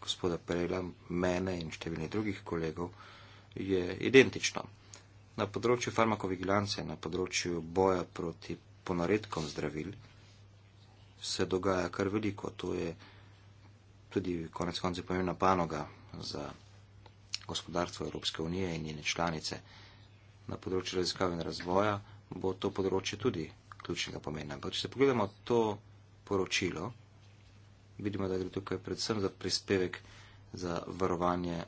gospoda Perela, mene in številnih drugih kolegov je identično. Na področju farmakovigilance, na področju boja proti ponaredkom zdravil, se dogaja kar veliko. To je tudi konec konca pomembna panoga za gospodarstvo Evropske unije in njene članice. Na področju raziskav in razvoja bo to področje tudi ključnega pomena. Ampak, če se pogledamo to poročilo, vidimo, da gre tukaj predvsem za prispevek za varovanje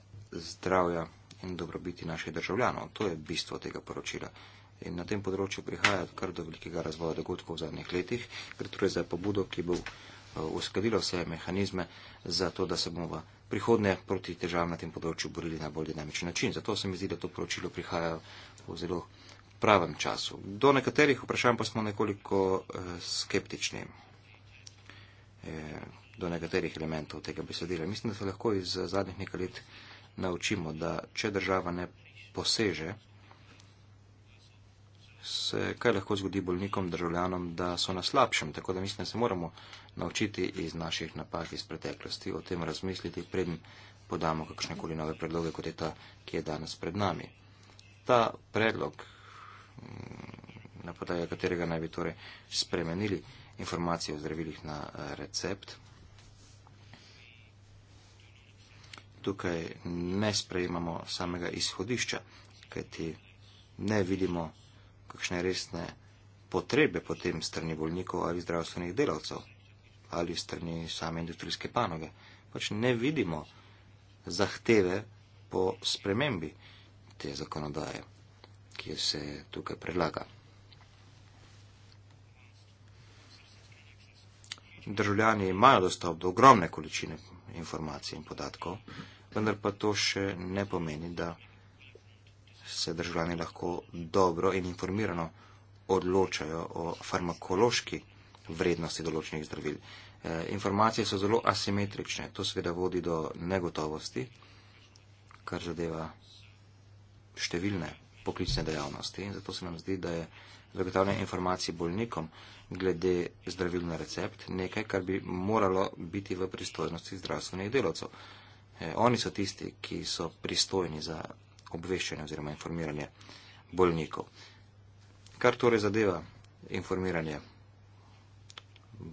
zdravja in dobrobiti naših državljanov. To je bistvo tega poročila. In na tem področju prihaja kar do velikega razvoja dogodkov v zadnjih letih, ker torej za pobudo, ki bo eh, uskladila vse mehanizme za to, da se bomo v prihodnje proti težavam na tem področju borili na bolj dinamičen način. Zato se mi zdi, da to poročilo prihaja v zelo pravem času. Do nekaterih vprašanj pa smo nekoliko eh, skeptični eh, do nekaterih elementov tega besedila. Mislim, da se lahko iz zadnjih nekaj let naučimo, da če država ne poseže, se kaj lahko zgodi bolnikom, državljanom, da so na slabšem. Tako da mislim, da se moramo naučiti iz naših napak iz preteklosti, o tem razmisliti, preden podamo kakšnekoli nove predloge, kot je ta, ki je danes pred nami. Ta predlog, mm, na podaj katerega naj bi torej spremenili informacije o zdravilih na eh, recept, tukaj ne sprejemamo samega izhodišča, kajti ne vidimo kakšne resne potrebe potem strani bolnikov ali zdravstvenih delavcev ali strani same industrijske panoge. Pač ne vidimo zahteve po spremembi te zakonodaje, ki se tukaj predlaga. Državljani imajo dostop do ogromne količine informacij in podatkov, vendar pa to še ne pomeni, da se državljani lahko dobro in informirano odločajo o farmakološki vrednosti določenih zdravil. E, informacije so zelo asimetrične, to seveda vodi do negotovosti, kar zadeva številne poklicne dejavnosti in zato se nam zdi, da je zagotavljanje informacij bolnikom glede zdravil na recept nekaj, kar bi moralo biti v pristojnosti zdravstvenih delovcev. E, oni so tisti, ki so pristojni za obveščanje oziroma informiranje bolnikov. Kar torej zadeva informiranje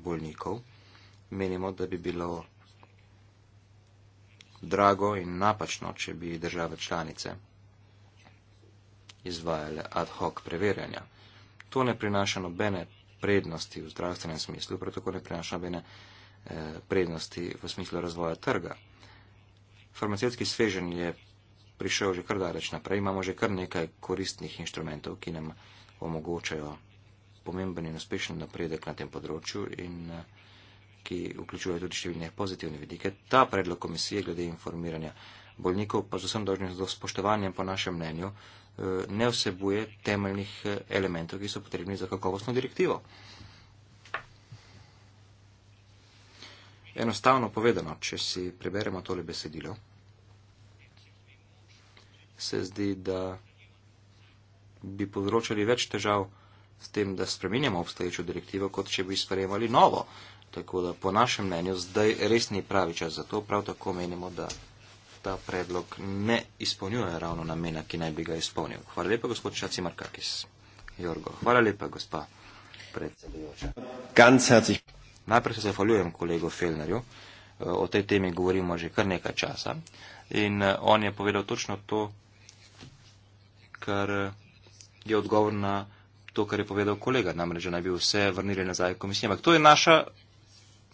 bolnikov, menimo, da bi bilo drago in napačno, če bi države članice izvajale ad hoc preverjanja. To ne prinaša nobene prednosti v zdravstvenem smislu, prav tako ne prinaša nobene eh, prednosti v smislu razvoja trga. Farmacijski svežen je prišel že kar daleč naprej. Imamo že kar nekaj koristnih inštrumentov, ki nam omogočajo pomemben in uspešen napredek na tem področju in eh, ki vključujejo tudi številne pozitivne vidike. Ta predlog komisije glede informiranja bolnikov pa z vsem dožnim do spoštovanjem po našem mnenju eh, ne vsebuje temeljnih eh, elementov, ki so potrebni za kakovostno direktivo. Enostavno povedano, če si preberemo tole besedilo, se zdi, da bi povzročali več težav s tem, da spremenjamo obstoječo direktivo, kot če bi sprejemali novo. Tako da po našem mnenju zdaj res ni pravi čas za to. Prav tako menimo, da ta predlog ne izpolnjuje ravno namena, ki naj bi ga izpolnil. Hvala lepa, gospod Šaci Markakis. Jorgo, hvala lepa, gospa predsedujoča. Najprej se zahvaljujem kolegu Felnerju. O tej temi govorimo že kar nekaj časa. In eh, on je povedal točno to, kar eh, je odgovor na to, kar je povedal kolega, namreč, da naj bi vse vrnili nazaj komisije. Ampak to je naša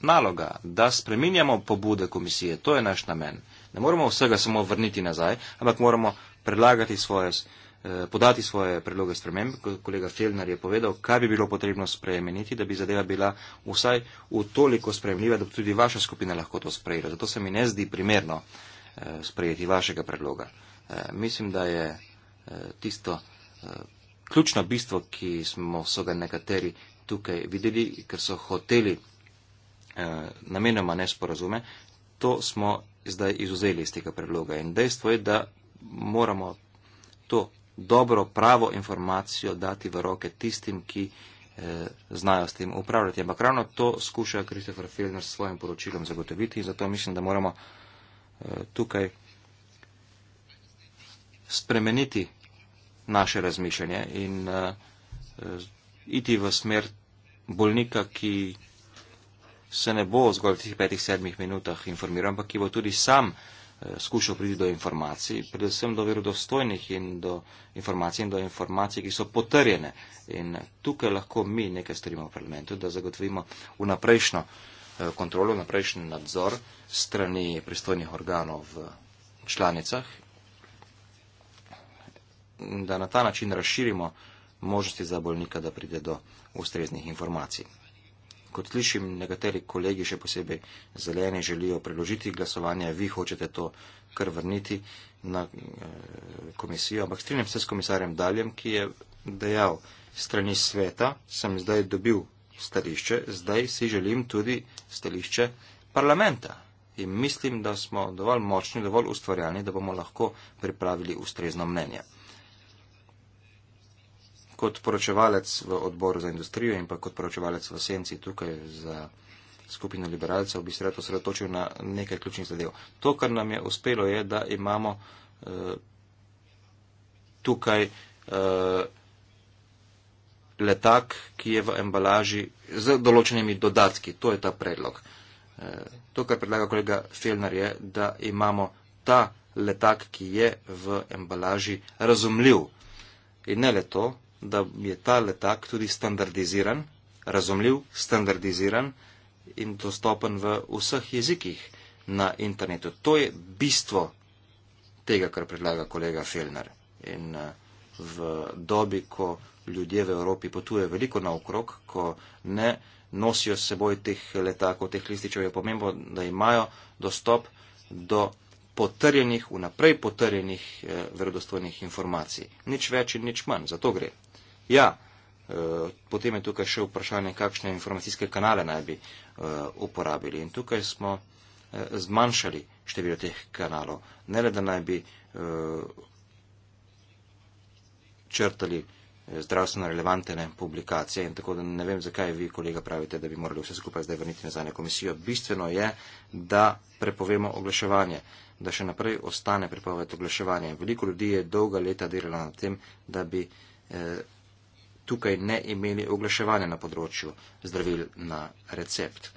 naloga, da spreminjamo pobude komisije, to je naš namen. Ne moramo vsega samo vrniti nazaj, ampak moramo predlagati svoje, eh, podati svoje predloge sprememb, kot kolega Felner je povedal, kaj bi bilo potrebno spremeniti, da bi zadeva bila vsaj v toliko spremljiva, da bi tudi vaša skupina lahko to sprejela. Zato se mi ne zdi primerno eh, sprejeti vašega predloga. Mislim, da je tisto eh, ključno bistvo, ki smo so ga nekateri tukaj videli, ker so hoteli eh, namenoma nesporazume, to smo zdaj izuzeli iz tega predloga. In dejstvo je, da moramo to dobro, pravo informacijo dati v roke tistim, ki eh, znajo s tem upravljati. Ampak ravno to skuša Christopher Filner s svojim poročilom zagotoviti in zato mislim, da moramo tukaj spremeniti naše razmišljanje in uh, iti v smer bolnika, ki se ne bo zgolj v tih petih, sedmih minutah informiral, ampak ki bo tudi sam uh, skušal priti do informacij, predvsem do verodostojnih in do informacij in do informacij, ki so potrjene. In tukaj lahko mi nekaj storimo v parlamentu, da zagotovimo vnaprejšno kontrolo, vnaprejšen nadzor strani pristojnih organov v članicah da na ta način razširimo možnosti za bolnika, da pride do ustreznih informacij. Kot slišim, nekateri kolegi, še posebej zeleni, želijo preložiti glasovanje, vi hočete to kar vrniti na eh, komisijo, ampak strinjam se s komisarjem Daljem, ki je dejal strani sveta, sem zdaj dobil stališče, zdaj si želim tudi stališče parlamenta. In mislim, da smo dovolj močni, dovolj ustvarjalni, da bomo lahko pripravili ustrezno mnenje kot poročevalec v odboru za industrijo in pa kot poročevalec v senci tukaj za skupino liberalcev, bi se rad osredotočil na nekaj ključnih zadev. To, kar nam je uspelo, je, da imamo uh, tukaj uh, letak, ki je v embalaži z določenimi dodatki. To je ta predlog. Uh, to, kar predlaga kolega Felner, je, da imamo ta letak, ki je v embalaži razumljiv. In ne le to, da je ta letak tudi standardiziran, razumljiv, standardiziran in dostopen v vseh jezikih na internetu. To je bistvo tega, kar predlaga kolega Felner. In eh, v dobi, ko ljudje v Evropi potuje veliko naokrog, ko ne nosijo s seboj teh letakov, teh lističev, je pomembno, da imajo dostop do potrjenih, vnaprej potrjenih eh, verodostojnih informacij. Nič več in nič manj, za to gre. Ja, eh, potem je tukaj še vprašanje, kakšne informacijske kanale naj bi eh, uporabili. In tukaj smo eh, zmanjšali število teh kanalov. Ne le, da naj bi črtali zdravstveno relevantene publikacije in tako, da ne vem, zakaj vi, kolega, pravite, da bi morali vse skupaj zdaj vrniti nazaj na komisijo. Bistveno je, da prepovemo oglaševanje, da še naprej ostane prepoved oglaševanja. Veliko ljudi je dolga leta delalo na tem, da bi eh, tukaj ne imeli oglaševanja na področju zdravil na recept.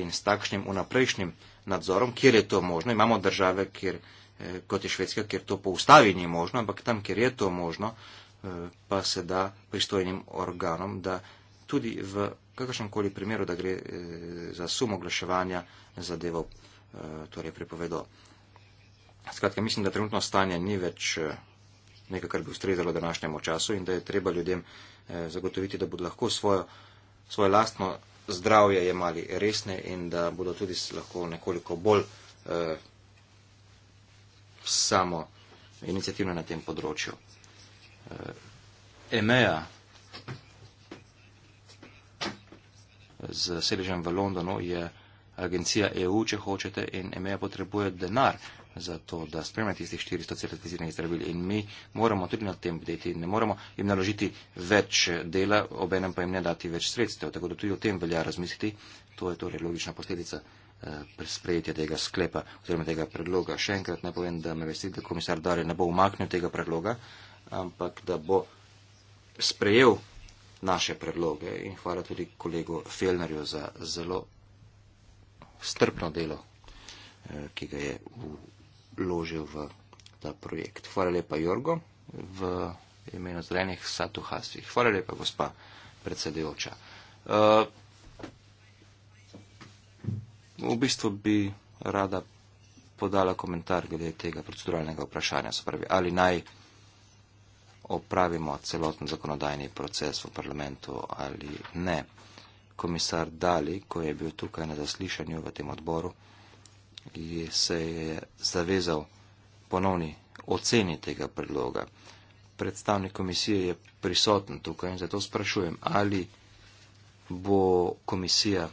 In s takšnim unaprejšnjim nadzorom, kjer je to možno, imamo države, kjer, eh, kot je Švedska, kjer to po ustavi ni možno, ampak tam, kjer je to možno, eh, pa se da pristojnim organom, da tudi v kakršnemkoli primeru, da gre eh, za sum oglaševanja zadevo, torej prepovedo. Skratka, mislim, da trenutno stanje ni več nekaj, kar bi ustrezalo današnjemu času in da je treba ljudem eh, Eh, zagotoviti, da bodo lahko svojo, svoje lastno zdravje jemali resne in da bodo tudi lahko nekoliko bolj eh, samo inicijativne na tem področju. EMEA eh, e z sedežem v Londonu je agencija EU, če hočete, in EMEA potrebuje denar. Eh, za to, da spremlja tistih 400 certificiranih zdravil. In mi moramo tudi nad tem bdeti. Ne moramo jim naložiti več dela, obenem pa jim ne dati več sredstev. Tako da tudi o tem velja razmisliti. To je torej logična posledica eh, sprejetja tega sklepa oziroma tega predloga. Še enkrat naj povem, da me veseli, da komisar Dare ne bo umaknil tega predloga, ampak da bo sprejel naše predloge in hvala tudi kolegu Felnerju za zelo strpno delo, eh, ki ga je v vložil v ta projekt. Hvala lepa, Jorgo, v imenu zelenih satuhasvih. Hvala lepa, gospa predsedujoča. Uh, v bistvu bi rada podala komentar glede tega proceduralnega vprašanja, se pravi, ali naj opravimo celoten zakonodajni proces v parlamentu ali ne. Komisar Dali, ko je bil tukaj na zaslišanju v tem odboru, ki se je zavezal ponovni oceni tega predloga. Predstavnik komisije je prisoten tukaj in zato sprašujem, ali bo komisija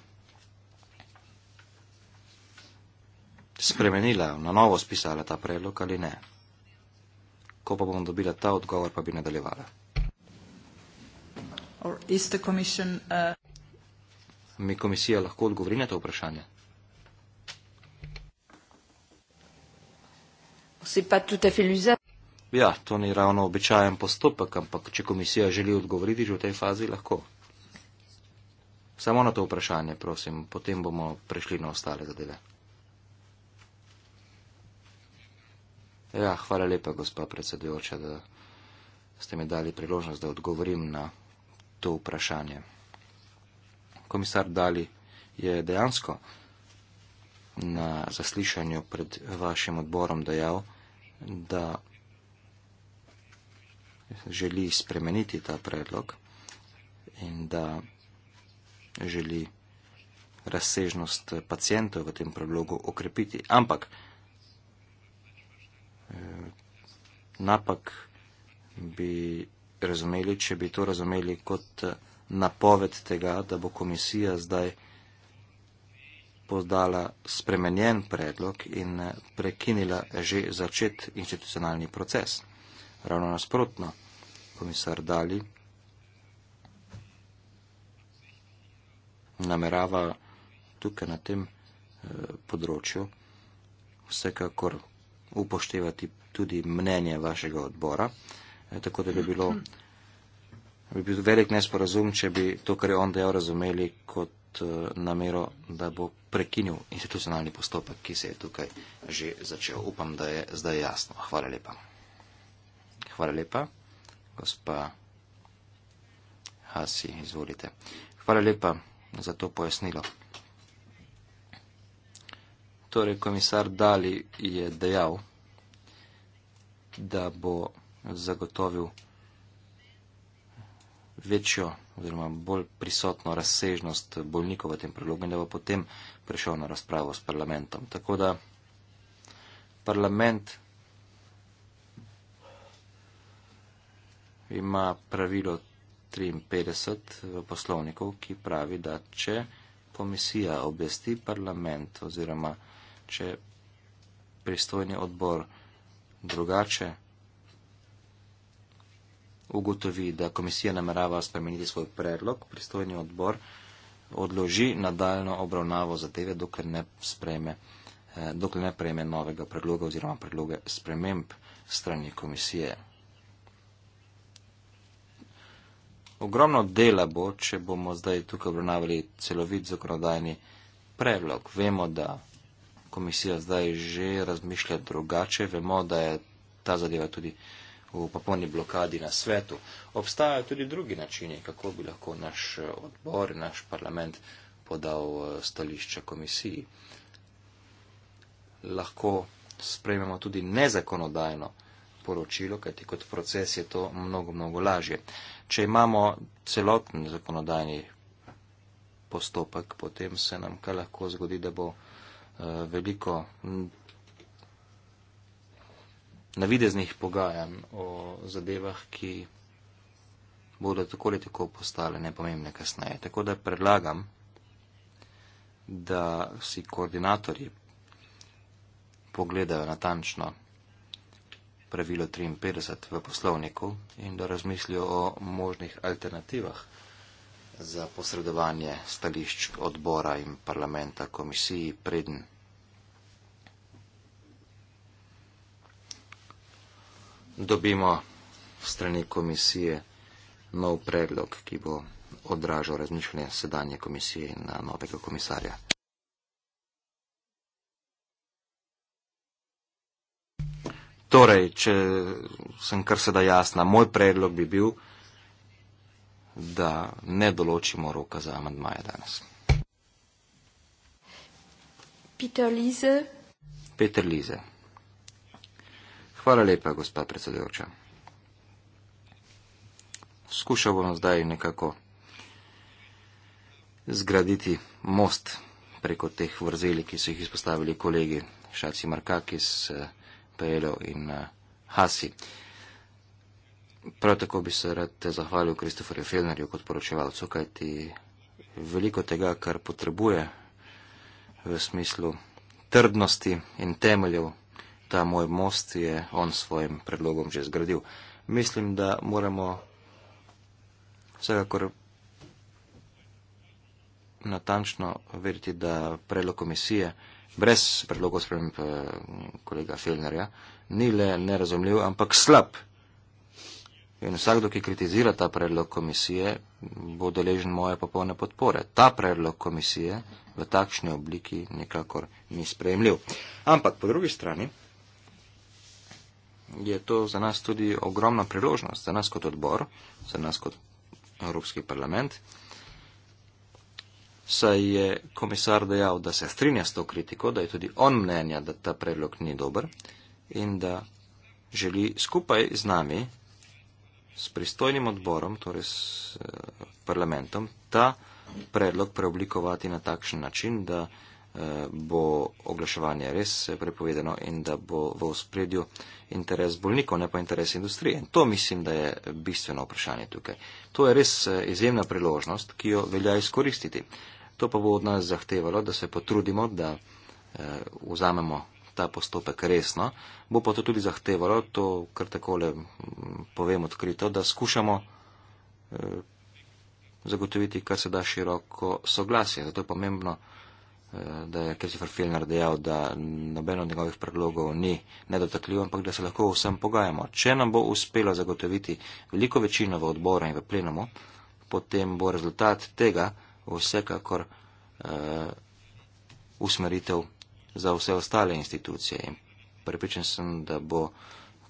spremenila, na novo spisala ta predlog ali ne. Ko pa bom dobila ta odgovor, pa bi nadaljevala. Uh, Mi komisija lahko odgovori na to vprašanje? Ja, to ni ravno običajen postopek, ampak če komisija želi odgovoriti že v tej fazi, lahko. Samo na to vprašanje, prosim, potem bomo prešli na ostale zadeve. Ja, hvala lepa, gospa predsedujoča, da ste mi dali priložnost, da odgovorim na to vprašanje. Komisar Dali je dejansko na zaslišanju pred vašim odborom dejal, da je da želi spremeniti ta predlog in da želi razsežnost pacijentov v tem predlogu okrepiti. Ampak eh, napak bi razumeli, če bi to razumeli kot napoved tega, da bo komisija zdaj podala spremenjen predlog in eh, prekinila že začet institucionalni proces. Ravno nasprotno, komisar Dali namerava tukaj na tem eh, področju vsekakor upoštevati tudi mnenje vašega odbora, eh, tako da bi bilo bi bil velik nesporazum, če bi to, kar je on dejal, razumeli kot Eh, namero, da bo prekinil institucionalni postopek, ki se je tukaj že začel. Upam, da je zdaj jasno. Hvala lepa. Hvala lepa, gospa Hasi, izvolite. Hvala lepa za to pojasnilo. Torej, komisar Dali je dejal, da bo zagotovil večjo oziroma bolj prisotno razsežnost bolnikov v tem predlogu in da bo potem prišel na razpravo s parlamentom. Tako da parlament ima pravilo 53 v poslovniku, ki pravi, da če komisija obvesti parlament oziroma če pristojni odbor drugače ugotovi, da komisija namerava spremeniti svoj predlog, pristojni odbor odloži nadaljno obravnavo zadeve, dokler ne spreme, eh, dokler ne prejme novega predloga oziroma predloge sprememb strani komisije. Ogromno dela bo, če bomo zdaj tukaj obravnavali celovit zakonodajni predlog. Vemo, da komisija zdaj že razmišlja drugače, vemo, da je ta zadeva tudi v popolni blokadi na svetu. Obstajajo tudi drugi načini, kako bi lahko naš eh, odbor, naš parlament podal eh, stališče komisiji. Lahko sprejmemo tudi nezakonodajno poročilo, kajti kot proces je to mnogo, mnogo lažje. Če imamo celoten zakonodajni postopek, potem se nam kaj lahko zgodi, da bo eh, veliko navideznih pogajanj o zadevah, ki bodo tako ali tako postale nepomembne kasneje. Tako da predlagam, da si koordinatorji pogledajo natančno pravilo 53 v poslovniku in da razmislijo o možnih alternativah za posredovanje stališč odbora in parlamenta komisiji prednjih. dobimo strani komisije nov predlog, ki bo odražal razmišljanje sedanje komisije in novega komisarja. Torej, če sem kar sedaj jasna, moj predlog bi bil, da ne določimo roka za amandmaje danes. Peter Lize. Peter Lize. Hvala lepa, gospa predsedujoča. Skušal bom zdaj nekako zgraditi most preko teh vrzeli, ki so jih izpostavili kolegi Šaci Markakis, Pejelo in Hasi. Prav tako bi se rad zahvalil Kristoforju Felnerju kot poročevalcu, kajti veliko tega, kar potrebuje v smislu trdnosti in temeljev ta moj most je on s svojim predlogom že zgradil. Mislim, da moramo vsekakor natančno veriti, da predlog komisije brez predlogov sprememb eh, kolega Filnerja ni le nerazumljiv, ampak slab. In vsakdo, ki kritizira ta predlog komisije, bo deležen moje popolne podpore. Ta predlog komisije v takšni obliki nikakor ni sprejemljiv. Ampak po drugi strani je to za nas tudi ogromna priložnost, za nas kot odbor, za nas kot Evropski parlament. Saj je komisar dejal, da se strinja s to kritiko, da je tudi on mnenja, da ta predlog ni dober in da želi skupaj z nami, s pristojnim odborom, torej s eh, parlamentom, ta predlog preoblikovati na takšen način, da Eh, bo oglaševanje res eh, prepovedano in da bo v ospredju interes bolnikov, ne pa interes industrije. In to mislim, da je bistveno vprašanje tukaj. To je res eh, izjemna priložnost, ki jo velja izkoristiti. To pa bo od nas zahtevalo, da se potrudimo, da vzamemo ta postopek resno. Bo pa to tudi zahtevalo, to kar takole povem odkrito, da skušamo zagotoviti, kar se da široko soglasje. Zato je pomembno, da je Christopher Filner dejal, da noben od njegovih predlogov ni nedotakljiv, ampak da se lahko vsem pogajamo. Če nam bo uspelo zagotoviti veliko večino v odboru in v plenumu, potem bo rezultat tega vsekakor uh, usmeritev za vse ostale institucije. In pripričan sem, da bo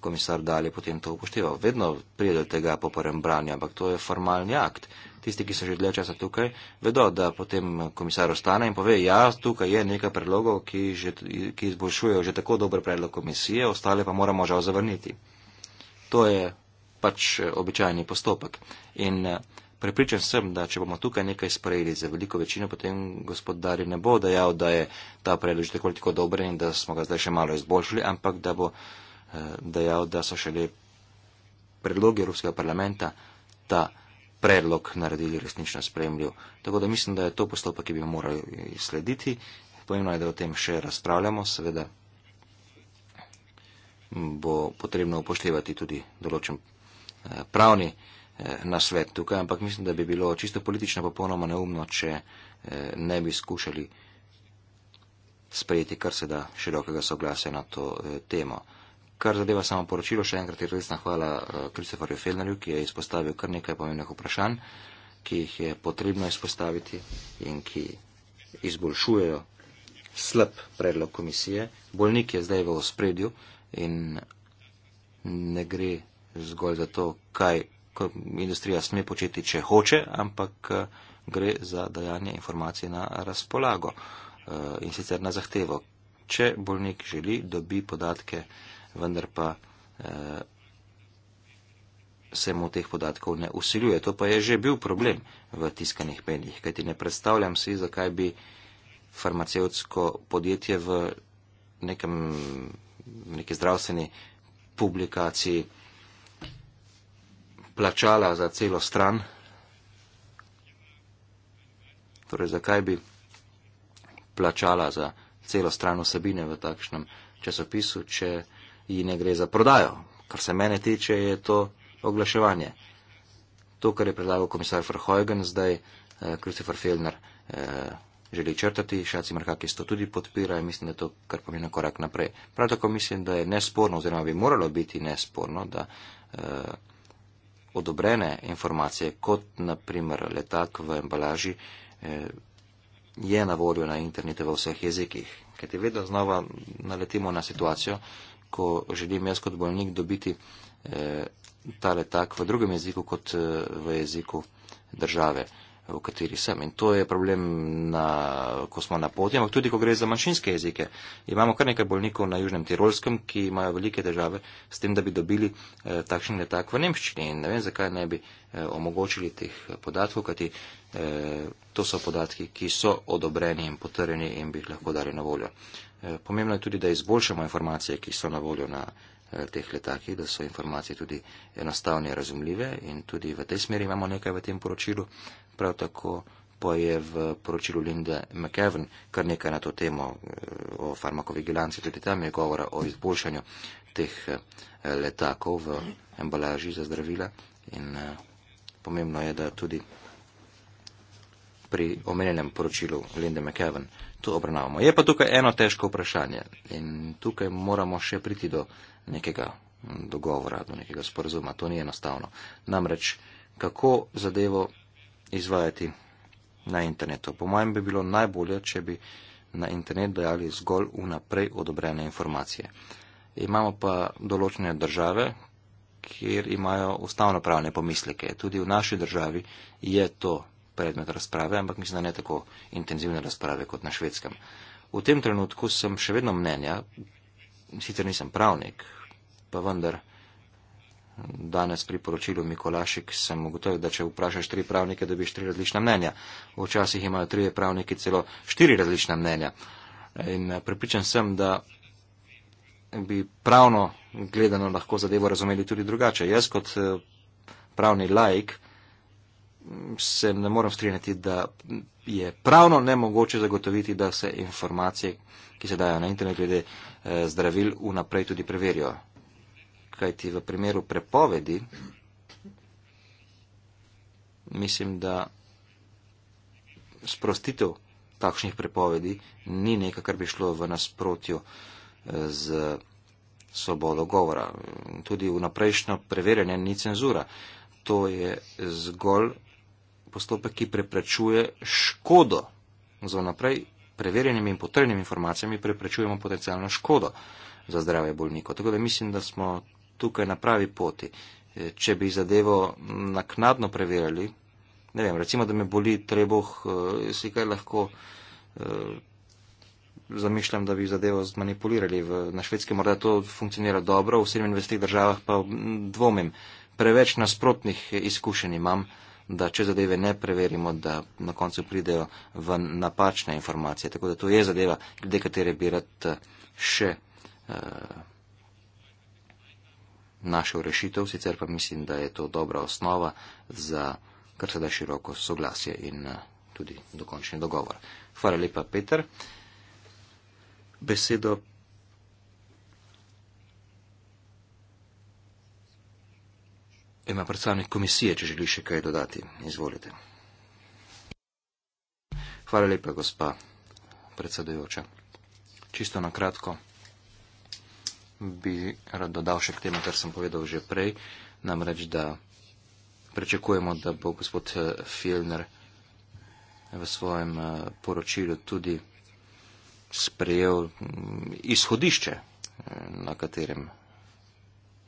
komisar dalje potem to upošteval. Vedno pride do tega po prvem branju, ampak to je formalni akt. Tisti, ki so že dlje časa tukaj, vedo, da potem komisar ostane in pove, ja, tukaj je nekaj predlogov, ki, že, ki izboljšujejo že tako dober predlog komisije, ostale pa moramo žal zavrniti. To je pač eh, običajni postopek. In eh, prepričan sem, da če bomo tukaj nekaj sprejeli za veliko večino, potem gospod Dari ne bo dejal, da je ta predlog že tako, tako dober in da smo ga zdaj še malo izboljšali, ampak da bo eh, dejal, da so šele predlogi Evropskega parlamenta ta predlog predlog naredili, resnično spremljiv. Tako da mislim, da je to postopek, ki bi ga morali slediti. Pomembno je, da o tem še razpravljamo. Seveda bo potrebno upoštevati tudi določen eh, pravni eh, na svet tukaj, ampak mislim, da bi bilo čisto politično popolnoma neumno, če eh, ne bi skušali sprejeti kar se da širokega soglasja na to temo. Kar zadeva samo poročilo, še enkrat je resna hvala eh, Kristoforju Felnerju, ki je izpostavil kar nekaj pomembnih vprašanj, ki jih je potrebno izpostaviti in ki izboljšujejo slab predlog komisije. Bolnik je zdaj v ospredju in ne gre zgolj za to, kaj industrija sme početi, če hoče, ampak eh, gre za dajanje informacij na razpolago eh, in sicer na zahtevo. Če bolnik želi, dobi podatke vendar pa eh, se mu teh podatkov ne usiljuje. To pa je že bil problem v tiskanih medijih, kajti ne predstavljam si, zakaj bi farmacevtsko podjetje v nekem, neki zdravstveni publikaciji plačala za celo stran. Torej, zakaj bi plačala za celo stran osebine v takšnem časopisu, če ji ne gre za prodajo. Kar se mene tiče, je to oglaševanje. To, kar je predlagal komisar Verhoegen, zdaj eh, Christopher Filner eh, želi črtati, Šaci Markakis to tudi podpira in mislim, da je to kar pomeni korak naprej. Prav tako mislim, da je nesporno, oziroma bi moralo biti nesporno, da eh, odobrene informacije, kot naprimer letak v embalaži, eh, je na voljo na internetu v vseh jezikih. Ker ti vedno znova naletimo na situacijo, ko želim jaz kot bolnik dobiti eh, ta letak v drugem jeziku kot eh, v jeziku države, v kateri sem. In to je problem, na, ko smo na poti, ampak tudi, ko gre za manjšinske jezike. Imamo kar nekaj bolnikov na Južnem Tirolskem, ki imajo velike težave s tem, da bi dobili eh, takšen letak v Nemščini. In ne vem, zakaj ne bi eh, omogočili teh podatkov, kajti eh, to so podatki, ki so odobreni in potrjeni in bi jih lahko dali na voljo. Eh, Eh, pomembno je tudi, da izboljšamo informacije, ki so na voljo na eh, teh letakih, da so informacije tudi enostavne, razumljive in tudi v tej smeri imamo nekaj v tem poročilu. Prav tako pa je v poročilu Linda McEwen kar nekaj na to temo eh, o farmakovigilanci. Tudi tam je govora o izboljšanju teh letakov v embalaži za zdravila in pomembno je, da tudi pri omenjenem poročilu Linda McEwen to obravnavamo. Je pa tukaj eno težko vprašanje in tukaj moramo še priti do nekega dogovora, do nekega sporazuma. To ni enostavno. Namreč, kako zadevo izvajati na internetu? Po mojem bi bilo najbolje, če bi na internet dajali zgolj unaprej odobrene informacije. Imamo pa določene države, kjer imajo ustavno pravne pomisleke. Tudi v naši državi je to predmet razprave, ampak mislim, da ne tako intenzivne razprave kot na švedskem. V tem trenutku sem še vedno mnenja, sicer nisem pravnik, pa vendar danes pri poročilu Mikolašik sem ugotovil, da če vprašaš tri pravnike, dobiš tri različna mnenja. Včasih imajo tri pravniki celo štiri različna mnenja. In eh, pripričan sem, da bi pravno gledano lahko zadevo razumeli tudi drugače. Jaz kot eh, pravni lajk like, se ne morem strinjati, da je pravno nemogoče zagotoviti, da se informacije, ki se dajo na internet glede eh, zdravil, vnaprej tudi preverijo. Kaj ti v primeru prepovedi, mislim, da sprostitev takšnih prepovedi ni nekaj, kar bi šlo v nasprotju eh, z svobodo govora. Tudi vnaprejšnjo preverjanje ni cenzura. To je zgolj postopek, ki preprečuje škodo. Za naprej preverjenimi in potrjenimi informacijami preprečujemo potencijalno škodo za zdrave bolnikov. Tako da mislim, da smo tukaj na pravi poti. E, če bi zadevo naknadno preverjali, ne vem, recimo, da me boli treboh, e, si kaj lahko e, zamišljam, da bi zadevo zmanipulirali. Na švedskem morda to funkcionira dobro, v 27 državah pa dvomim. Preveč nasprotnih izkušenj imam da če zadeve ne preverimo, da na koncu pridejo v napačne informacije. Tako da to je zadeva, glede katere bi rad eh, še eh, našel rešitev, sicer pa mislim, da je to dobra osnova za kar se da široko soglasje in eh, tudi dokončni dogovor. Hvala lepa, Peter. Besedo ima predstavnik komisije, če želi še kaj dodati. Izvolite. Hvala lepa, gospa predsedujoča. Čisto na kratko bi rad dodal še k temu, kar sem povedal že prej, namreč, da prečakujemo, da bo gospod eh, Filner v svojem eh, poročilu tudi sprejel mm, izhodišče, eh, na katerem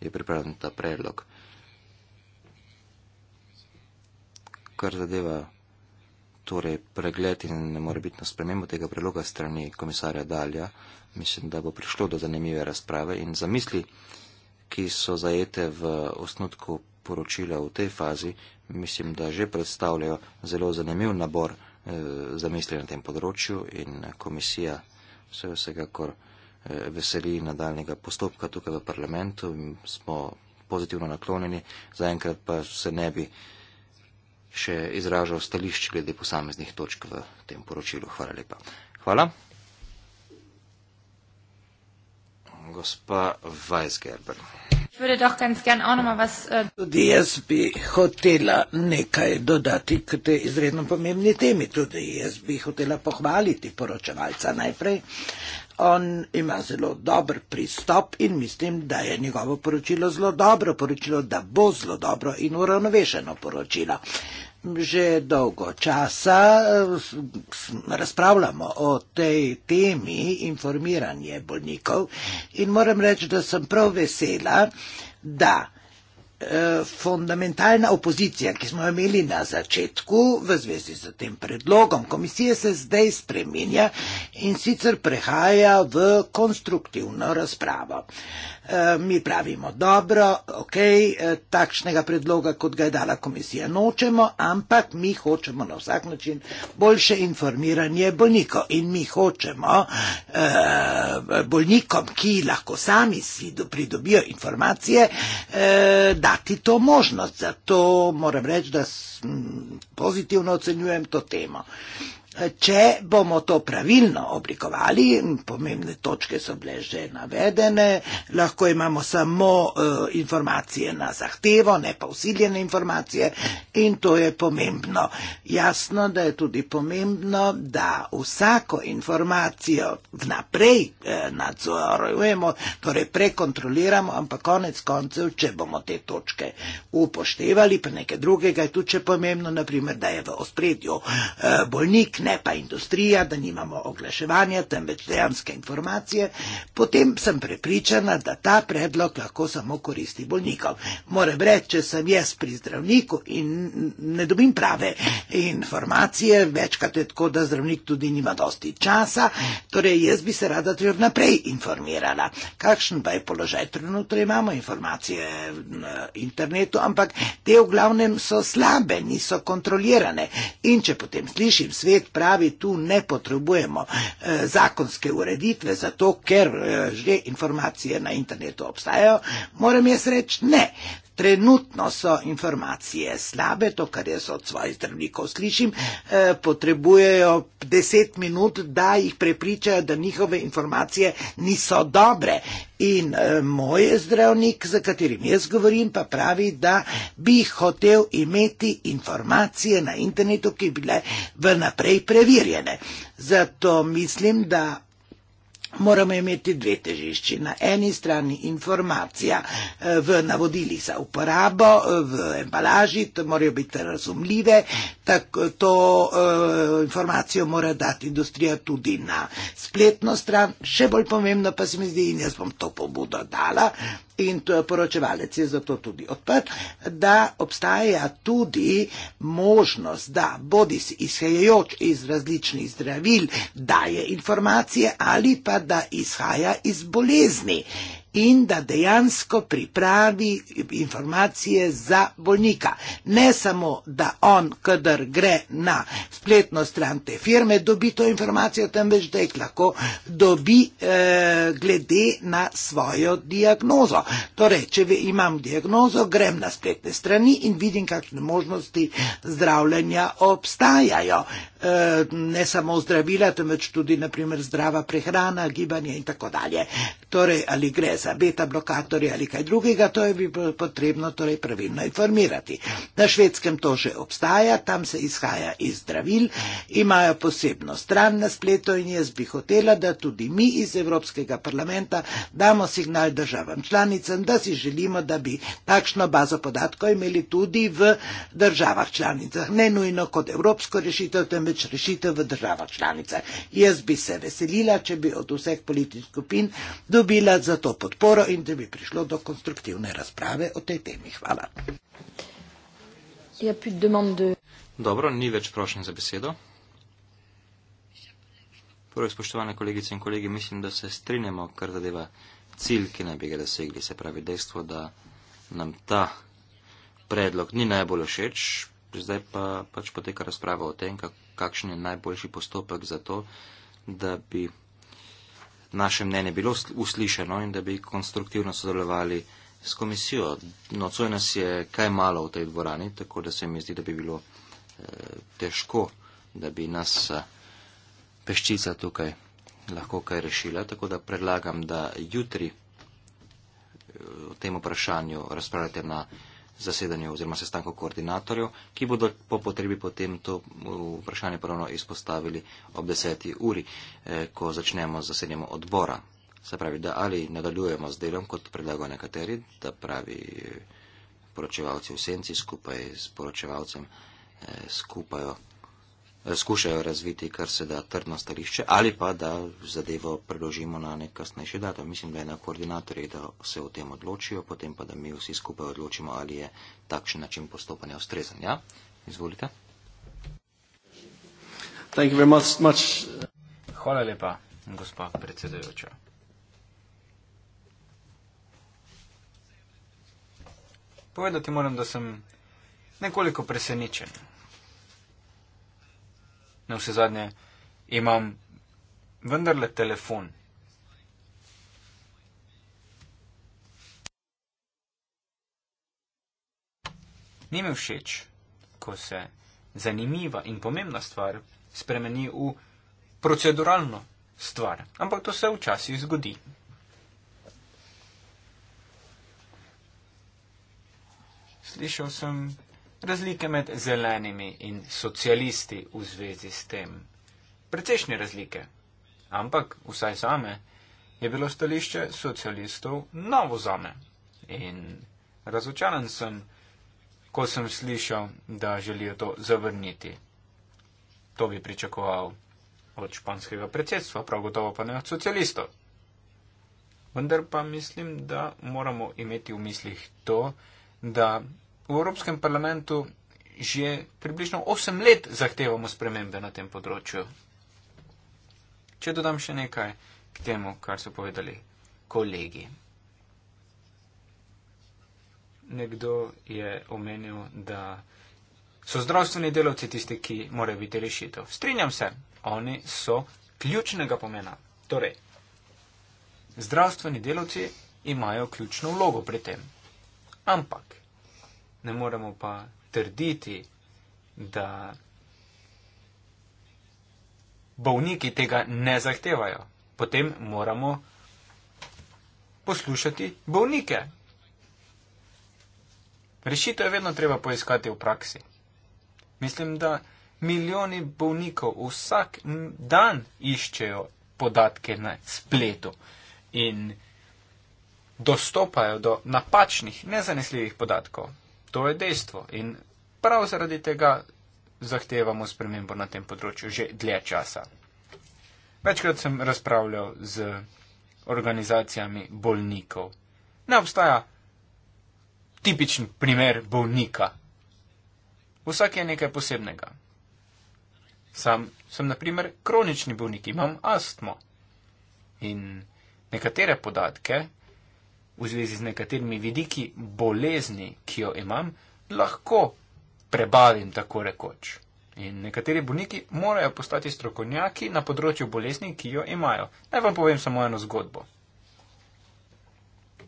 je pripravljen ta predlog. kar zadeva torej pregled in ne more biti na spremembo tega predloga strani komisarja Dalja, mislim, da bo prišlo do zanimive razprave in zamisli, ki so zajete v osnutku poročila v tej fazi, mislim, da že predstavljajo zelo zanimiv nabor e, zamisli na tem področju in komisija se vsekakor e, veseli nadaljnega postopka tukaj v parlamentu. Smo pozitivno naklonjeni, zaenkrat pa se ne bi še izražal stališč glede posameznih točk v tem poročilu. Hvala lepa. Hvala. Gospa Weisgerber. Äh, Tudi jaz bi hotela nekaj dodati k te izredno pomembni temi. Tudi jaz bi hotela pohvaliti poročevalca najprej. On ima zelo dober pristop in mislim, da je njegovo poročilo zelo dobro poročilo, da bo zelo dobro in uravnovešeno poročilo. Že dolgo časa eh, razpravljamo o tej temi informiranje bolnikov in moram reči, da sem prav vesela, da fundamentalna opozicija, ki smo jo imeli na začetku v zvezi z tem predlogom komisije, se zdaj spreminja in sicer prehaja v konstruktivno razpravo. Eh, mi pravimo dobro, ok, eh, takšnega predloga, kot ga je dala komisija, nočemo, ampak mi hočemo na vsak način boljše informiranje bolnikov in mi hočemo eh, bolnikom, ki lahko sami si pridobijo informacije, da dati to možnost. Zato moram reči, da pozitivno ocenjujem to temo. Uh, Če bomo to pravilno oblikovali, pomembne točke so bile že navedene, lahko imamo samo uh, informacije na zahtevo, ne pa usiljene informacije in to je pomembno. Jasno, da je tudi pomembno, da vsako informacijo vnaprej eh, nadzorujemo, torej prekontroliramo, ampak konec koncev, če bomo te točke upoštevali, pa nekaj drugega je tudi pomembno, naprimer, da je v ospredju eh, bolnik, ne, ne pa industrija, da nimamo oglaševanja, temveč dejanske informacije, potem sem prepričana, da ta predlog lahko samo koristi bolnikom. Moram reči, če sem jaz pri zdravniku in ne dobim prave informacije, večkrat je tako, da zdravnik tudi nima dosti časa, torej jaz bi se rada tudi vnaprej informirala. Kakšen pa je položaj trenutno, imamo informacije na internetu, ampak te v glavnem so slabe, niso kontrolirane. In če potem slišim svet, pravi, tu ne potrebujemo eh, zakonske ureditve, zato ker eh, že informacije na internetu obstajajo, moram jaz reči ne. Trenutno so informacije slabe, to, kar jaz od svojih zdravnikov slišim, eh, potrebujejo deset minut, da jih prepričajo, da njihove informacije niso dobre. In eh, moj zdravnik, za katerim jaz govorim, pa pravi, da bi hotel imeti informacije na internetu, ki bi bile vnaprej preverjene. Zato mislim, da moramo imeti dve težišči. Na eni strani informacija eh, v navodilih za uporabo, eh, v embalaži, to morajo biti razumljive, tako to eh, informacijo mora dati industrija tudi na spletno stran. Še bolj pomembno pa se mi zdi, in jaz bom to pobudo dala, in poročevalec je zato tudi odprt, da obstaja tudi možnost, da bodi si izhajajoč iz različnih zdravil daje informacije ali pa da izhaja iz bolezni in da dejansko pripravi informacije za bolnika. Ne samo, da on, kadar gre na spletno stran te firme, dobi to informacijo, temveč da jih lahko dobi eh, glede na svojo diagnozo. Torej, če imam diagnozo, grem na spletne strani in vidim, kakšne možnosti zdravljenja obstajajo. Eh, ne samo zdravila, temveč tudi naprimer zdrava prehrana, gibanje in tako dalje. Torej, ali gre za beta blokatorje ali kaj drugega, to je bi bilo potrebno torej pravilno informirati. Na švedskem to že obstaja, tam se izhaja iz zdravil, imajo posebno stran na spletu in jaz bi hotela, da tudi mi iz Evropskega parlamenta damo signal državam članicam, da si želimo, da bi takšno bazo podatkov imeli tudi v državah članicah. Ne nujno kot evropsko rešitev, temveč temveč rešitev v država članica. Jaz bi se veselila, če bi od vseh političnih skupin dobila za to podporo in da bi prišlo do konstruktivne razprave o tej temi. Hvala. Dobro, ni več prošen za besedo. Prvo, torej, spoštovane kolegice in kolegi, mislim, da se strinjamo, kar zadeva cilj, ki naj bi ga dosegli. Se pravi, dejstvo, da nam ta predlog ni najbolj všeč, Že zdaj pa pač poteka razprava o tem, kakšen je najboljši postopek za to, da bi naše mnenje bilo uslišeno in da bi konstruktivno sodelovali s komisijo. Nocoj nas je kaj malo v tej dvorani, tako da se mi zdi, da bi bilo eh, težko, da bi nas eh, peščica tukaj lahko kaj rešila. Tako da predlagam, da jutri eh, o tem vprašanju razpravljate na zasedanju oziroma sestanku koordinatorjev, ki bodo po potrebi potem to uh, vprašanje ponovno izpostavili ob deseti uri, eh, ko začnemo zasedanje odbora. Se pravi, da ali nadaljujemo z delom, kot predlagajo nekateri, da pravi eh, poročevalci v senci skupaj s poročevalcem eh, skupajo skušajo razviti kar se da trdno stališče ali pa da zadevo preložimo na nek kasnejši datum. Mislim, da je na koordinatorje, da se o tem odločijo, potem pa da mi vsi skupaj odločimo, ali je takšen način postopanja ustrezen. Ja? Izvolite. Thank you very much, much. Hvala lepa, gospa predsedujoča. Povedati moram, da sem nekoliko presenečen na vse zadnje, imam vendarle telefon. Ni mi všeč, ko se zanimiva in pomembna stvar spremeni v proceduralno stvar, ampak to se včasih zgodi. Slišal sem razlike med zelenimi in socialisti v zvezi s tem. Precejšnje razlike. Ampak, vsaj zame, je bilo stališče socialistov novo zame. In razočaran sem, ko sem slišal, da želijo to zavrniti. To bi pričakoval od španskega predsedstva, prav gotovo pa ne od socialistov. Vendar pa mislim, da moramo imeti v mislih to, da v Evropskem parlamentu že približno 8 let zahtevamo spremembe na tem področju. Če dodam še nekaj k temu, kar so povedali kolegi. Nekdo je omenil, da so zdravstveni delavci tisti, ki morajo biti rešitev. Strinjam se, oni so ključnega pomena. Torej, zdravstveni delavci imajo ključno vlogo pri tem. Ampak, ne moremo pa trditi, da bolniki tega ne zahtevajo. Potem moramo poslušati bolnike. Rešitev je vedno treba poiskati v praksi. Mislim, da milijoni bolnikov vsak dan iščejo podatke na spletu in dostopajo do napačnih, nezanesljivih podatkov. To je dejstvo in prav zaradi tega zahtevamo spremembo na tem področju že dlje časa. Večkrat sem razpravljal z organizacijami bolnikov. Ne obstaja tipičen primer bolnika. Vsak je nekaj posebnega. Sam sem na primer kronični bolnik, imam astmo. In nekatere podatke, v zvezi z nekaterimi vidiki bolezni, ki jo imam, lahko prebavim tako rekoč. In nekateri bolniki morajo postati strokovnjaki na področju bolezni, ki jo imajo. Naj vam povem samo eno zgodbo.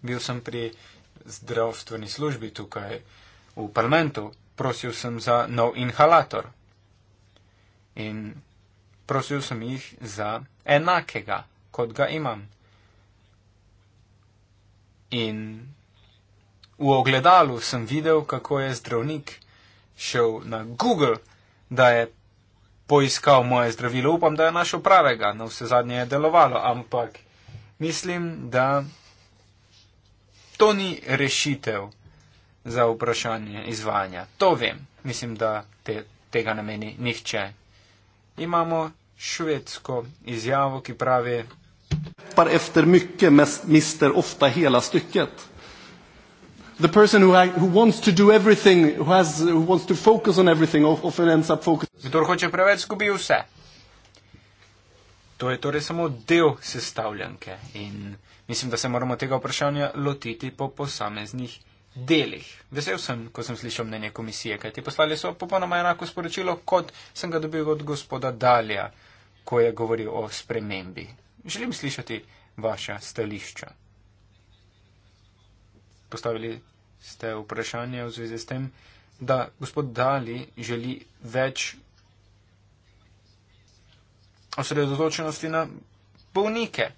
Bil sem pri zdravstveni službi tukaj v parlamentu, prosil sem za nov inhalator. In prosil sem jih za enakega, kot ga imam. In v ogledalu sem videl, kako je zdravnik šel na Google, da je poiskal moje zdravilo. Upam, da je našel pravega, na vse zadnje je delovalo, ampak mislim, da to ni rešitev za vprašanje izvajanja. To vem, mislim, da te, tega ne meni nihče. Imamo švedsko izjavo, ki pravi, greppar efter mycket mister ofta hela stycket. The person who, who wants to do everything, who, has, who wants to focus on everything, often ends up focusing. Kdor hoče preveč, izgubi vse. To je torej samo del sestavljanke in mislim, da se moramo tega vprašanja lotiti po posameznih delih. Vesel sem, ko sem slišal mnenje komisije, kaj ti poslali so popolnoma enako sporočilo, kot sem ga dobil od gospoda Dalija, ko je govoril o spremembi Želim slišati vaša stališča. Postavili ste vprašanje v zvezi s tem, da gospod Dali želi več osredotočenosti na bolnike.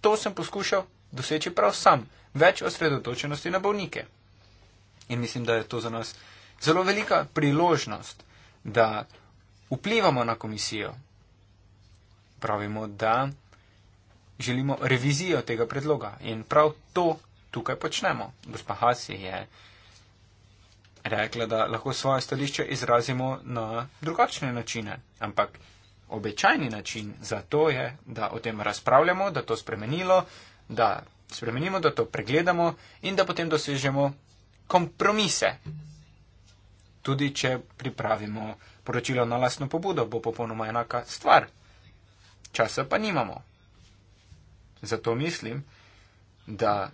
To sem poskušal doseči prav sam. Več osredotočenosti na bolnike. In mislim, da je to za nas zelo velika priložnost, da vplivamo na komisijo. Pravimo, da želimo revizijo tega predloga. In prav to tukaj počnemo. Gospa Hasi je rekla, da lahko svoje stališče izrazimo na drugačne načine, ampak običajni način za to je, da o tem razpravljamo, da to spremenilo, da spremenimo, da to pregledamo in da potem dosežemo kompromise. Tudi, če pripravimo poročilo na lastno pobudo, bo popolnoma enaka stvar. Časa pa nimamo. Zato mislim, da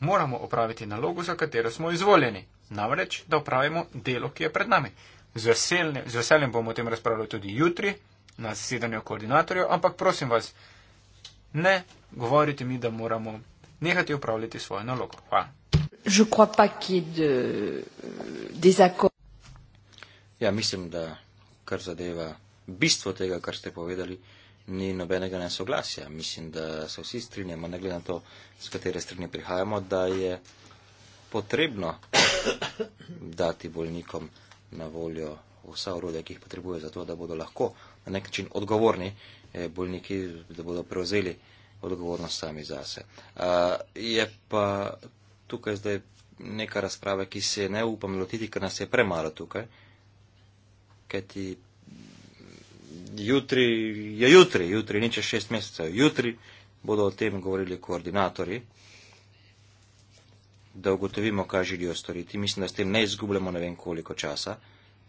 moramo opraviti nalogo, za katero smo izvoljeni. Namreč, da opravimo delo, ki je pred nami. Z veseljem, z veseljem bomo o tem razpravljali tudi jutri na zasedanju koordinatorjev, ampak prosim vas, ne govorite mi, da moramo nehati upravljati svojo nalogo. Hvala. Euh, ja, mislim, da kar zadeva bistvo tega, kar ste povedali ni nobenega nesoglasja. Mislim, da se vsi strinjamo, ne glede na to, z katere strani prihajamo, da je potrebno dati bolnikom na voljo vsa urodja, ki jih potrebuje za to, da bodo lahko na nek način odgovorni eh, bolniki, da bodo prevzeli odgovornost sami zase. Je pa tukaj zdaj neka razprava, ki se ne upam lotiti, ker nas je premalo tukaj, kajti jutri je jutri, jutri ni čez šest mesecev. Jutri bodo o tem govorili koordinatori, da ugotovimo, kaj želijo storiti. Mislim, da s tem ne izgubljamo ne vem koliko časa.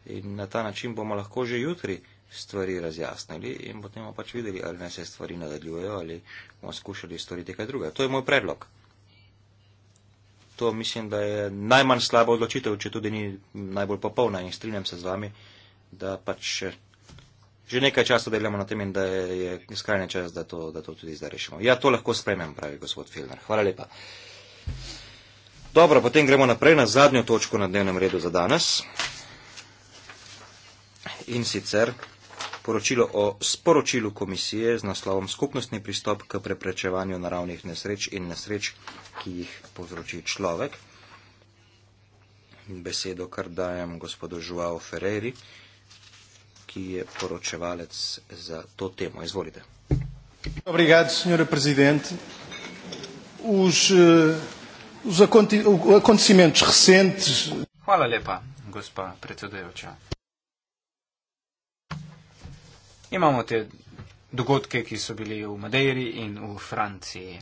In na ta način bomo lahko že jutri stvari razjasnili in potem bomo pač videli, ali se stvari nadaljujejo ali bomo skušali storiti kaj drugega. To je moj predlog. To mislim, da je najmanj slaba odločitev, če tudi ni najbolj popolna in strinjam se z vami, da pač Že nekaj časa delamo na tem in da je skrajni čas, da to, da to tudi zdaj rešimo. Ja, to lahko spremem, pravi gospod Filner. Hvala lepa. Dobro, potem gremo naprej na zadnjo točko na dnevnem redu za danes. In sicer poročilo o sporočilu komisije z naslovom Skupnostni pristop k preprečevanju naravnih nesreč in nesreč, ki jih povzroči človek. Besedo kar dajem gospodu Žuao Ferreri ki je poročevalec za to temo. Izvolite. Obrigado, senhor presidente. Os, eh, os acontecimentos recentes. Hvala lepa, gospa predsedujoča. Imamo te dogodke, ki so bili v Madeiri in v Franciji.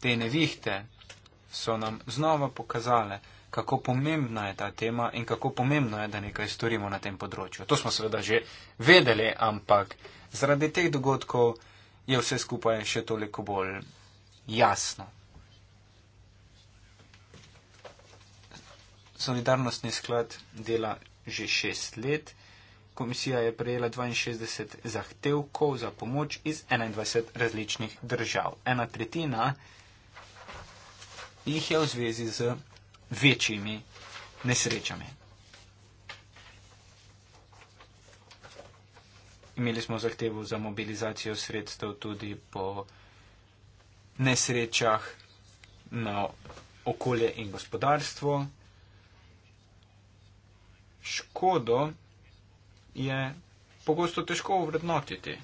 Te nevihte, so nam znova pokazale, kako pomembna je ta tema in kako pomembno je, da nekaj storimo na tem področju. To smo seveda že vedeli, ampak zaradi teh dogodkov je vse skupaj še toliko bolj jasno. Solidarnostni sklad dela že šest let. Komisija je prejela 62 zahtevkov za pomoč iz 21 različnih držav. Ena tretjina jih je v zvezi z večjimi nesrečami. Imeli smo zahtevo za mobilizacijo sredstev tudi po nesrečah na okolje in gospodarstvo. Škodo je pogosto težko vrednotiti.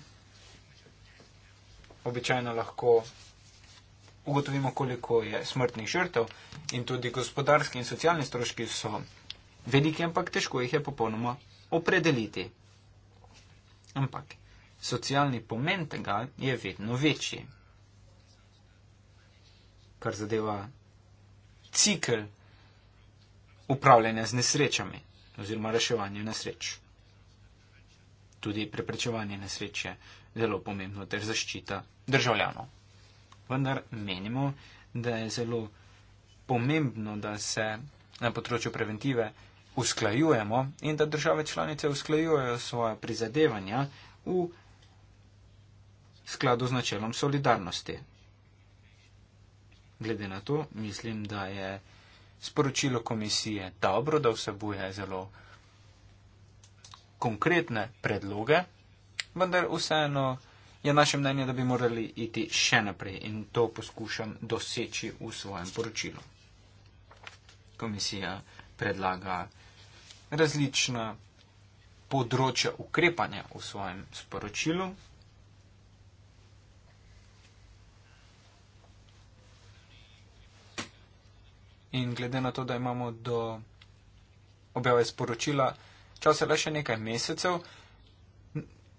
Običajno lahko ugotovimo, koliko je smrtnih žrtev in tudi gospodarski in socialni stroški so veliki, ampak težko jih je popolnoma opredeliti. Ampak socialni pomen tega je vedno večji. Kar zadeva cikl upravljanja z nesrečami oziroma reševanja nesreč. Tudi preprečevanje nesreče je zelo pomembno ter zaščita državljanov vendar menimo, da je zelo pomembno, da se na področju preventive usklajujemo in da države članice usklajujejo svoje prizadevanja v skladu z načelom solidarnosti. Glede na to, mislim, da je sporočilo komisije dobro, da vsebuje zelo konkretne predloge, vendar vseeno je naše mnenje, da bi morali iti še naprej in to poskušam doseči v svojem poročilu. Komisija predlaga različna področja ukrepanja v svojem sporočilu. In glede na to, da imamo do objave sporočila časa le še nekaj mesecev,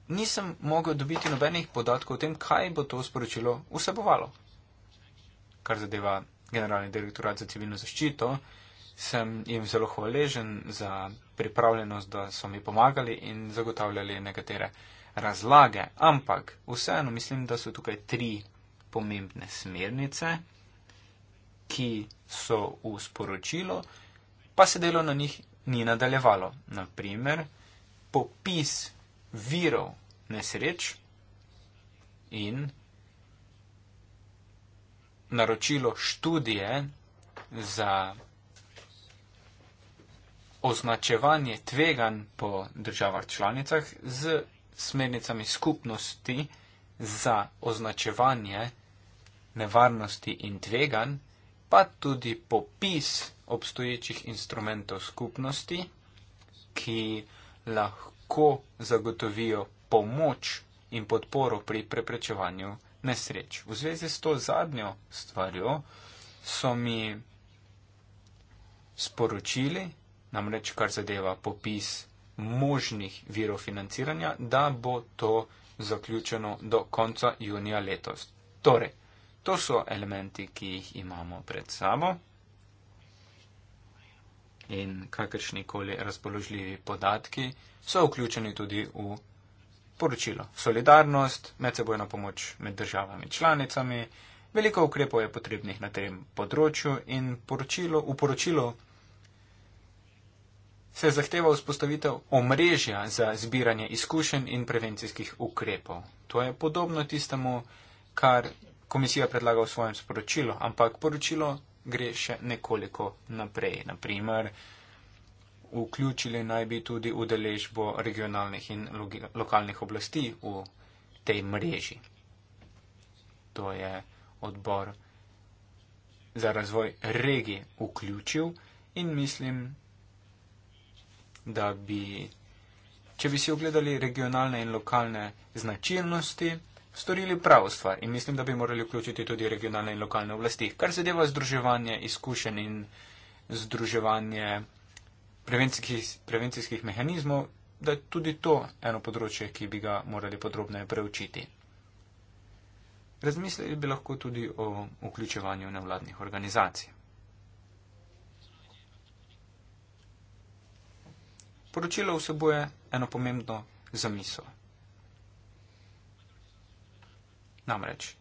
nisem mogel dobiti nobenih podatkov o tem, kaj bo to sporočilo vsebovalo. Kar zadeva Generalni direktorat za civilno zaščito, sem jim zelo hvaležen za pripravljenost, da so mi pomagali in zagotavljali nekatere razlage, ampak vseeno mislim, da so tukaj tri pomembne smernice, ki so v sporočilo, pa se delo na njih ni nadaljevalo. Naprimer, popis virov nesreč in naročilo študije za označevanje tveganj po državah članicah z smernicami skupnosti za označevanje nevarnosti in tveganj, pa tudi popis obstoječih instrumentov skupnosti, ki lahko lahko zagotovijo pomoč in podporo pri preprečevanju nesreč. V zvezi s to zadnjo stvarjo so mi sporočili, namreč kar zadeva popis možnih virov financiranja, da bo to zaključeno do konca junija letos. Torej, to so elementi, ki jih imamo pred sabo in kakršni koli razpoložljivi podatki so vključeni tudi v poročilo. Solidarnost, medsebojna pomoč med državami članicami, veliko ukrepov je potrebnih na tem področju in poročilo, v poročilo se zahteva vzpostavitev omrežja za zbiranje izkušenj in prevencijskih ukrepov. To je podobno tistemu, kar komisija predlaga v svojem sporočilu, ampak poročilo gre še nekoliko naprej. Naprimer, vključili naj bi tudi udeležbo regionalnih in lokalnih oblasti v tej mreži. To je odbor za razvoj regi vključil in mislim, da bi, če bi si ogledali regionalne in lokalne značilnosti, storili pravo stvar in mislim, da bi morali vključiti tudi regionalne in lokalne oblasti. Kar zadeva združevanje izkušenj in združevanje prevencijskih, prevencijskih mehanizmov, da je tudi to eno področje, ki bi ga morali podrobneje preučiti. Razmislili bi lahko tudi o vključevanju nevladnih organizacij. Poročilo vsebuje eno pomembno zamisel. Namreč,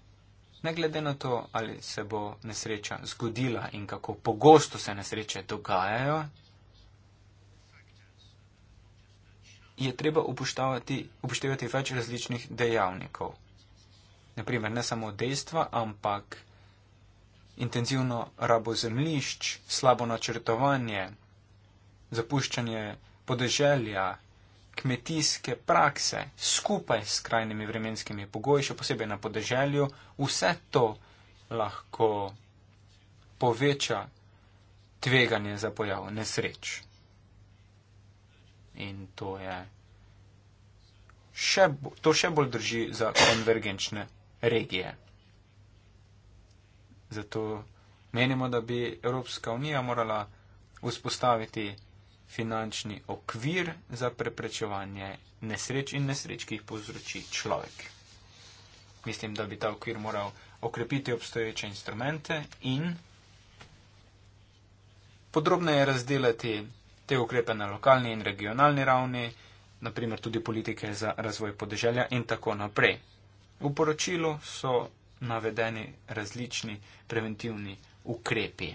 ne glede na to, ali se bo nesreča zgodila in kako pogosto se nesreče dogajajo, je treba upoštevati, upoštevati več različnih dejavnikov. Naprimer, ne samo dejstva, ampak intenzivno rabo zemljišč, slabo načrtovanje, zapuščanje podeželja, kmetijske prakse skupaj s skrajnimi vremenskimi pogoji, še posebej na podeželju, vse to lahko poveča tveganje za pojav nesreč. In to je. Še, to še bolj drži za konvergenčne regije. Zato menimo, da bi Evropska unija morala vzpostaviti finančni okvir za preprečevanje nesreč in nesreč, ki jih povzroči človek. Mislim, da bi ta okvir moral okrepiti obstoječe instrumente in podrobneje razdelati te ukrepe na lokalni in regionalni ravni, naprimer tudi politike za razvoj podeželja in tako naprej. V poročilu so navedeni različni preventivni ukrepi.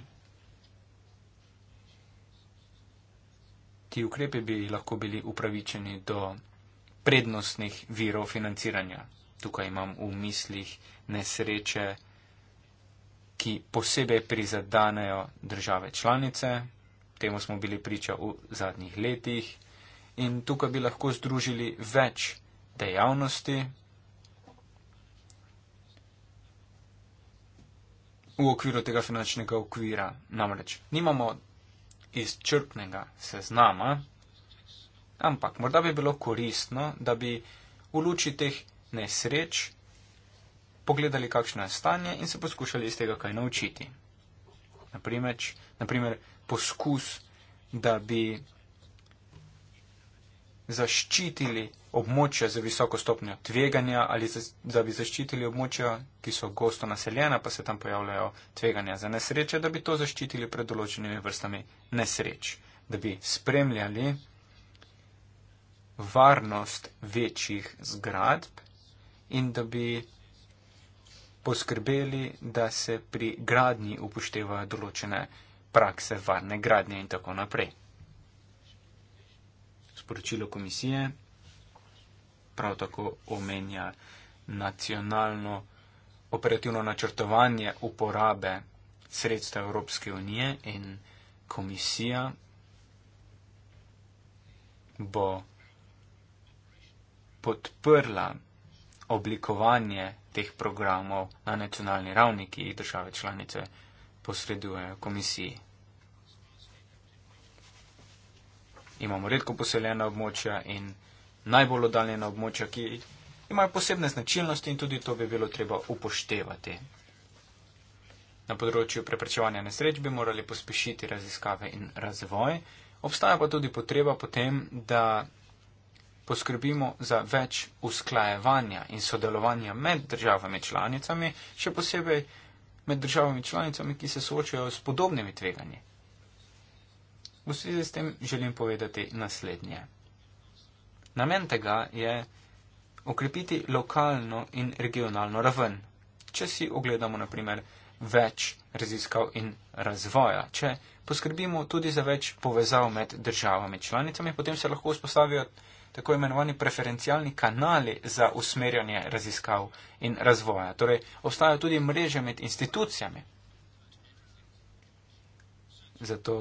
ti ukrepi bi lahko bili upravičeni do prednostnih virov financiranja. Tukaj imam v mislih nesreče, ki posebej prizadanejo države članice, temu smo bili priča v zadnjih letih in tukaj bi lahko združili več dejavnosti v okviru tega finančnega okvira. Namreč nimamo iz črpnega seznama, ampak morda bi bilo koristno, da bi v luči teh nesreč pogledali, kakšno je stanje in se poskušali iz tega kaj naučiti. Naprimer, naprimer poskus, da bi zaščitili območja z visoko stopnjo tveganja ali da bi zaščitili območja, ki so gosto naseljena, pa se tam pojavljajo tveganja za nesreče, da bi to zaščitili pred določenimi vrstami nesreč, da bi spremljali varnost večjih zgradb in da bi poskrbeli, da se pri gradnji upoštevajo določene prakse varne gradnje in tako naprej. Sporočilo komisije prav tako omenja nacionalno operativno načrtovanje uporabe sredstev Evropske unije in komisija bo podprla oblikovanje teh programov na nacionalni ravni, ki jih države članice posredujejo komisiji. Imamo redko poseljena območja in najbolj oddaljena območja, ki imajo posebne značilnosti in tudi to bi bilo treba upoštevati. Na področju preprečevanja nesreč bi morali pospešiti raziskave in razvoj, obstaja pa tudi potreba potem, da poskrbimo za več usklajevanja in sodelovanja med državami članicami, še posebej med državami članicami, ki se soočajo s podobnimi tveganji. V zvezi s tem želim povedati naslednje. Namen tega je okrepiti lokalno in regionalno raven. Če si ogledamo naprimer več raziskav in razvoja, če poskrbimo tudi za več povezav med državami članicami, potem se lahko vzpostavijo tako imenovani preferencialni kanali za usmerjanje raziskav in razvoja. Torej, obstajajo tudi mreže med institucijami. Zato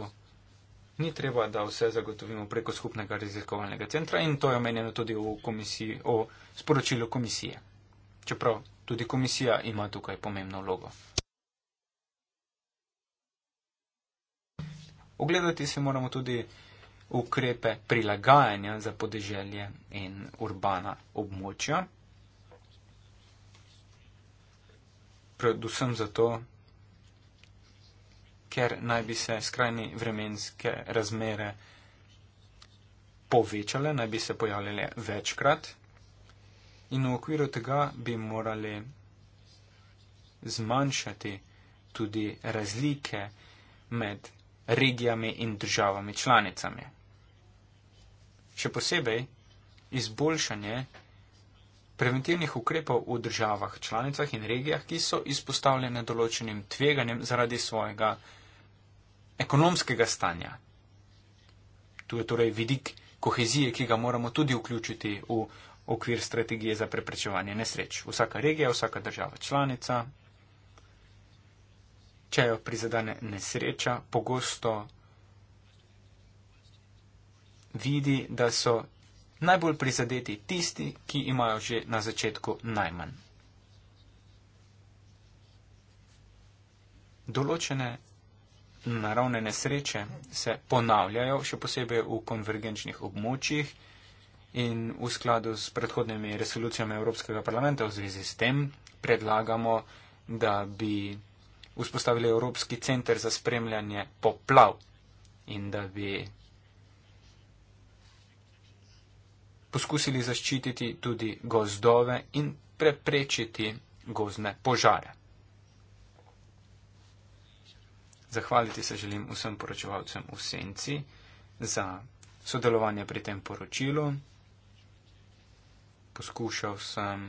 ni treba, da vse zagotovimo preko skupnega raziskovalnega centra in to je omenjeno tudi v komisiji, o sporočilu komisije. Čeprav tudi komisija ima tukaj pomembno vlogo. Ogledati se moramo tudi ukrepe prilagajanja za podeželje in urbana območja. Predvsem zato, ker naj bi se skrajni vremenske razmere povečale, naj bi se pojavljale večkrat in v okviru tega bi morali zmanjšati tudi razlike med regijami in državami članicami. Še posebej izboljšanje preventivnih ukrepov v državah članicah in regijah, ki so izpostavljene določenim tveganjem zaradi svojega ekonomskega stanja. Tu je torej vidik kohezije, ki ga moramo tudi vključiti v okvir strategije za preprečevanje nesreč. Vsaka regija, vsaka država članica, če jo prizadane nesreča, pogosto vidi, da so najbolj prizadeti tisti, ki imajo že na začetku najmanj. Določene naravne nesreče se ponavljajo, še posebej v konvergenčnih območjih in v skladu s predhodnimi resolucijami Evropskega parlamenta v zvezi s tem predlagamo, da bi vzpostavili Evropski center za spremljanje poplav in da bi poskusili zaščititi tudi gozdove in preprečiti gozne požare. Zahvaliti se želim vsem poročevalcem v senci za sodelovanje pri tem poročilu. Poskušal sem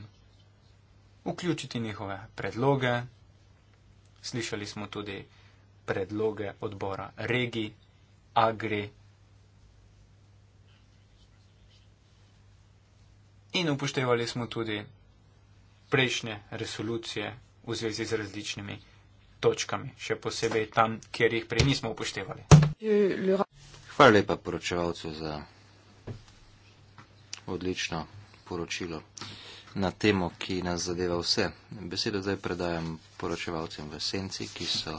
vključiti njihove predloge. Slišali smo tudi predloge odbora Regi, Agri. In upoštevali smo tudi prejšnje resolucije v zvezi z različnimi točkami, še posebej tam, kjer jih prej nismo upoštevali. Hvala lepa poročevalcu za odlično poročilo na temo, ki nas zadeva vse. Besedo zdaj predajam poročevalcem v senci, ki so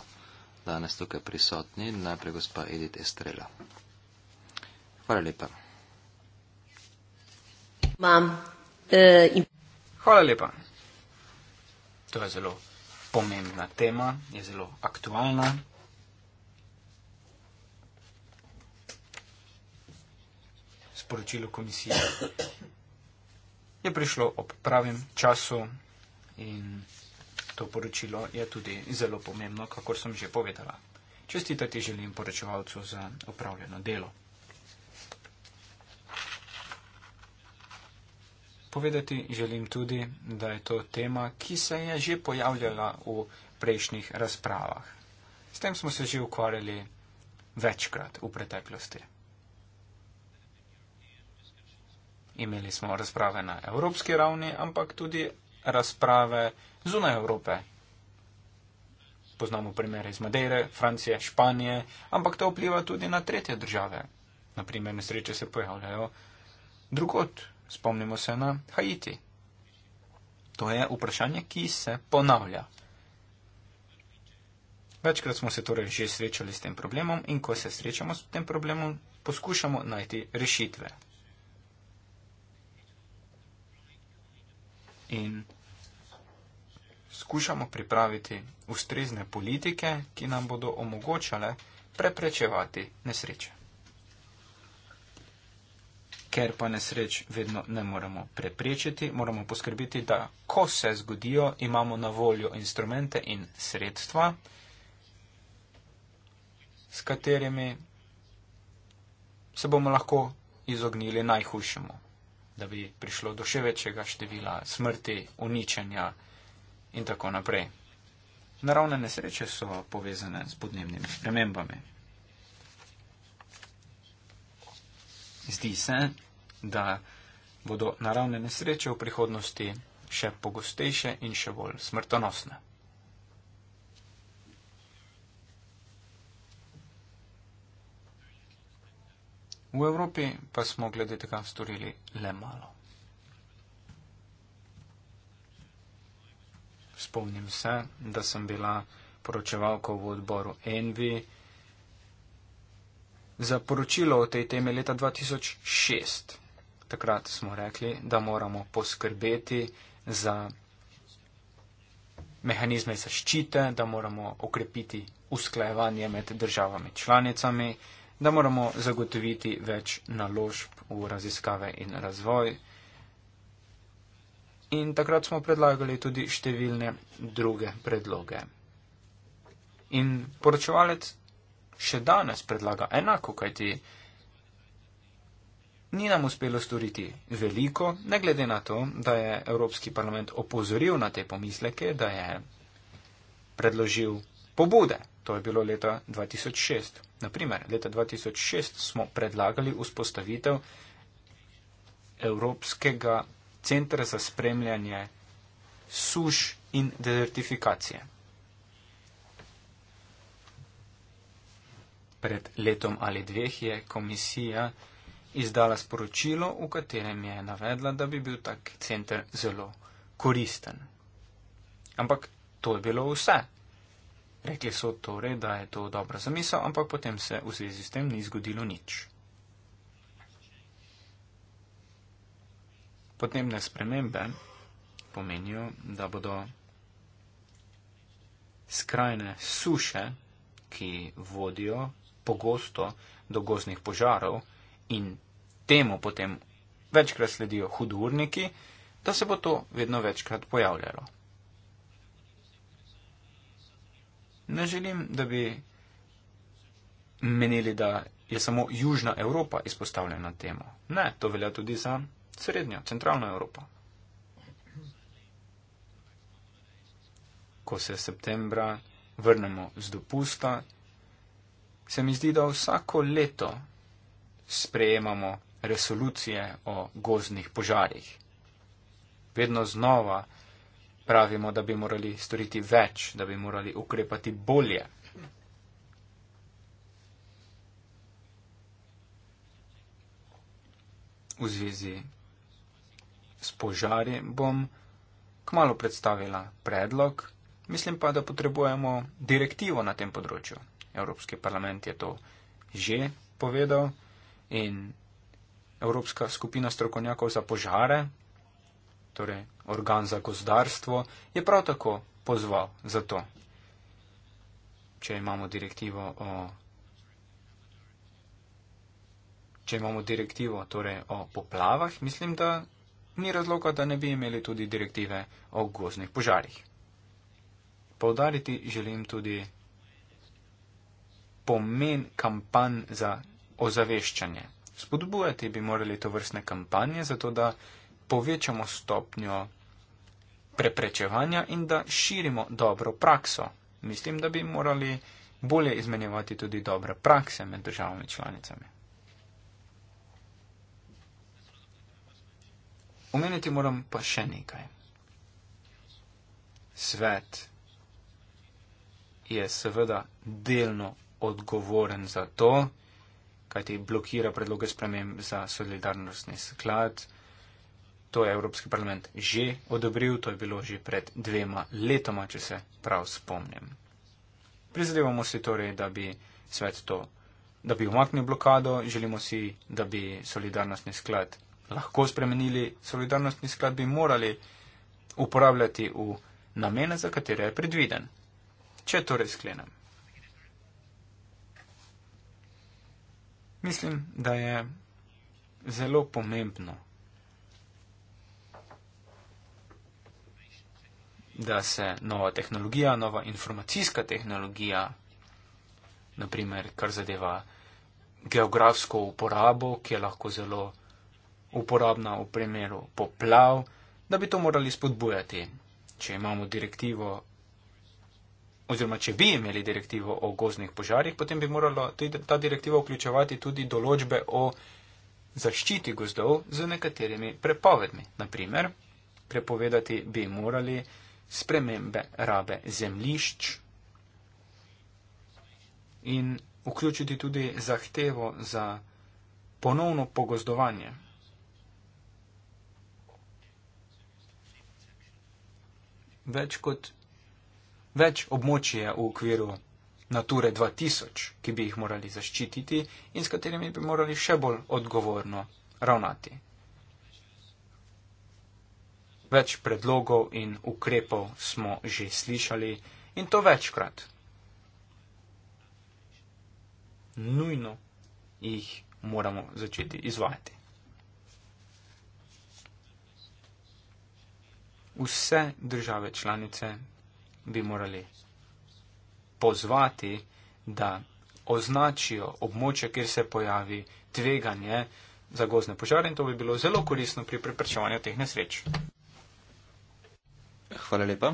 danes tukaj prisotni, najprej gospa Edith Estrela. Hvala lepa. Mam, uh, eh, in... Hvala lepa. To je zelo pomembna tema, je zelo aktualna. Sporočilo komisije je prišlo ob pravem času in to poročilo je tudi zelo pomembno, kakor sem že povedala. Čestitati želim poročevalcu za opravljeno delo. Povedati želim tudi, da je to tema, ki se je že pojavljala v prejšnjih razpravah. S tem smo se že ukvarjali večkrat v preteklosti. Imeli smo razprave na evropski ravni, ampak tudi razprave zunaj Evrope. Poznamo primere iz Madeire, Francije, Španije, ampak to vpliva tudi na tretje države. Naprimer, nesreče se pojavljajo drugot Spomnimo se na Haiti. To je vprašanje, ki se ponavlja. Večkrat smo se torej že srečali s tem problemom in ko se srečamo s tem problemom, poskušamo najti rešitve. In skušamo pripraviti ustrezne politike, ki nam bodo omogočale preprečevati nesreče ker pa nesreč vedno ne moremo preprečiti, moramo poskrbeti, da ko se zgodijo, imamo na voljo instrumente in sredstva, s katerimi se bomo lahko izognili najhujšemu, da bi prišlo do še večjega števila smrti, uničenja in tako naprej. Naravne nesreče so povezane s podnebnimi spremembami. Zdi se, da bodo naravne nesreče v prihodnosti še pogostejše in še bolj smrtonosne. V Evropi pa smo glede tega storili le malo. Spomnim se, da sem bila poročevalka v odboru Envi, za poročilo o tej temi leta 2006. Takrat smo rekli, da moramo poskrbeti za mehanizme zaščite, da moramo okrepiti usklajevanje med državami članicami, da moramo zagotoviti več naložb v raziskave in razvoj. In takrat smo predlagali tudi številne druge predloge. In poročevalec še danes predlaga enako, kajti ni nam uspelo storiti veliko, ne glede na to, da je Evropski parlament opozoril na te pomisleke, da je predložil pobude. To je bilo leta 2006. Naprimer, leta 2006 smo predlagali vzpostavitev Evropskega centra za spremljanje suš in dezertifikacije. pred letom ali dveh je komisija izdala sporočilo, v katerem je navedla, da bi bil tak center zelo koristen. Ampak to je bilo vse. Rekli so torej, da je to dobra zamisel, ampak potem se v zvezi s tem ni zgodilo nič. Podnebne spremembe pomenijo, da bodo skrajne suše, ki vodijo pogosto do gozdnih požarov in temu potem večkrat sledijo hudurniki, da se bo to vedno večkrat pojavljalo. Ne želim, da bi menili, da je samo Južna Evropa izpostavljena temu. Ne, to velja tudi za Srednjo, Centralno Evropo. Ko se septembra vrnemo z dopusta, se mi zdi, da vsako leto sprejemamo resolucije o gozdnih požarih. Vedno znova pravimo, da bi morali storiti več, da bi morali ukrepati bolje. V zvezi s požari bom kmalo predstavila predlog, mislim pa, da potrebujemo direktivo na tem področju. Evropski parlament je to že povedal in Evropska skupina strokovnjakov za požare, torej organ za gozdarstvo, je prav tako pozval za to. Če imamo direktivo o. Če imamo direktivo torej o poplavah, mislim, da ni razloga, da ne bi imeli tudi direktive o gozdnih požarih. Povdariti želim tudi pomen kampanj za ozaveščanje. Spodbujati bi morali to vrstne kampanje, zato da povečamo stopnjo preprečevanja in da širimo dobro prakso. Mislim, da bi morali bolje izmenjevati tudi dobre prakse med državami članicami. Omeniti moram pa še nekaj. Svet je seveda delno odgovoren za to, kajti blokira predloge spremem za solidarnostni sklad. To je Evropski parlament že odobril, to je bilo že pred dvema letoma, če se prav spomnim. Prizadevamo se torej, da bi svet to, da bi umaknil blokado, želimo si, da bi solidarnostni sklad lahko spremenili, solidarnostni sklad bi morali uporabljati v namene, za katere je predviden. Če torej sklenem. mislim, da je zelo pomembno, da se nova tehnologija, nova informacijska tehnologija, naprimer, kar zadeva geografsko uporabo, ki je lahko zelo uporabna v primeru poplav, da bi to morali spodbujati. Če imamo direktivo oziroma če bi imeli direktivo o gozdnih požarih, potem bi morala ta direktiva vključevati tudi določbe o zaščiti gozdov z nekaterimi prepovedmi. Naprimer, prepovedati bi morali spremembe rabe zemlišč in vključiti tudi zahtevo za ponovno pogozdovanje. Več kot več območje v okviru Nature 2000, ki bi jih morali zaščititi in s katerimi bi morali še bolj odgovorno ravnati. Več predlogov in ukrepov smo že slišali in to večkrat. Nujno jih moramo začeti izvajati. Vse države članice bi morali pozvati, da označijo območje, kjer se pojavi tveganje za gozne požare in to bi bilo zelo korisno pri preprečevanju teh nesreč. Hvala lepa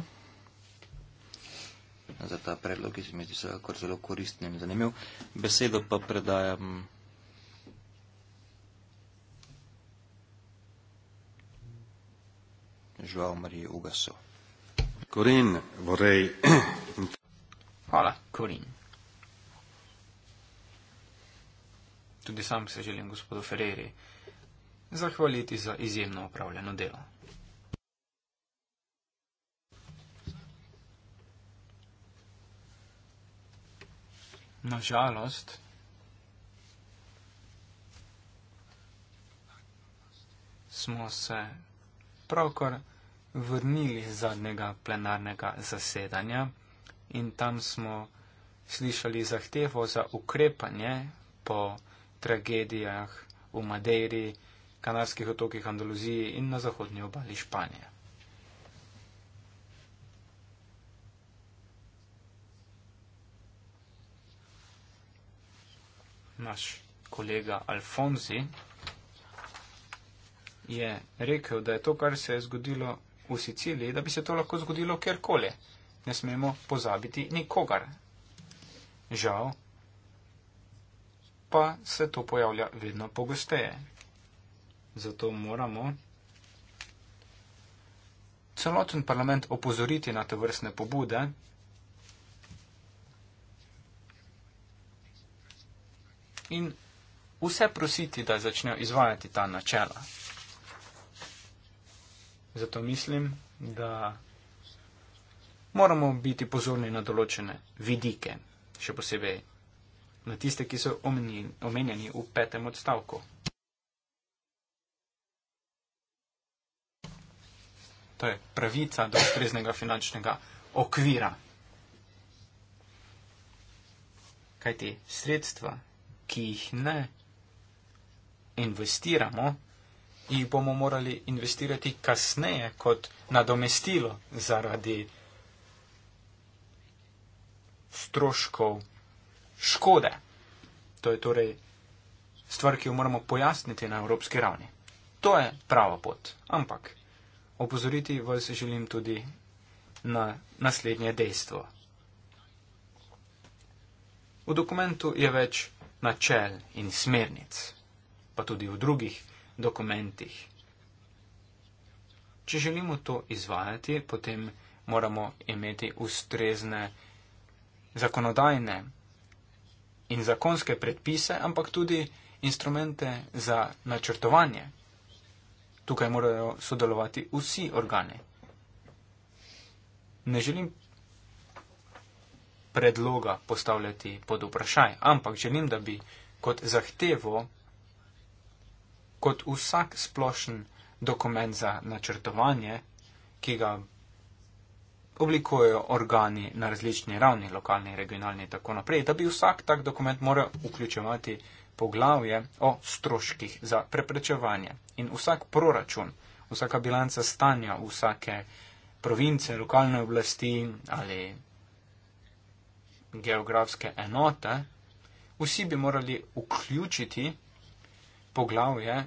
za ta predlog, ki se mi zdi vsekakor zelo koristen in zanimiv. Besedo pa predajam. Joao Maria Ugasso. Corinne, vorrei. Hvala, Corinne. Tudi sam se želim gospodu Ferreri zahvaliti za izjemno upravljeno delo. Nažalost. Smo se pravkar vrnili z zadnjega plenarnega zasedanja in tam smo slišali zahtevo za ukrepanje po tragedijah v Madeiri, Kanarskih otokih, Andaluziji in na zahodnji obali Španije. Naš kolega Alfonzi je rekel, da je to, kar se je zgodilo v Siciliji, da bi se to lahko zgodilo kjerkoli. Ne smemo pozabiti nikogar. Žal pa se to pojavlja vedno pogosteje. Zato moramo celoten parlament opozoriti na te vrstne pobude. In vse prositi, da začnejo izvajati ta načela. Zato mislim, da moramo biti pozorni na določene vidike, še posebej na tiste, ki so omenjeni v petem odstavku. To je pravica do ustreznega finančnega okvira. Kajti sredstva, ki jih ne investiramo, jih bomo morali investirati kasneje kot nadomestilo zaradi stroškov škode. To je torej stvar, ki jo moramo pojasniti na evropski ravni. To je prava pot. Ampak opozoriti vas želim tudi na naslednje dejstvo. V dokumentu je več načel in smernic, pa tudi v drugih dokumentih. Če želimo to izvajati, potem moramo imeti ustrezne zakonodajne in zakonske predpise, ampak tudi instrumente za načrtovanje. Tukaj morajo sodelovati vsi organi. Ne želim predloga postavljati pod vprašaj, ampak želim, da bi kot zahtevo kot vsak splošen dokument za načrtovanje, ki ga oblikujejo organi na različni ravni, lokalni, regionalni in tako naprej, da bi vsak tak dokument moral vključevati poglavje o stroških za preprečevanje. In vsak proračun, vsaka bilanca stanja vsake province, lokalne oblasti ali geografske enote, vsi bi morali vključiti poglavje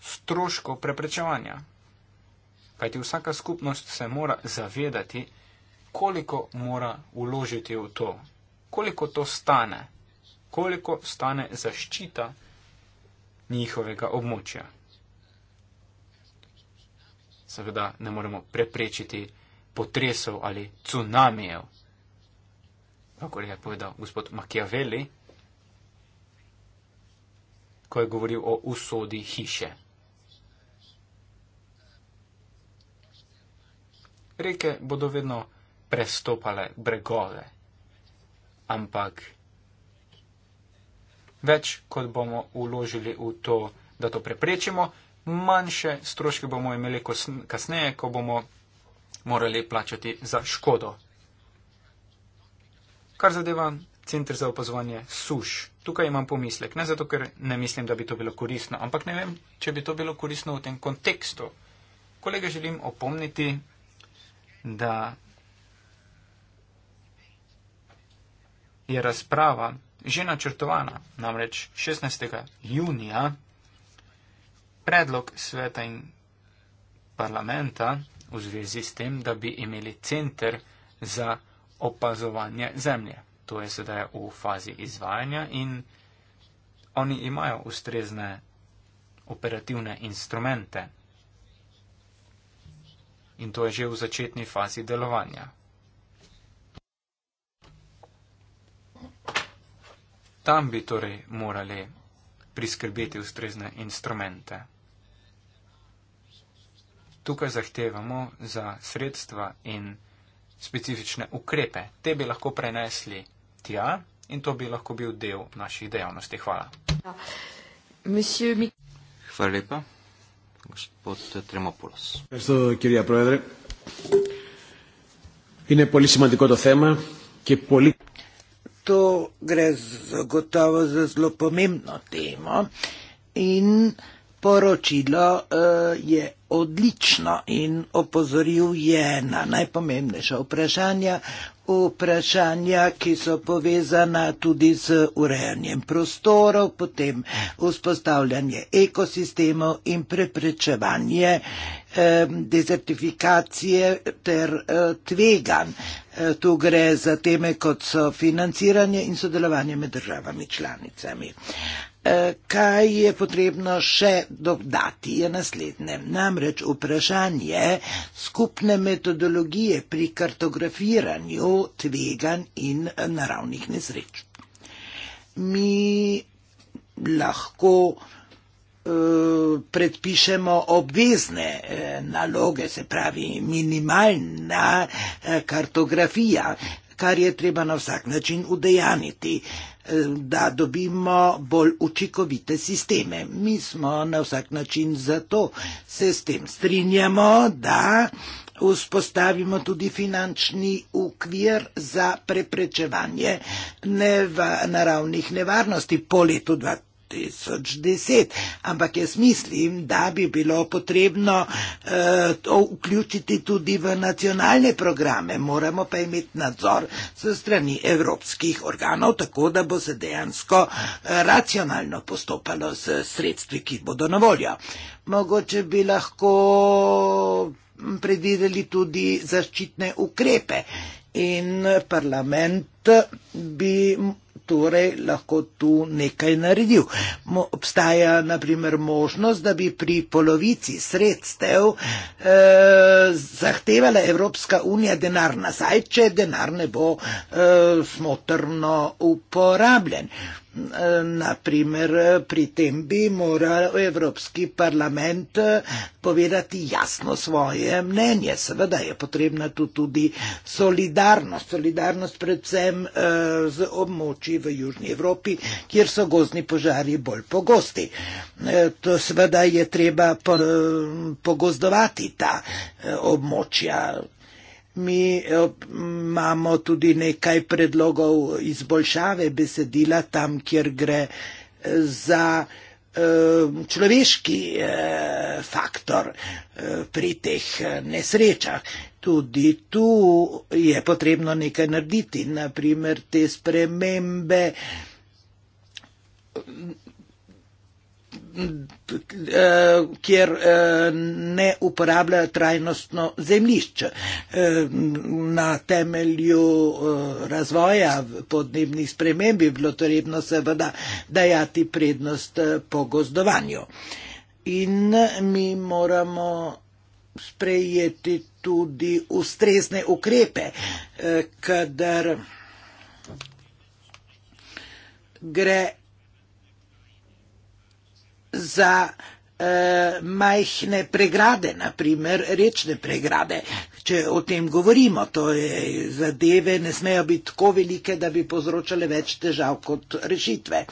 stroškov preprečevanja. Kajti vsaka skupnost se mora zavedati, koliko mora uložiti v to, koliko to stane, koliko stane zaščita njihovega območja. Seveda ne moremo preprečiti potresov ali cunamijev, kako je povedal gospod Machiavelli, ko je govoril o usodi hiše. Reke bodo vedno prestopale bregove, ampak več, kot bomo uložili v to, da to preprečimo, manjše stroške bomo imeli kasneje, ko bomo morali plačati za škodo. Kar zadeva center za opazovanje suš. Tukaj imam pomislek, ne zato, ker ne mislim, da bi to bilo koristno, ampak ne vem, če bi to bilo koristno v tem kontekstu. Kolega želim opomniti, da je razprava že načrtovana, namreč 16. junija, predlog sveta in parlamenta v zvezi s tem, da bi imeli center za opazovanje zemlje to je sedaj v fazi izvajanja in oni imajo ustrezne operativne instrumente. In to je že v začetni fazi delovanja. Tam bi torej morali priskrbeti ustrezne instrumente. Tukaj zahtevamo za sredstva in specifične ukrepe. Te bi lahko prenesli tja in to bi lahko bil del naših dejavnosti. Hvala. Hvala lepa. Gospod Tremopoulos. To gre zagotovo za zelo pomembno temo in poročilo uh, je odlično in opozoril je na najpomembnejša vprašanja, vprašanja, ki so povezana tudi z urejanjem prostorov, potem vzpostavljanje ekosistemov in preprečevanje eh, dezertifikacije ter eh, tvegan. Eh, tu gre za teme, kot so financiranje in sodelovanje med državami članicami. Kaj je potrebno še dodati, je naslednje. Namreč vprašanje skupne metodologije pri kartografiranju tvegan in naravnih nesreč. Mi lahko eh, predpišemo obvezne eh, naloge, se pravi minimalna eh, kartografija, kar je treba na vsak način udejaniti da dobimo bolj učinkovite sisteme. Mi smo na vsak način za to, se s tem strinjamo, da vzpostavimo tudi finančni ukvir za preprečevanje neva, naravnih nevarnosti po letu 2000. 2010, ampak jaz mislim, da bi bilo potrebno uh, to vključiti tudi v nacionalne programe. Moramo pa imeti nadzor se strani evropskih organov, tako da bo se dejansko uh, racionalno postopalo s sredstvi, ki bodo na voljo. Mogoče bi lahko mm, predvideli tudi zaščitne ukrepe in parlament bi torej lahko tu nekaj naredil. Mo, obstaja naprimer možnost, da bi pri polovici sredstev eh, zahtevala Evropska unija denar nazaj, če denar ne bo eh, smotrno uporabljen. Naprimer, pri tem bi moral Evropski parlament povedati jasno svoje mnenje. Seveda je potrebna tu tudi solidarnost, solidarnost predvsem eh, z območji v Južni Evropi, kjer so gozni požari bolj pogosti. Eh, to seveda je treba eh, pogozdovati ta območja, Mi eh, imamo tudi nekaj predlogov izboljšave besedila tam, kjer gre eh, za eh, človeški faktor pri teh nesrečah. Tudi tu je potrebno nekaj narediti, naprimer te spremembe Eh, kjer eh, ne uporablja trajnostno zemljišče. Eh, na temelju razvoja podnebnih sprememb je bilo trebno seveda dajati prednost pogozdovanju. In mi moramo sprejeti tudi ustrezne ukrepe, kadar gre za e, majhne pregrade, naprimer rečne pregrade. Če o tem govorimo, to je zadeve, ne smejo biti tako velike, da bi povzročale več težav kot rešitve.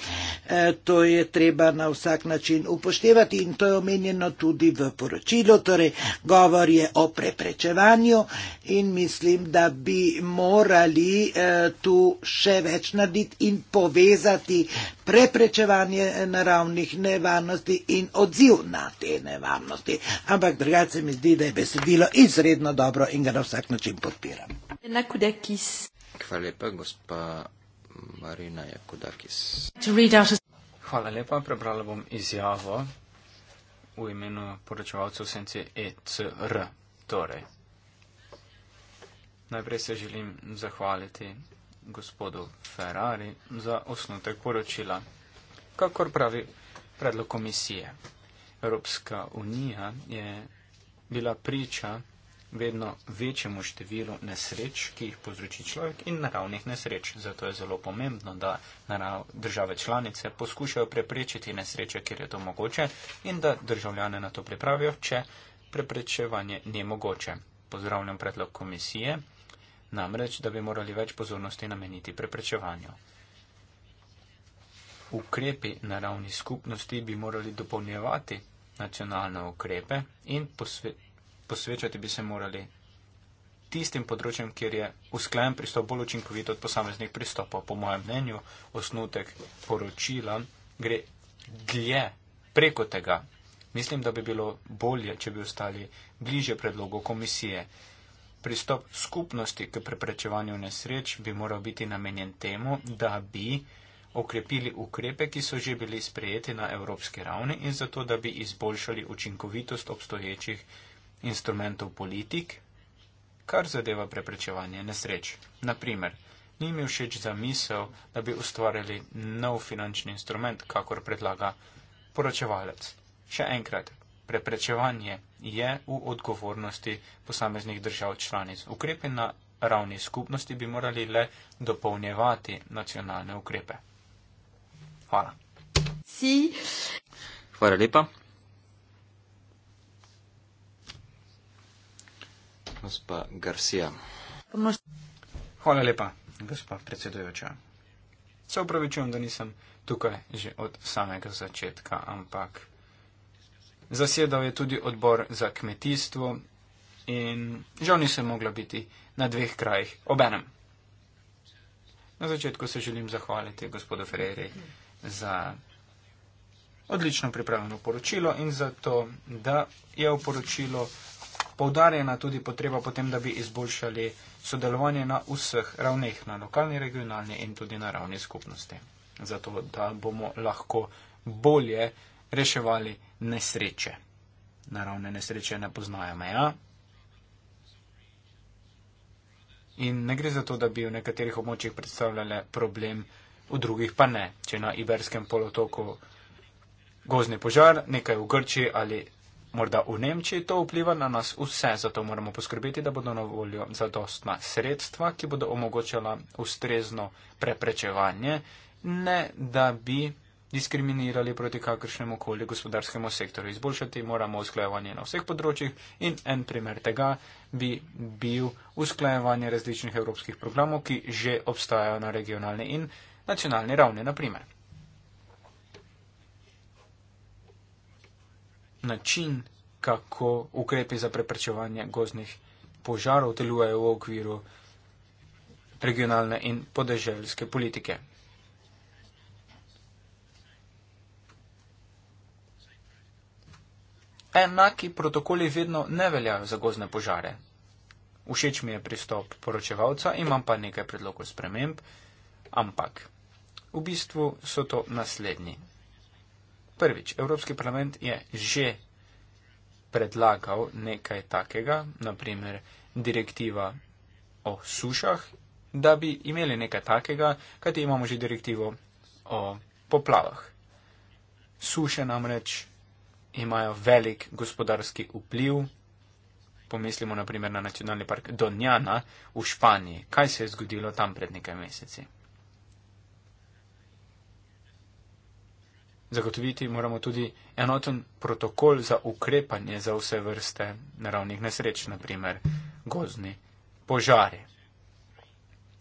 E, to je treba na vsak način upoštevati in to je omenjeno tudi v poročilu. Torej, govor je o preprečevanju in mislim, da bi morali e, tu še več naditi in povezati preprečevanje naravnih nevarnosti in odziv na te nevarnosti. Ampak drugače se mi zdi, da je besedilo izredno dobro in ga na vsak način podpiram. Hvala lepa, gospa Marina Jakudakis. Hvala lepa, prebrala bom izjavo v imenu poročevalcev sence ECR. Torej. Najprej se želim zahvaliti gospodu Ferrari za osnutek poročila. Kakor pravi predlog komisije, Evropska unija je bila priča vedno večjemu številu nesreč, ki jih povzroči človek in naravnih nesreč. Zato je zelo pomembno, da narav, države članice poskušajo preprečiti nesreče, kjer je to mogoče in da državljane na to pripravijo, če preprečevanje ni mogoče. Pozdravljam predlog komisije namreč, da bi morali več pozornosti nameniti preprečevanju. Ukrepi na ravni skupnosti bi morali dopolnjevati nacionalne ukrepe in posve posvečati bi se morali tistim področjem, kjer je usklajen pristop bolj učinkovit od posameznih pristopov. Po mojem mnenju, osnutek poročila gre dlje preko tega. Mislim, da bi bilo bolje, če bi ostali bliže predlogu komisije. Pristop skupnosti k preprečevanju nesreč bi moral biti namenjen temu, da bi okrepili ukrepe, ki so že bili sprejeti na evropski ravni in zato, da bi izboljšali učinkovitost obstoječih instrumentov politik, kar zadeva preprečevanje nesreč. Naprimer, ni mi všeč za misel, da bi ustvarjali nov finančni instrument, kakor predlaga poročevalec. Še enkrat, preprečevanje je v odgovornosti posameznih držav članic. Ukrepe na ravni skupnosti bi morali le dopolnjevati nacionalne ukrepe. Hvala. Si. Hvala lepa. Gospa Garcia. Hvala lepa, gospa predsedujoča. Se upravičujem, da nisem tukaj že od samega začetka, ampak Zasedal je tudi odbor za kmetijstvo in žal nisem mogla biti na dveh krajih obenem. Na začetku se želim zahvaliti gospodu Ferreri za odlično pripravljeno poročilo in za to, da je v poročilo poudarjena tudi potreba potem, da bi izboljšali sodelovanje na vseh ravneh, na lokalni, regionalni in tudi na ravni skupnosti. Zato, da bomo lahko bolje reševali nesreče. Naravne nesreče ne poznajo meja. In ne gre za to, da bi v nekaterih območjih predstavljale problem, v drugih pa ne. Če na Iberskem polotoku gozni požar, nekaj v Grčiji ali morda v Nemčiji, to vpliva na nas vse, zato moramo poskrbeti, da bodo na voljo zadostna sredstva, ki bodo omogočala ustrezno preprečevanje, ne da bi diskriminirali proti kakršnemu koli gospodarskemu sektorju. Izboljšati moramo usklajevanje na vseh področjih in en primer tega bi bil usklajevanje različnih evropskih programov, ki že obstajajo na regionalni in nacionalni ravni, na primer. Način, kako ukrepi za preprečevanje gozdnih požarov delujejo v okviru regionalne in podeželske politike. enaki protokoli vedno ne veljajo za gozne požare. Všeč mi je pristop poročevalca, imam pa nekaj predlogov sprememb, ampak v bistvu so to naslednji. Prvič, Evropski parlament je že predlagal nekaj takega, naprimer direktiva o sušah, da bi imeli nekaj takega, kajti imamo že direktivo o poplavah. Suše namreč imajo velik gospodarski vpliv. Pomislimo naprimer na nacionalni park Donjana v Španiji. Kaj se je zgodilo tam pred nekaj meseci? Zagotoviti moramo tudi enoten protokol za ukrepanje za vse vrste naravnih nesreč, naprimer gozni požari.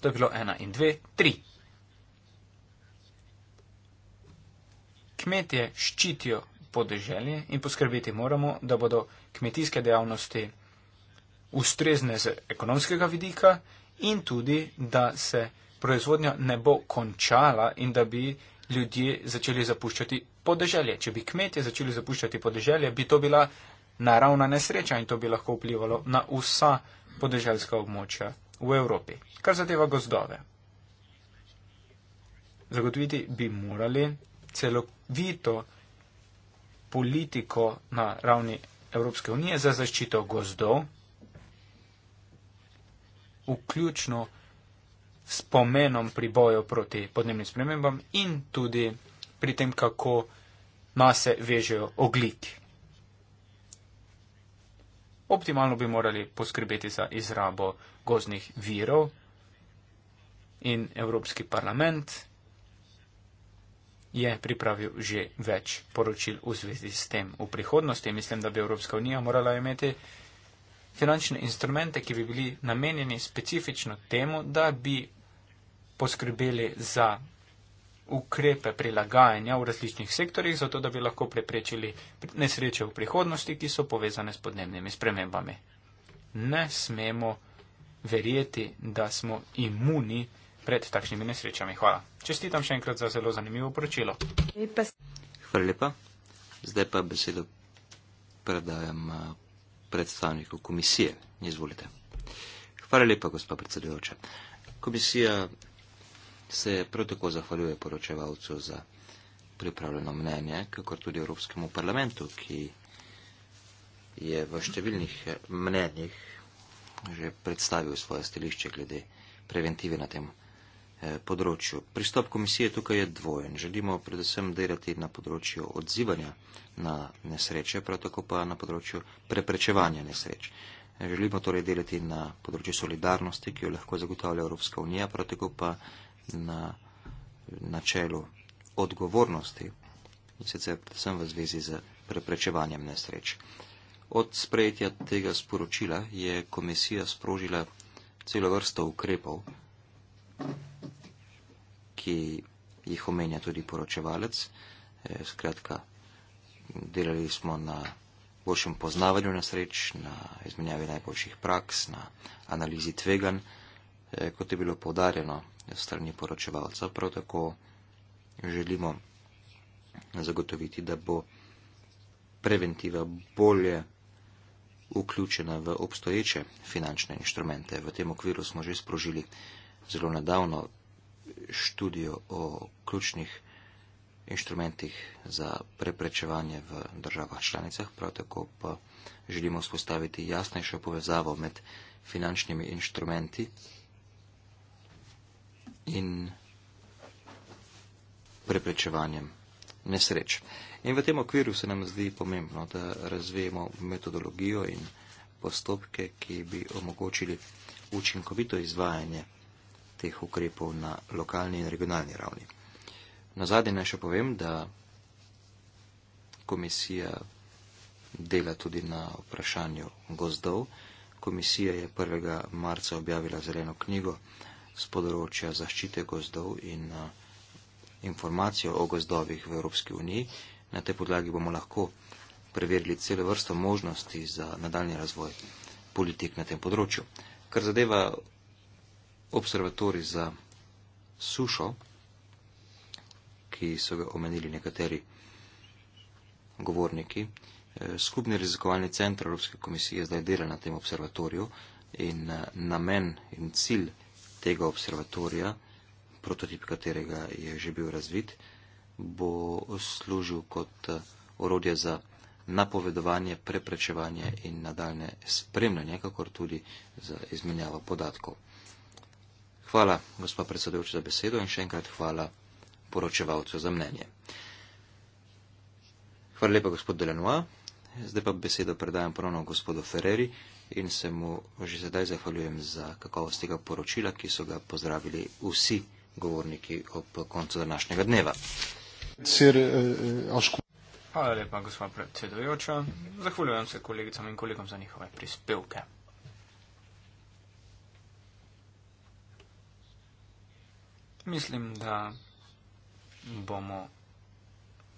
To je bilo ena in dve, tri. Kmetje ščitijo podeželje in poskrbiti moramo, da bodo kmetijske dejavnosti ustrezne z ekonomskega vidika in tudi, da se proizvodnja ne bo končala in da bi ljudje začeli zapuščati podeželje. Če bi kmetje začeli zapuščati podeželje, bi to bila naravna nesreča in to bi lahko vplivalo na vsa podeželska območja v Evropi, kar zadeva gozdove. Zagotoviti bi morali celovito politiko na ravni Evropske unije za zaščito gozdov, vključno s pomenom pri boju proti podnebnim spremembam in tudi pri tem, kako nase vežejo ogliki. Optimalno bi morali poskrbeti za izrabo gozdnih virov in Evropski parlament je pripravil že več poročil v zvezi s tem. V prihodnosti mislim, da bi Evropska unija morala imeti finančne instrumente, ki bi bili namenjeni specifično temu, da bi poskrbeli za ukrepe prilagajanja v različnih sektorjih, zato da bi lahko preprečili nesreče v prihodnosti, ki so povezane s podnebnimi spremembami. Ne smemo verjeti, da smo imuni pred takšnimi nesrečami. Hvala. Čestitam še enkrat za zelo zanimivo poročilo. Hvala lepa. Zdaj pa besedo predajam eh, predstavniku komisije. Izvolite. Hvala lepa, gospod predsedujoča. Komisija se prav tako zahvaljuje poročevalcu za pripravljeno mnenje, kakor tudi Evropskemu parlamentu, ki je v številnih eh, mnenjih že predstavil svoje stališče glede preventive na tem področju. Eh, področju. Pristop komisije tukaj je dvojen. Želimo predvsem delati na področju odzivanja na nesreče, prav tako pa na področju preprečevanja nesreč. Eh, želimo torej delati na področju solidarnosti, ki jo lahko zagotavlja Evropska unija, prav tako pa na načelu odgovornosti in sicer predvsem v zvezi z preprečevanjem nesreč. Od sprejetja tega sporočila je komisija sprožila celo vrsto ukrepov ki jih omenja tudi poročevalec. E, skratka, delali smo na boljšem poznavanju nasreč, na izmenjavi najboljših praks, na analizi tvegan, e, kot je bilo povdarjeno strani poročevalca. Prav tako želimo zagotoviti, da bo preventiva bolje vključena v obstoječe finančne inštrumente. V tem okviru smo že sprožili zelo nedavno študijo o ključnih inštrumentih za preprečevanje v državah članicah, prav tako pa želimo spostaviti jasnejšo povezavo med finančnimi inštrumenti in preprečevanjem nesreč. In v tem okviru se nam zdi pomembno, da razvijemo metodologijo in postopke, ki bi omogočili učinkovito izvajanje teh ukrepov na lokalni in regionalni ravni. Na zadnje naj še povem, da komisija dela tudi na vprašanju gozdov. Komisija je 1. marca objavila zeleno knjigo z področja zaščite gozdov in eh, informacijo o gozdovih v Evropski uniji. Na tej podlagi bomo lahko preverili celo vrsto možnosti za nadaljni razvoj politik na tem področju. Kar zadeva observatorij za sušo, ki so ga omenili nekateri govorniki. Eh, skupni raziskovalni centr Evropske komisije zdaj dela na tem observatoriju in eh, namen in cilj tega observatorija, prototip katerega je že bil razvit, bo služil kot eh, orodje za napovedovanje, preprečevanje in nadaljne spremljanje, kakor tudi za izmenjavo podatkov. Hvala, gospod predsedujoči, za besedo in še enkrat hvala poročevalcu za mnenje. Hvala lepa, gospod Delanois. Zdaj pa besedo predajam ponovno gospodu Ferreri in se mu že sedaj zahvaljujem za kakovost tega poročila, ki so ga pozdravili vsi govorniki ob koncu današnjega dneva. Eh, eh, hvala lepa, gospod predsedujoča. Zahvaljujem se kolegicam in kolegom za njihove prispevke. mislim, da bomo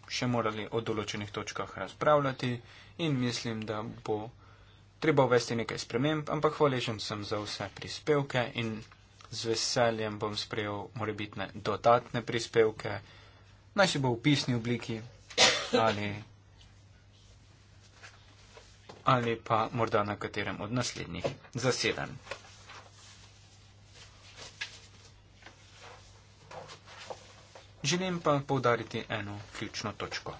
še morali o določenih točkah razpravljati in mislim, da bo treba uvesti nekaj sprememb, ampak hvaležen sem za vse prispevke in z veseljem bom sprejel morebitne dodatne prispevke, naj si bo v pisni obliki ali, ali pa morda na katerem od naslednjih zasedanj. Želim pa povdariti eno ključno točko.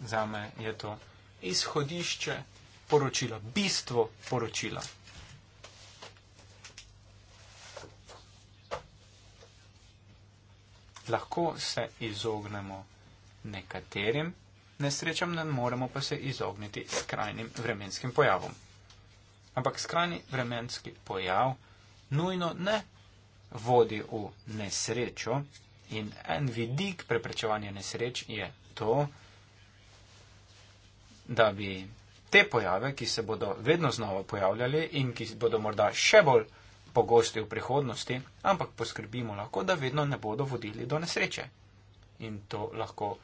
Za me je to izhodišče poročila, bistvo poročila. Lahko se izognemo nekaterim nesrečam, ne moremo pa se izogniti skrajnim vremenskim pojavom. Ampak skrajni vremenski pojav nujno ne vodi v nesrečo. In en vidik preprečevanja nesreč je to, da bi te pojave, ki se bodo vedno znova pojavljali in ki bodo morda še bolj pogosti v prihodnosti, ampak poskrbimo lahko, da vedno ne bodo vodili do nesreče. In to lahko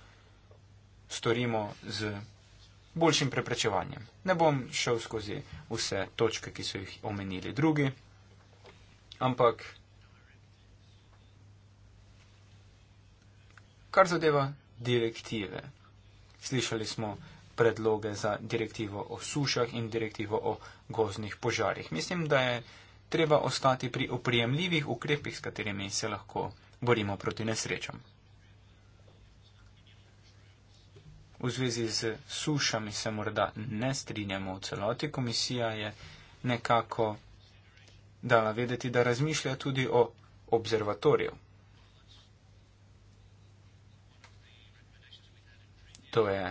storimo z boljšim preprečevanjem. Ne bom šel skozi vse točke, ki so jih omenili drugi, ampak kar zadeva direktive. Slišali smo predloge za direktivo o sušah in direktivo o gozdnih požarih. Mislim, da je treba ostati pri oprijemljivih ukrepih, s katerimi se lahko borimo proti nesrečam. V zvezi z sušami se morda ne strinjamo v celoti. Komisija je nekako dala vedeti, da razmišlja tudi o observatoriju. To je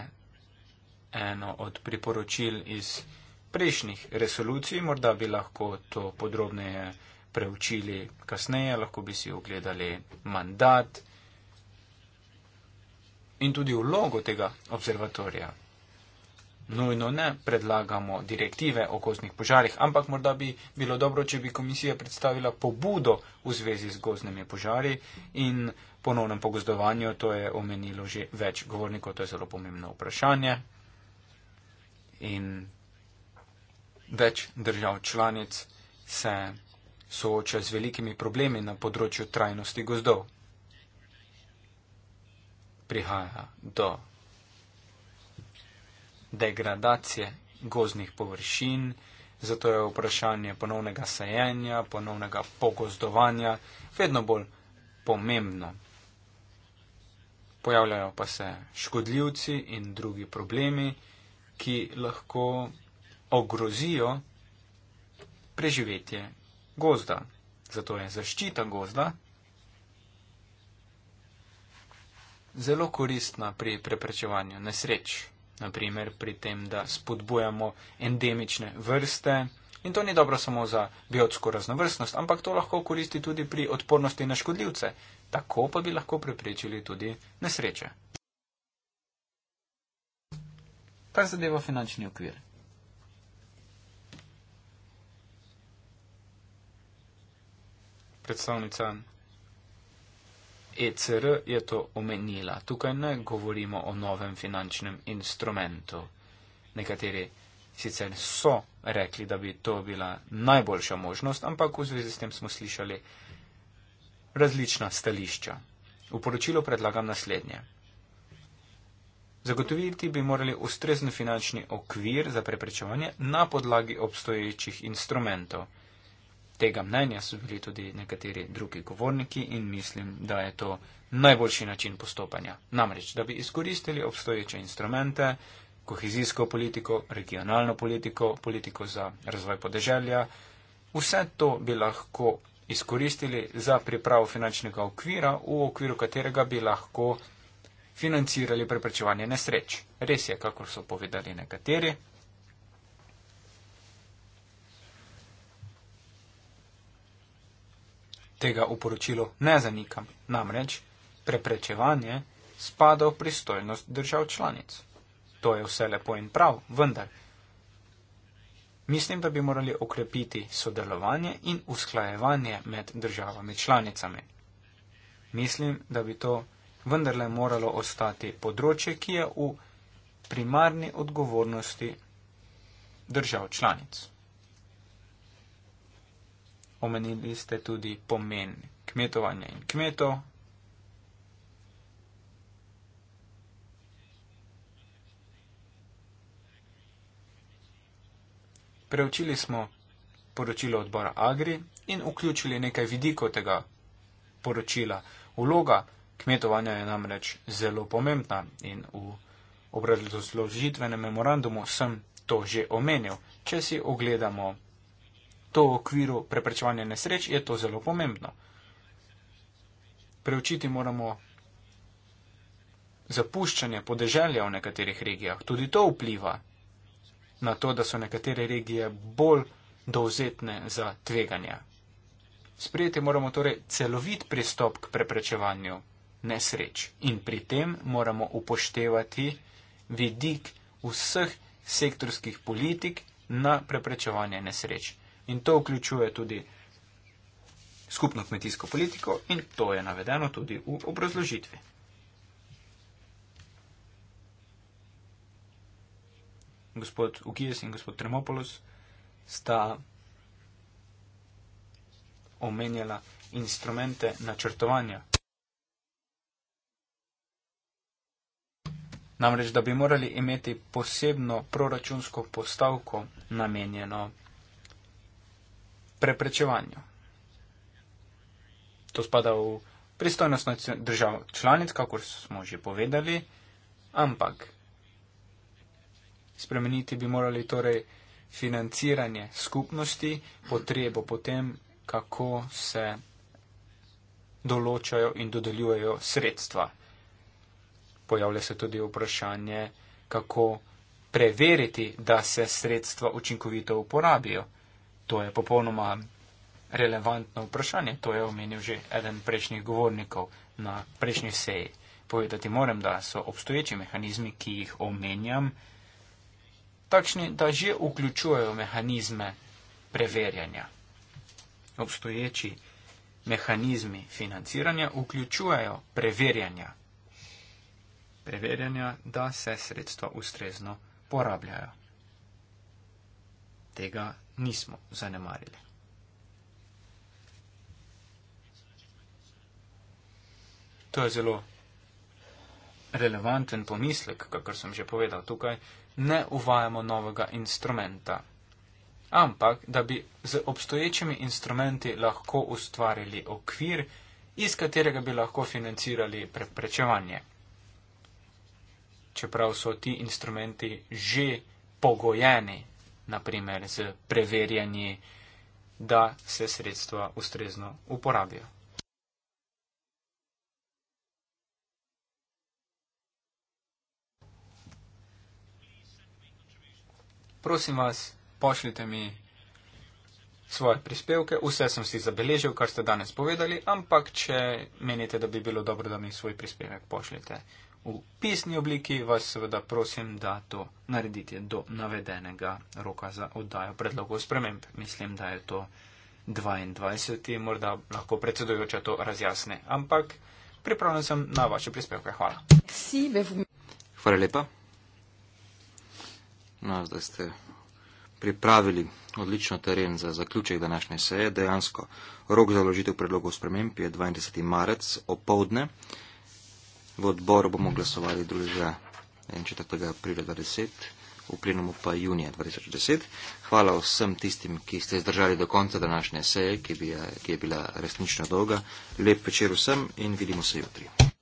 eno od priporočil iz prejšnjih resolucij, morda bi lahko to podrobneje preučili kasneje, lahko bi si ogledali mandat in tudi vlogo tega observatorija nujno ne predlagamo direktive o gozdnih požarih, ampak morda bi bilo dobro, če bi komisija predstavila pobudo v zvezi z gozdnimi požari in ponovnem pogozdovanju. To je omenilo že več govornikov, to je zelo pomembno vprašanje. In več držav članic se sooča z velikimi problemi na področju trajnosti gozdov. Prihaja do degradacije gozdnih površin, zato je vprašanje ponovnega sajenja, ponovnega pogozdovanja vedno bolj pomembno. Pojavljajo pa se škodljivci in drugi problemi, ki lahko ogrozijo preživetje gozda. Zato je zaščita gozda zelo koristna pri preprečevanju nesreč naprimer pri tem, da spodbujamo endemične vrste. In to ni dobro samo za biotsko raznovrstnost, ampak to lahko koristi tudi pri odpornosti na škodljivce. Tako pa bi lahko preprečili tudi nesreče. Kar zadeva finančni okvir. Predstavnica ECR je to omenila. Tukaj ne govorimo o novem finančnem instrumentu. Nekateri sicer so rekli, da bi to bila najboljša možnost, ampak v zvezi s tem smo slišali različna stališča. V poročilu predlagam naslednje. Zagotoviti bi morali ustrezen finančni okvir za preprečevanje na podlagi obstoječih instrumentov tega mnenja so bili tudi nekateri drugi govorniki in mislim, da je to najboljši način postopanja. Namreč, da bi izkoristili obstoječe instrumente, kohezijsko politiko, regionalno politiko, politiko za razvoj podeželja, vse to bi lahko izkoristili za pripravo finančnega okvira, v okviru katerega bi lahko financirali preprečevanje nesreč. Res je, kako so povedali nekateri, tega v poročilu ne zanikam. Namreč preprečevanje spada v pristojnost držav članic. To je vse lepo in prav, vendar. Mislim, da bi morali okrepiti sodelovanje in usklajevanje med državami članicami. Mislim, da bi to vendarle moralo ostati področje, ki je v primarni odgovornosti držav članic omenili ste tudi pomen kmetovanja in kmeto. Preučili smo poročilo odbora Agri in vključili nekaj vidikov tega poročila. Uloga kmetovanja je namreč zelo pomembna in v obrazložitvenem memorandumu sem to že omenil. Če si ogledamo to v okviru preprečevanja nesreč je to zelo pomembno. Preučiti moramo zapuščanje podeželja v nekaterih regijah. Tudi to vpliva na to, da so nekatere regije bolj dovzetne za tveganja. Sprejeti moramo torej celovit pristop k preprečevanju nesreč in pri tem moramo upoštevati vidik vseh sektorskih politik na preprečevanje nesreč. In to vključuje tudi skupno kmetijsko politiko in to je navedeno tudi v obrazložitvi. Gospod Ukijes in gospod Tremopolos sta omenjala instrumente načrtovanja. Namreč, da bi morali imeti posebno proračunsko postavko namenjeno preprečevanju. To spada v pristojnost držav članic, kakor smo že povedali, ampak spremeniti bi morali torej financiranje skupnosti, potrebo potem, kako se določajo in dodeljujejo sredstva. Pojavlja se tudi vprašanje, kako preveriti, da se sredstva učinkovito uporabijo to je popolnoma relevantno vprašanje, to je omenil že eden prejšnjih govornikov na prejšnji seji. Povedati moram, da so obstoječi mehanizmi, ki jih omenjam, takšni, da že vključujejo mehanizme preverjanja. Obstoječi mehanizmi financiranja vključujejo preverjanja. Preverjanja, da se sredstva ustrezno porabljajo. Tega nismo zanemarili. To je zelo relevanten pomislek, kakor sem že povedal tukaj, ne uvajamo novega instrumenta, ampak da bi z obstoječimi instrumenti lahko ustvarili okvir, iz katerega bi lahko financirali preprečevanje. Čeprav so ti instrumenti že pogojeni naprimer z preverjanji, da se sredstva ustrezno uporabijo. Prosim vas, pošljite mi svoje prispevke. Vse sem si zabeležil, kar ste danes povedali, ampak če menite, da bi bilo dobro, da mi svoj prispevek pošljete v pisni obliki, vas seveda prosim, da to naredite do navedenega roka za oddajo predlogov sprememb. Mislim, da je to 22. morda lahko predsedujoča to razjasne, ampak pripravljen sem na vaše prispevke. Hvala. Hvala lepa. No, zdaj ste pripravili odlično teren za zaključek današnje seje. Dejansko rok za ložitev predlogov sprememb je 22. marec o povdne. V odboru bomo glasovali 24. aprila 2010, v plenumu pa junija 2010. Hvala vsem tistim, ki ste zdržali do konca današnje seje, ki je bila resnično dolga. Lep večer vsem in vidimo se jutri.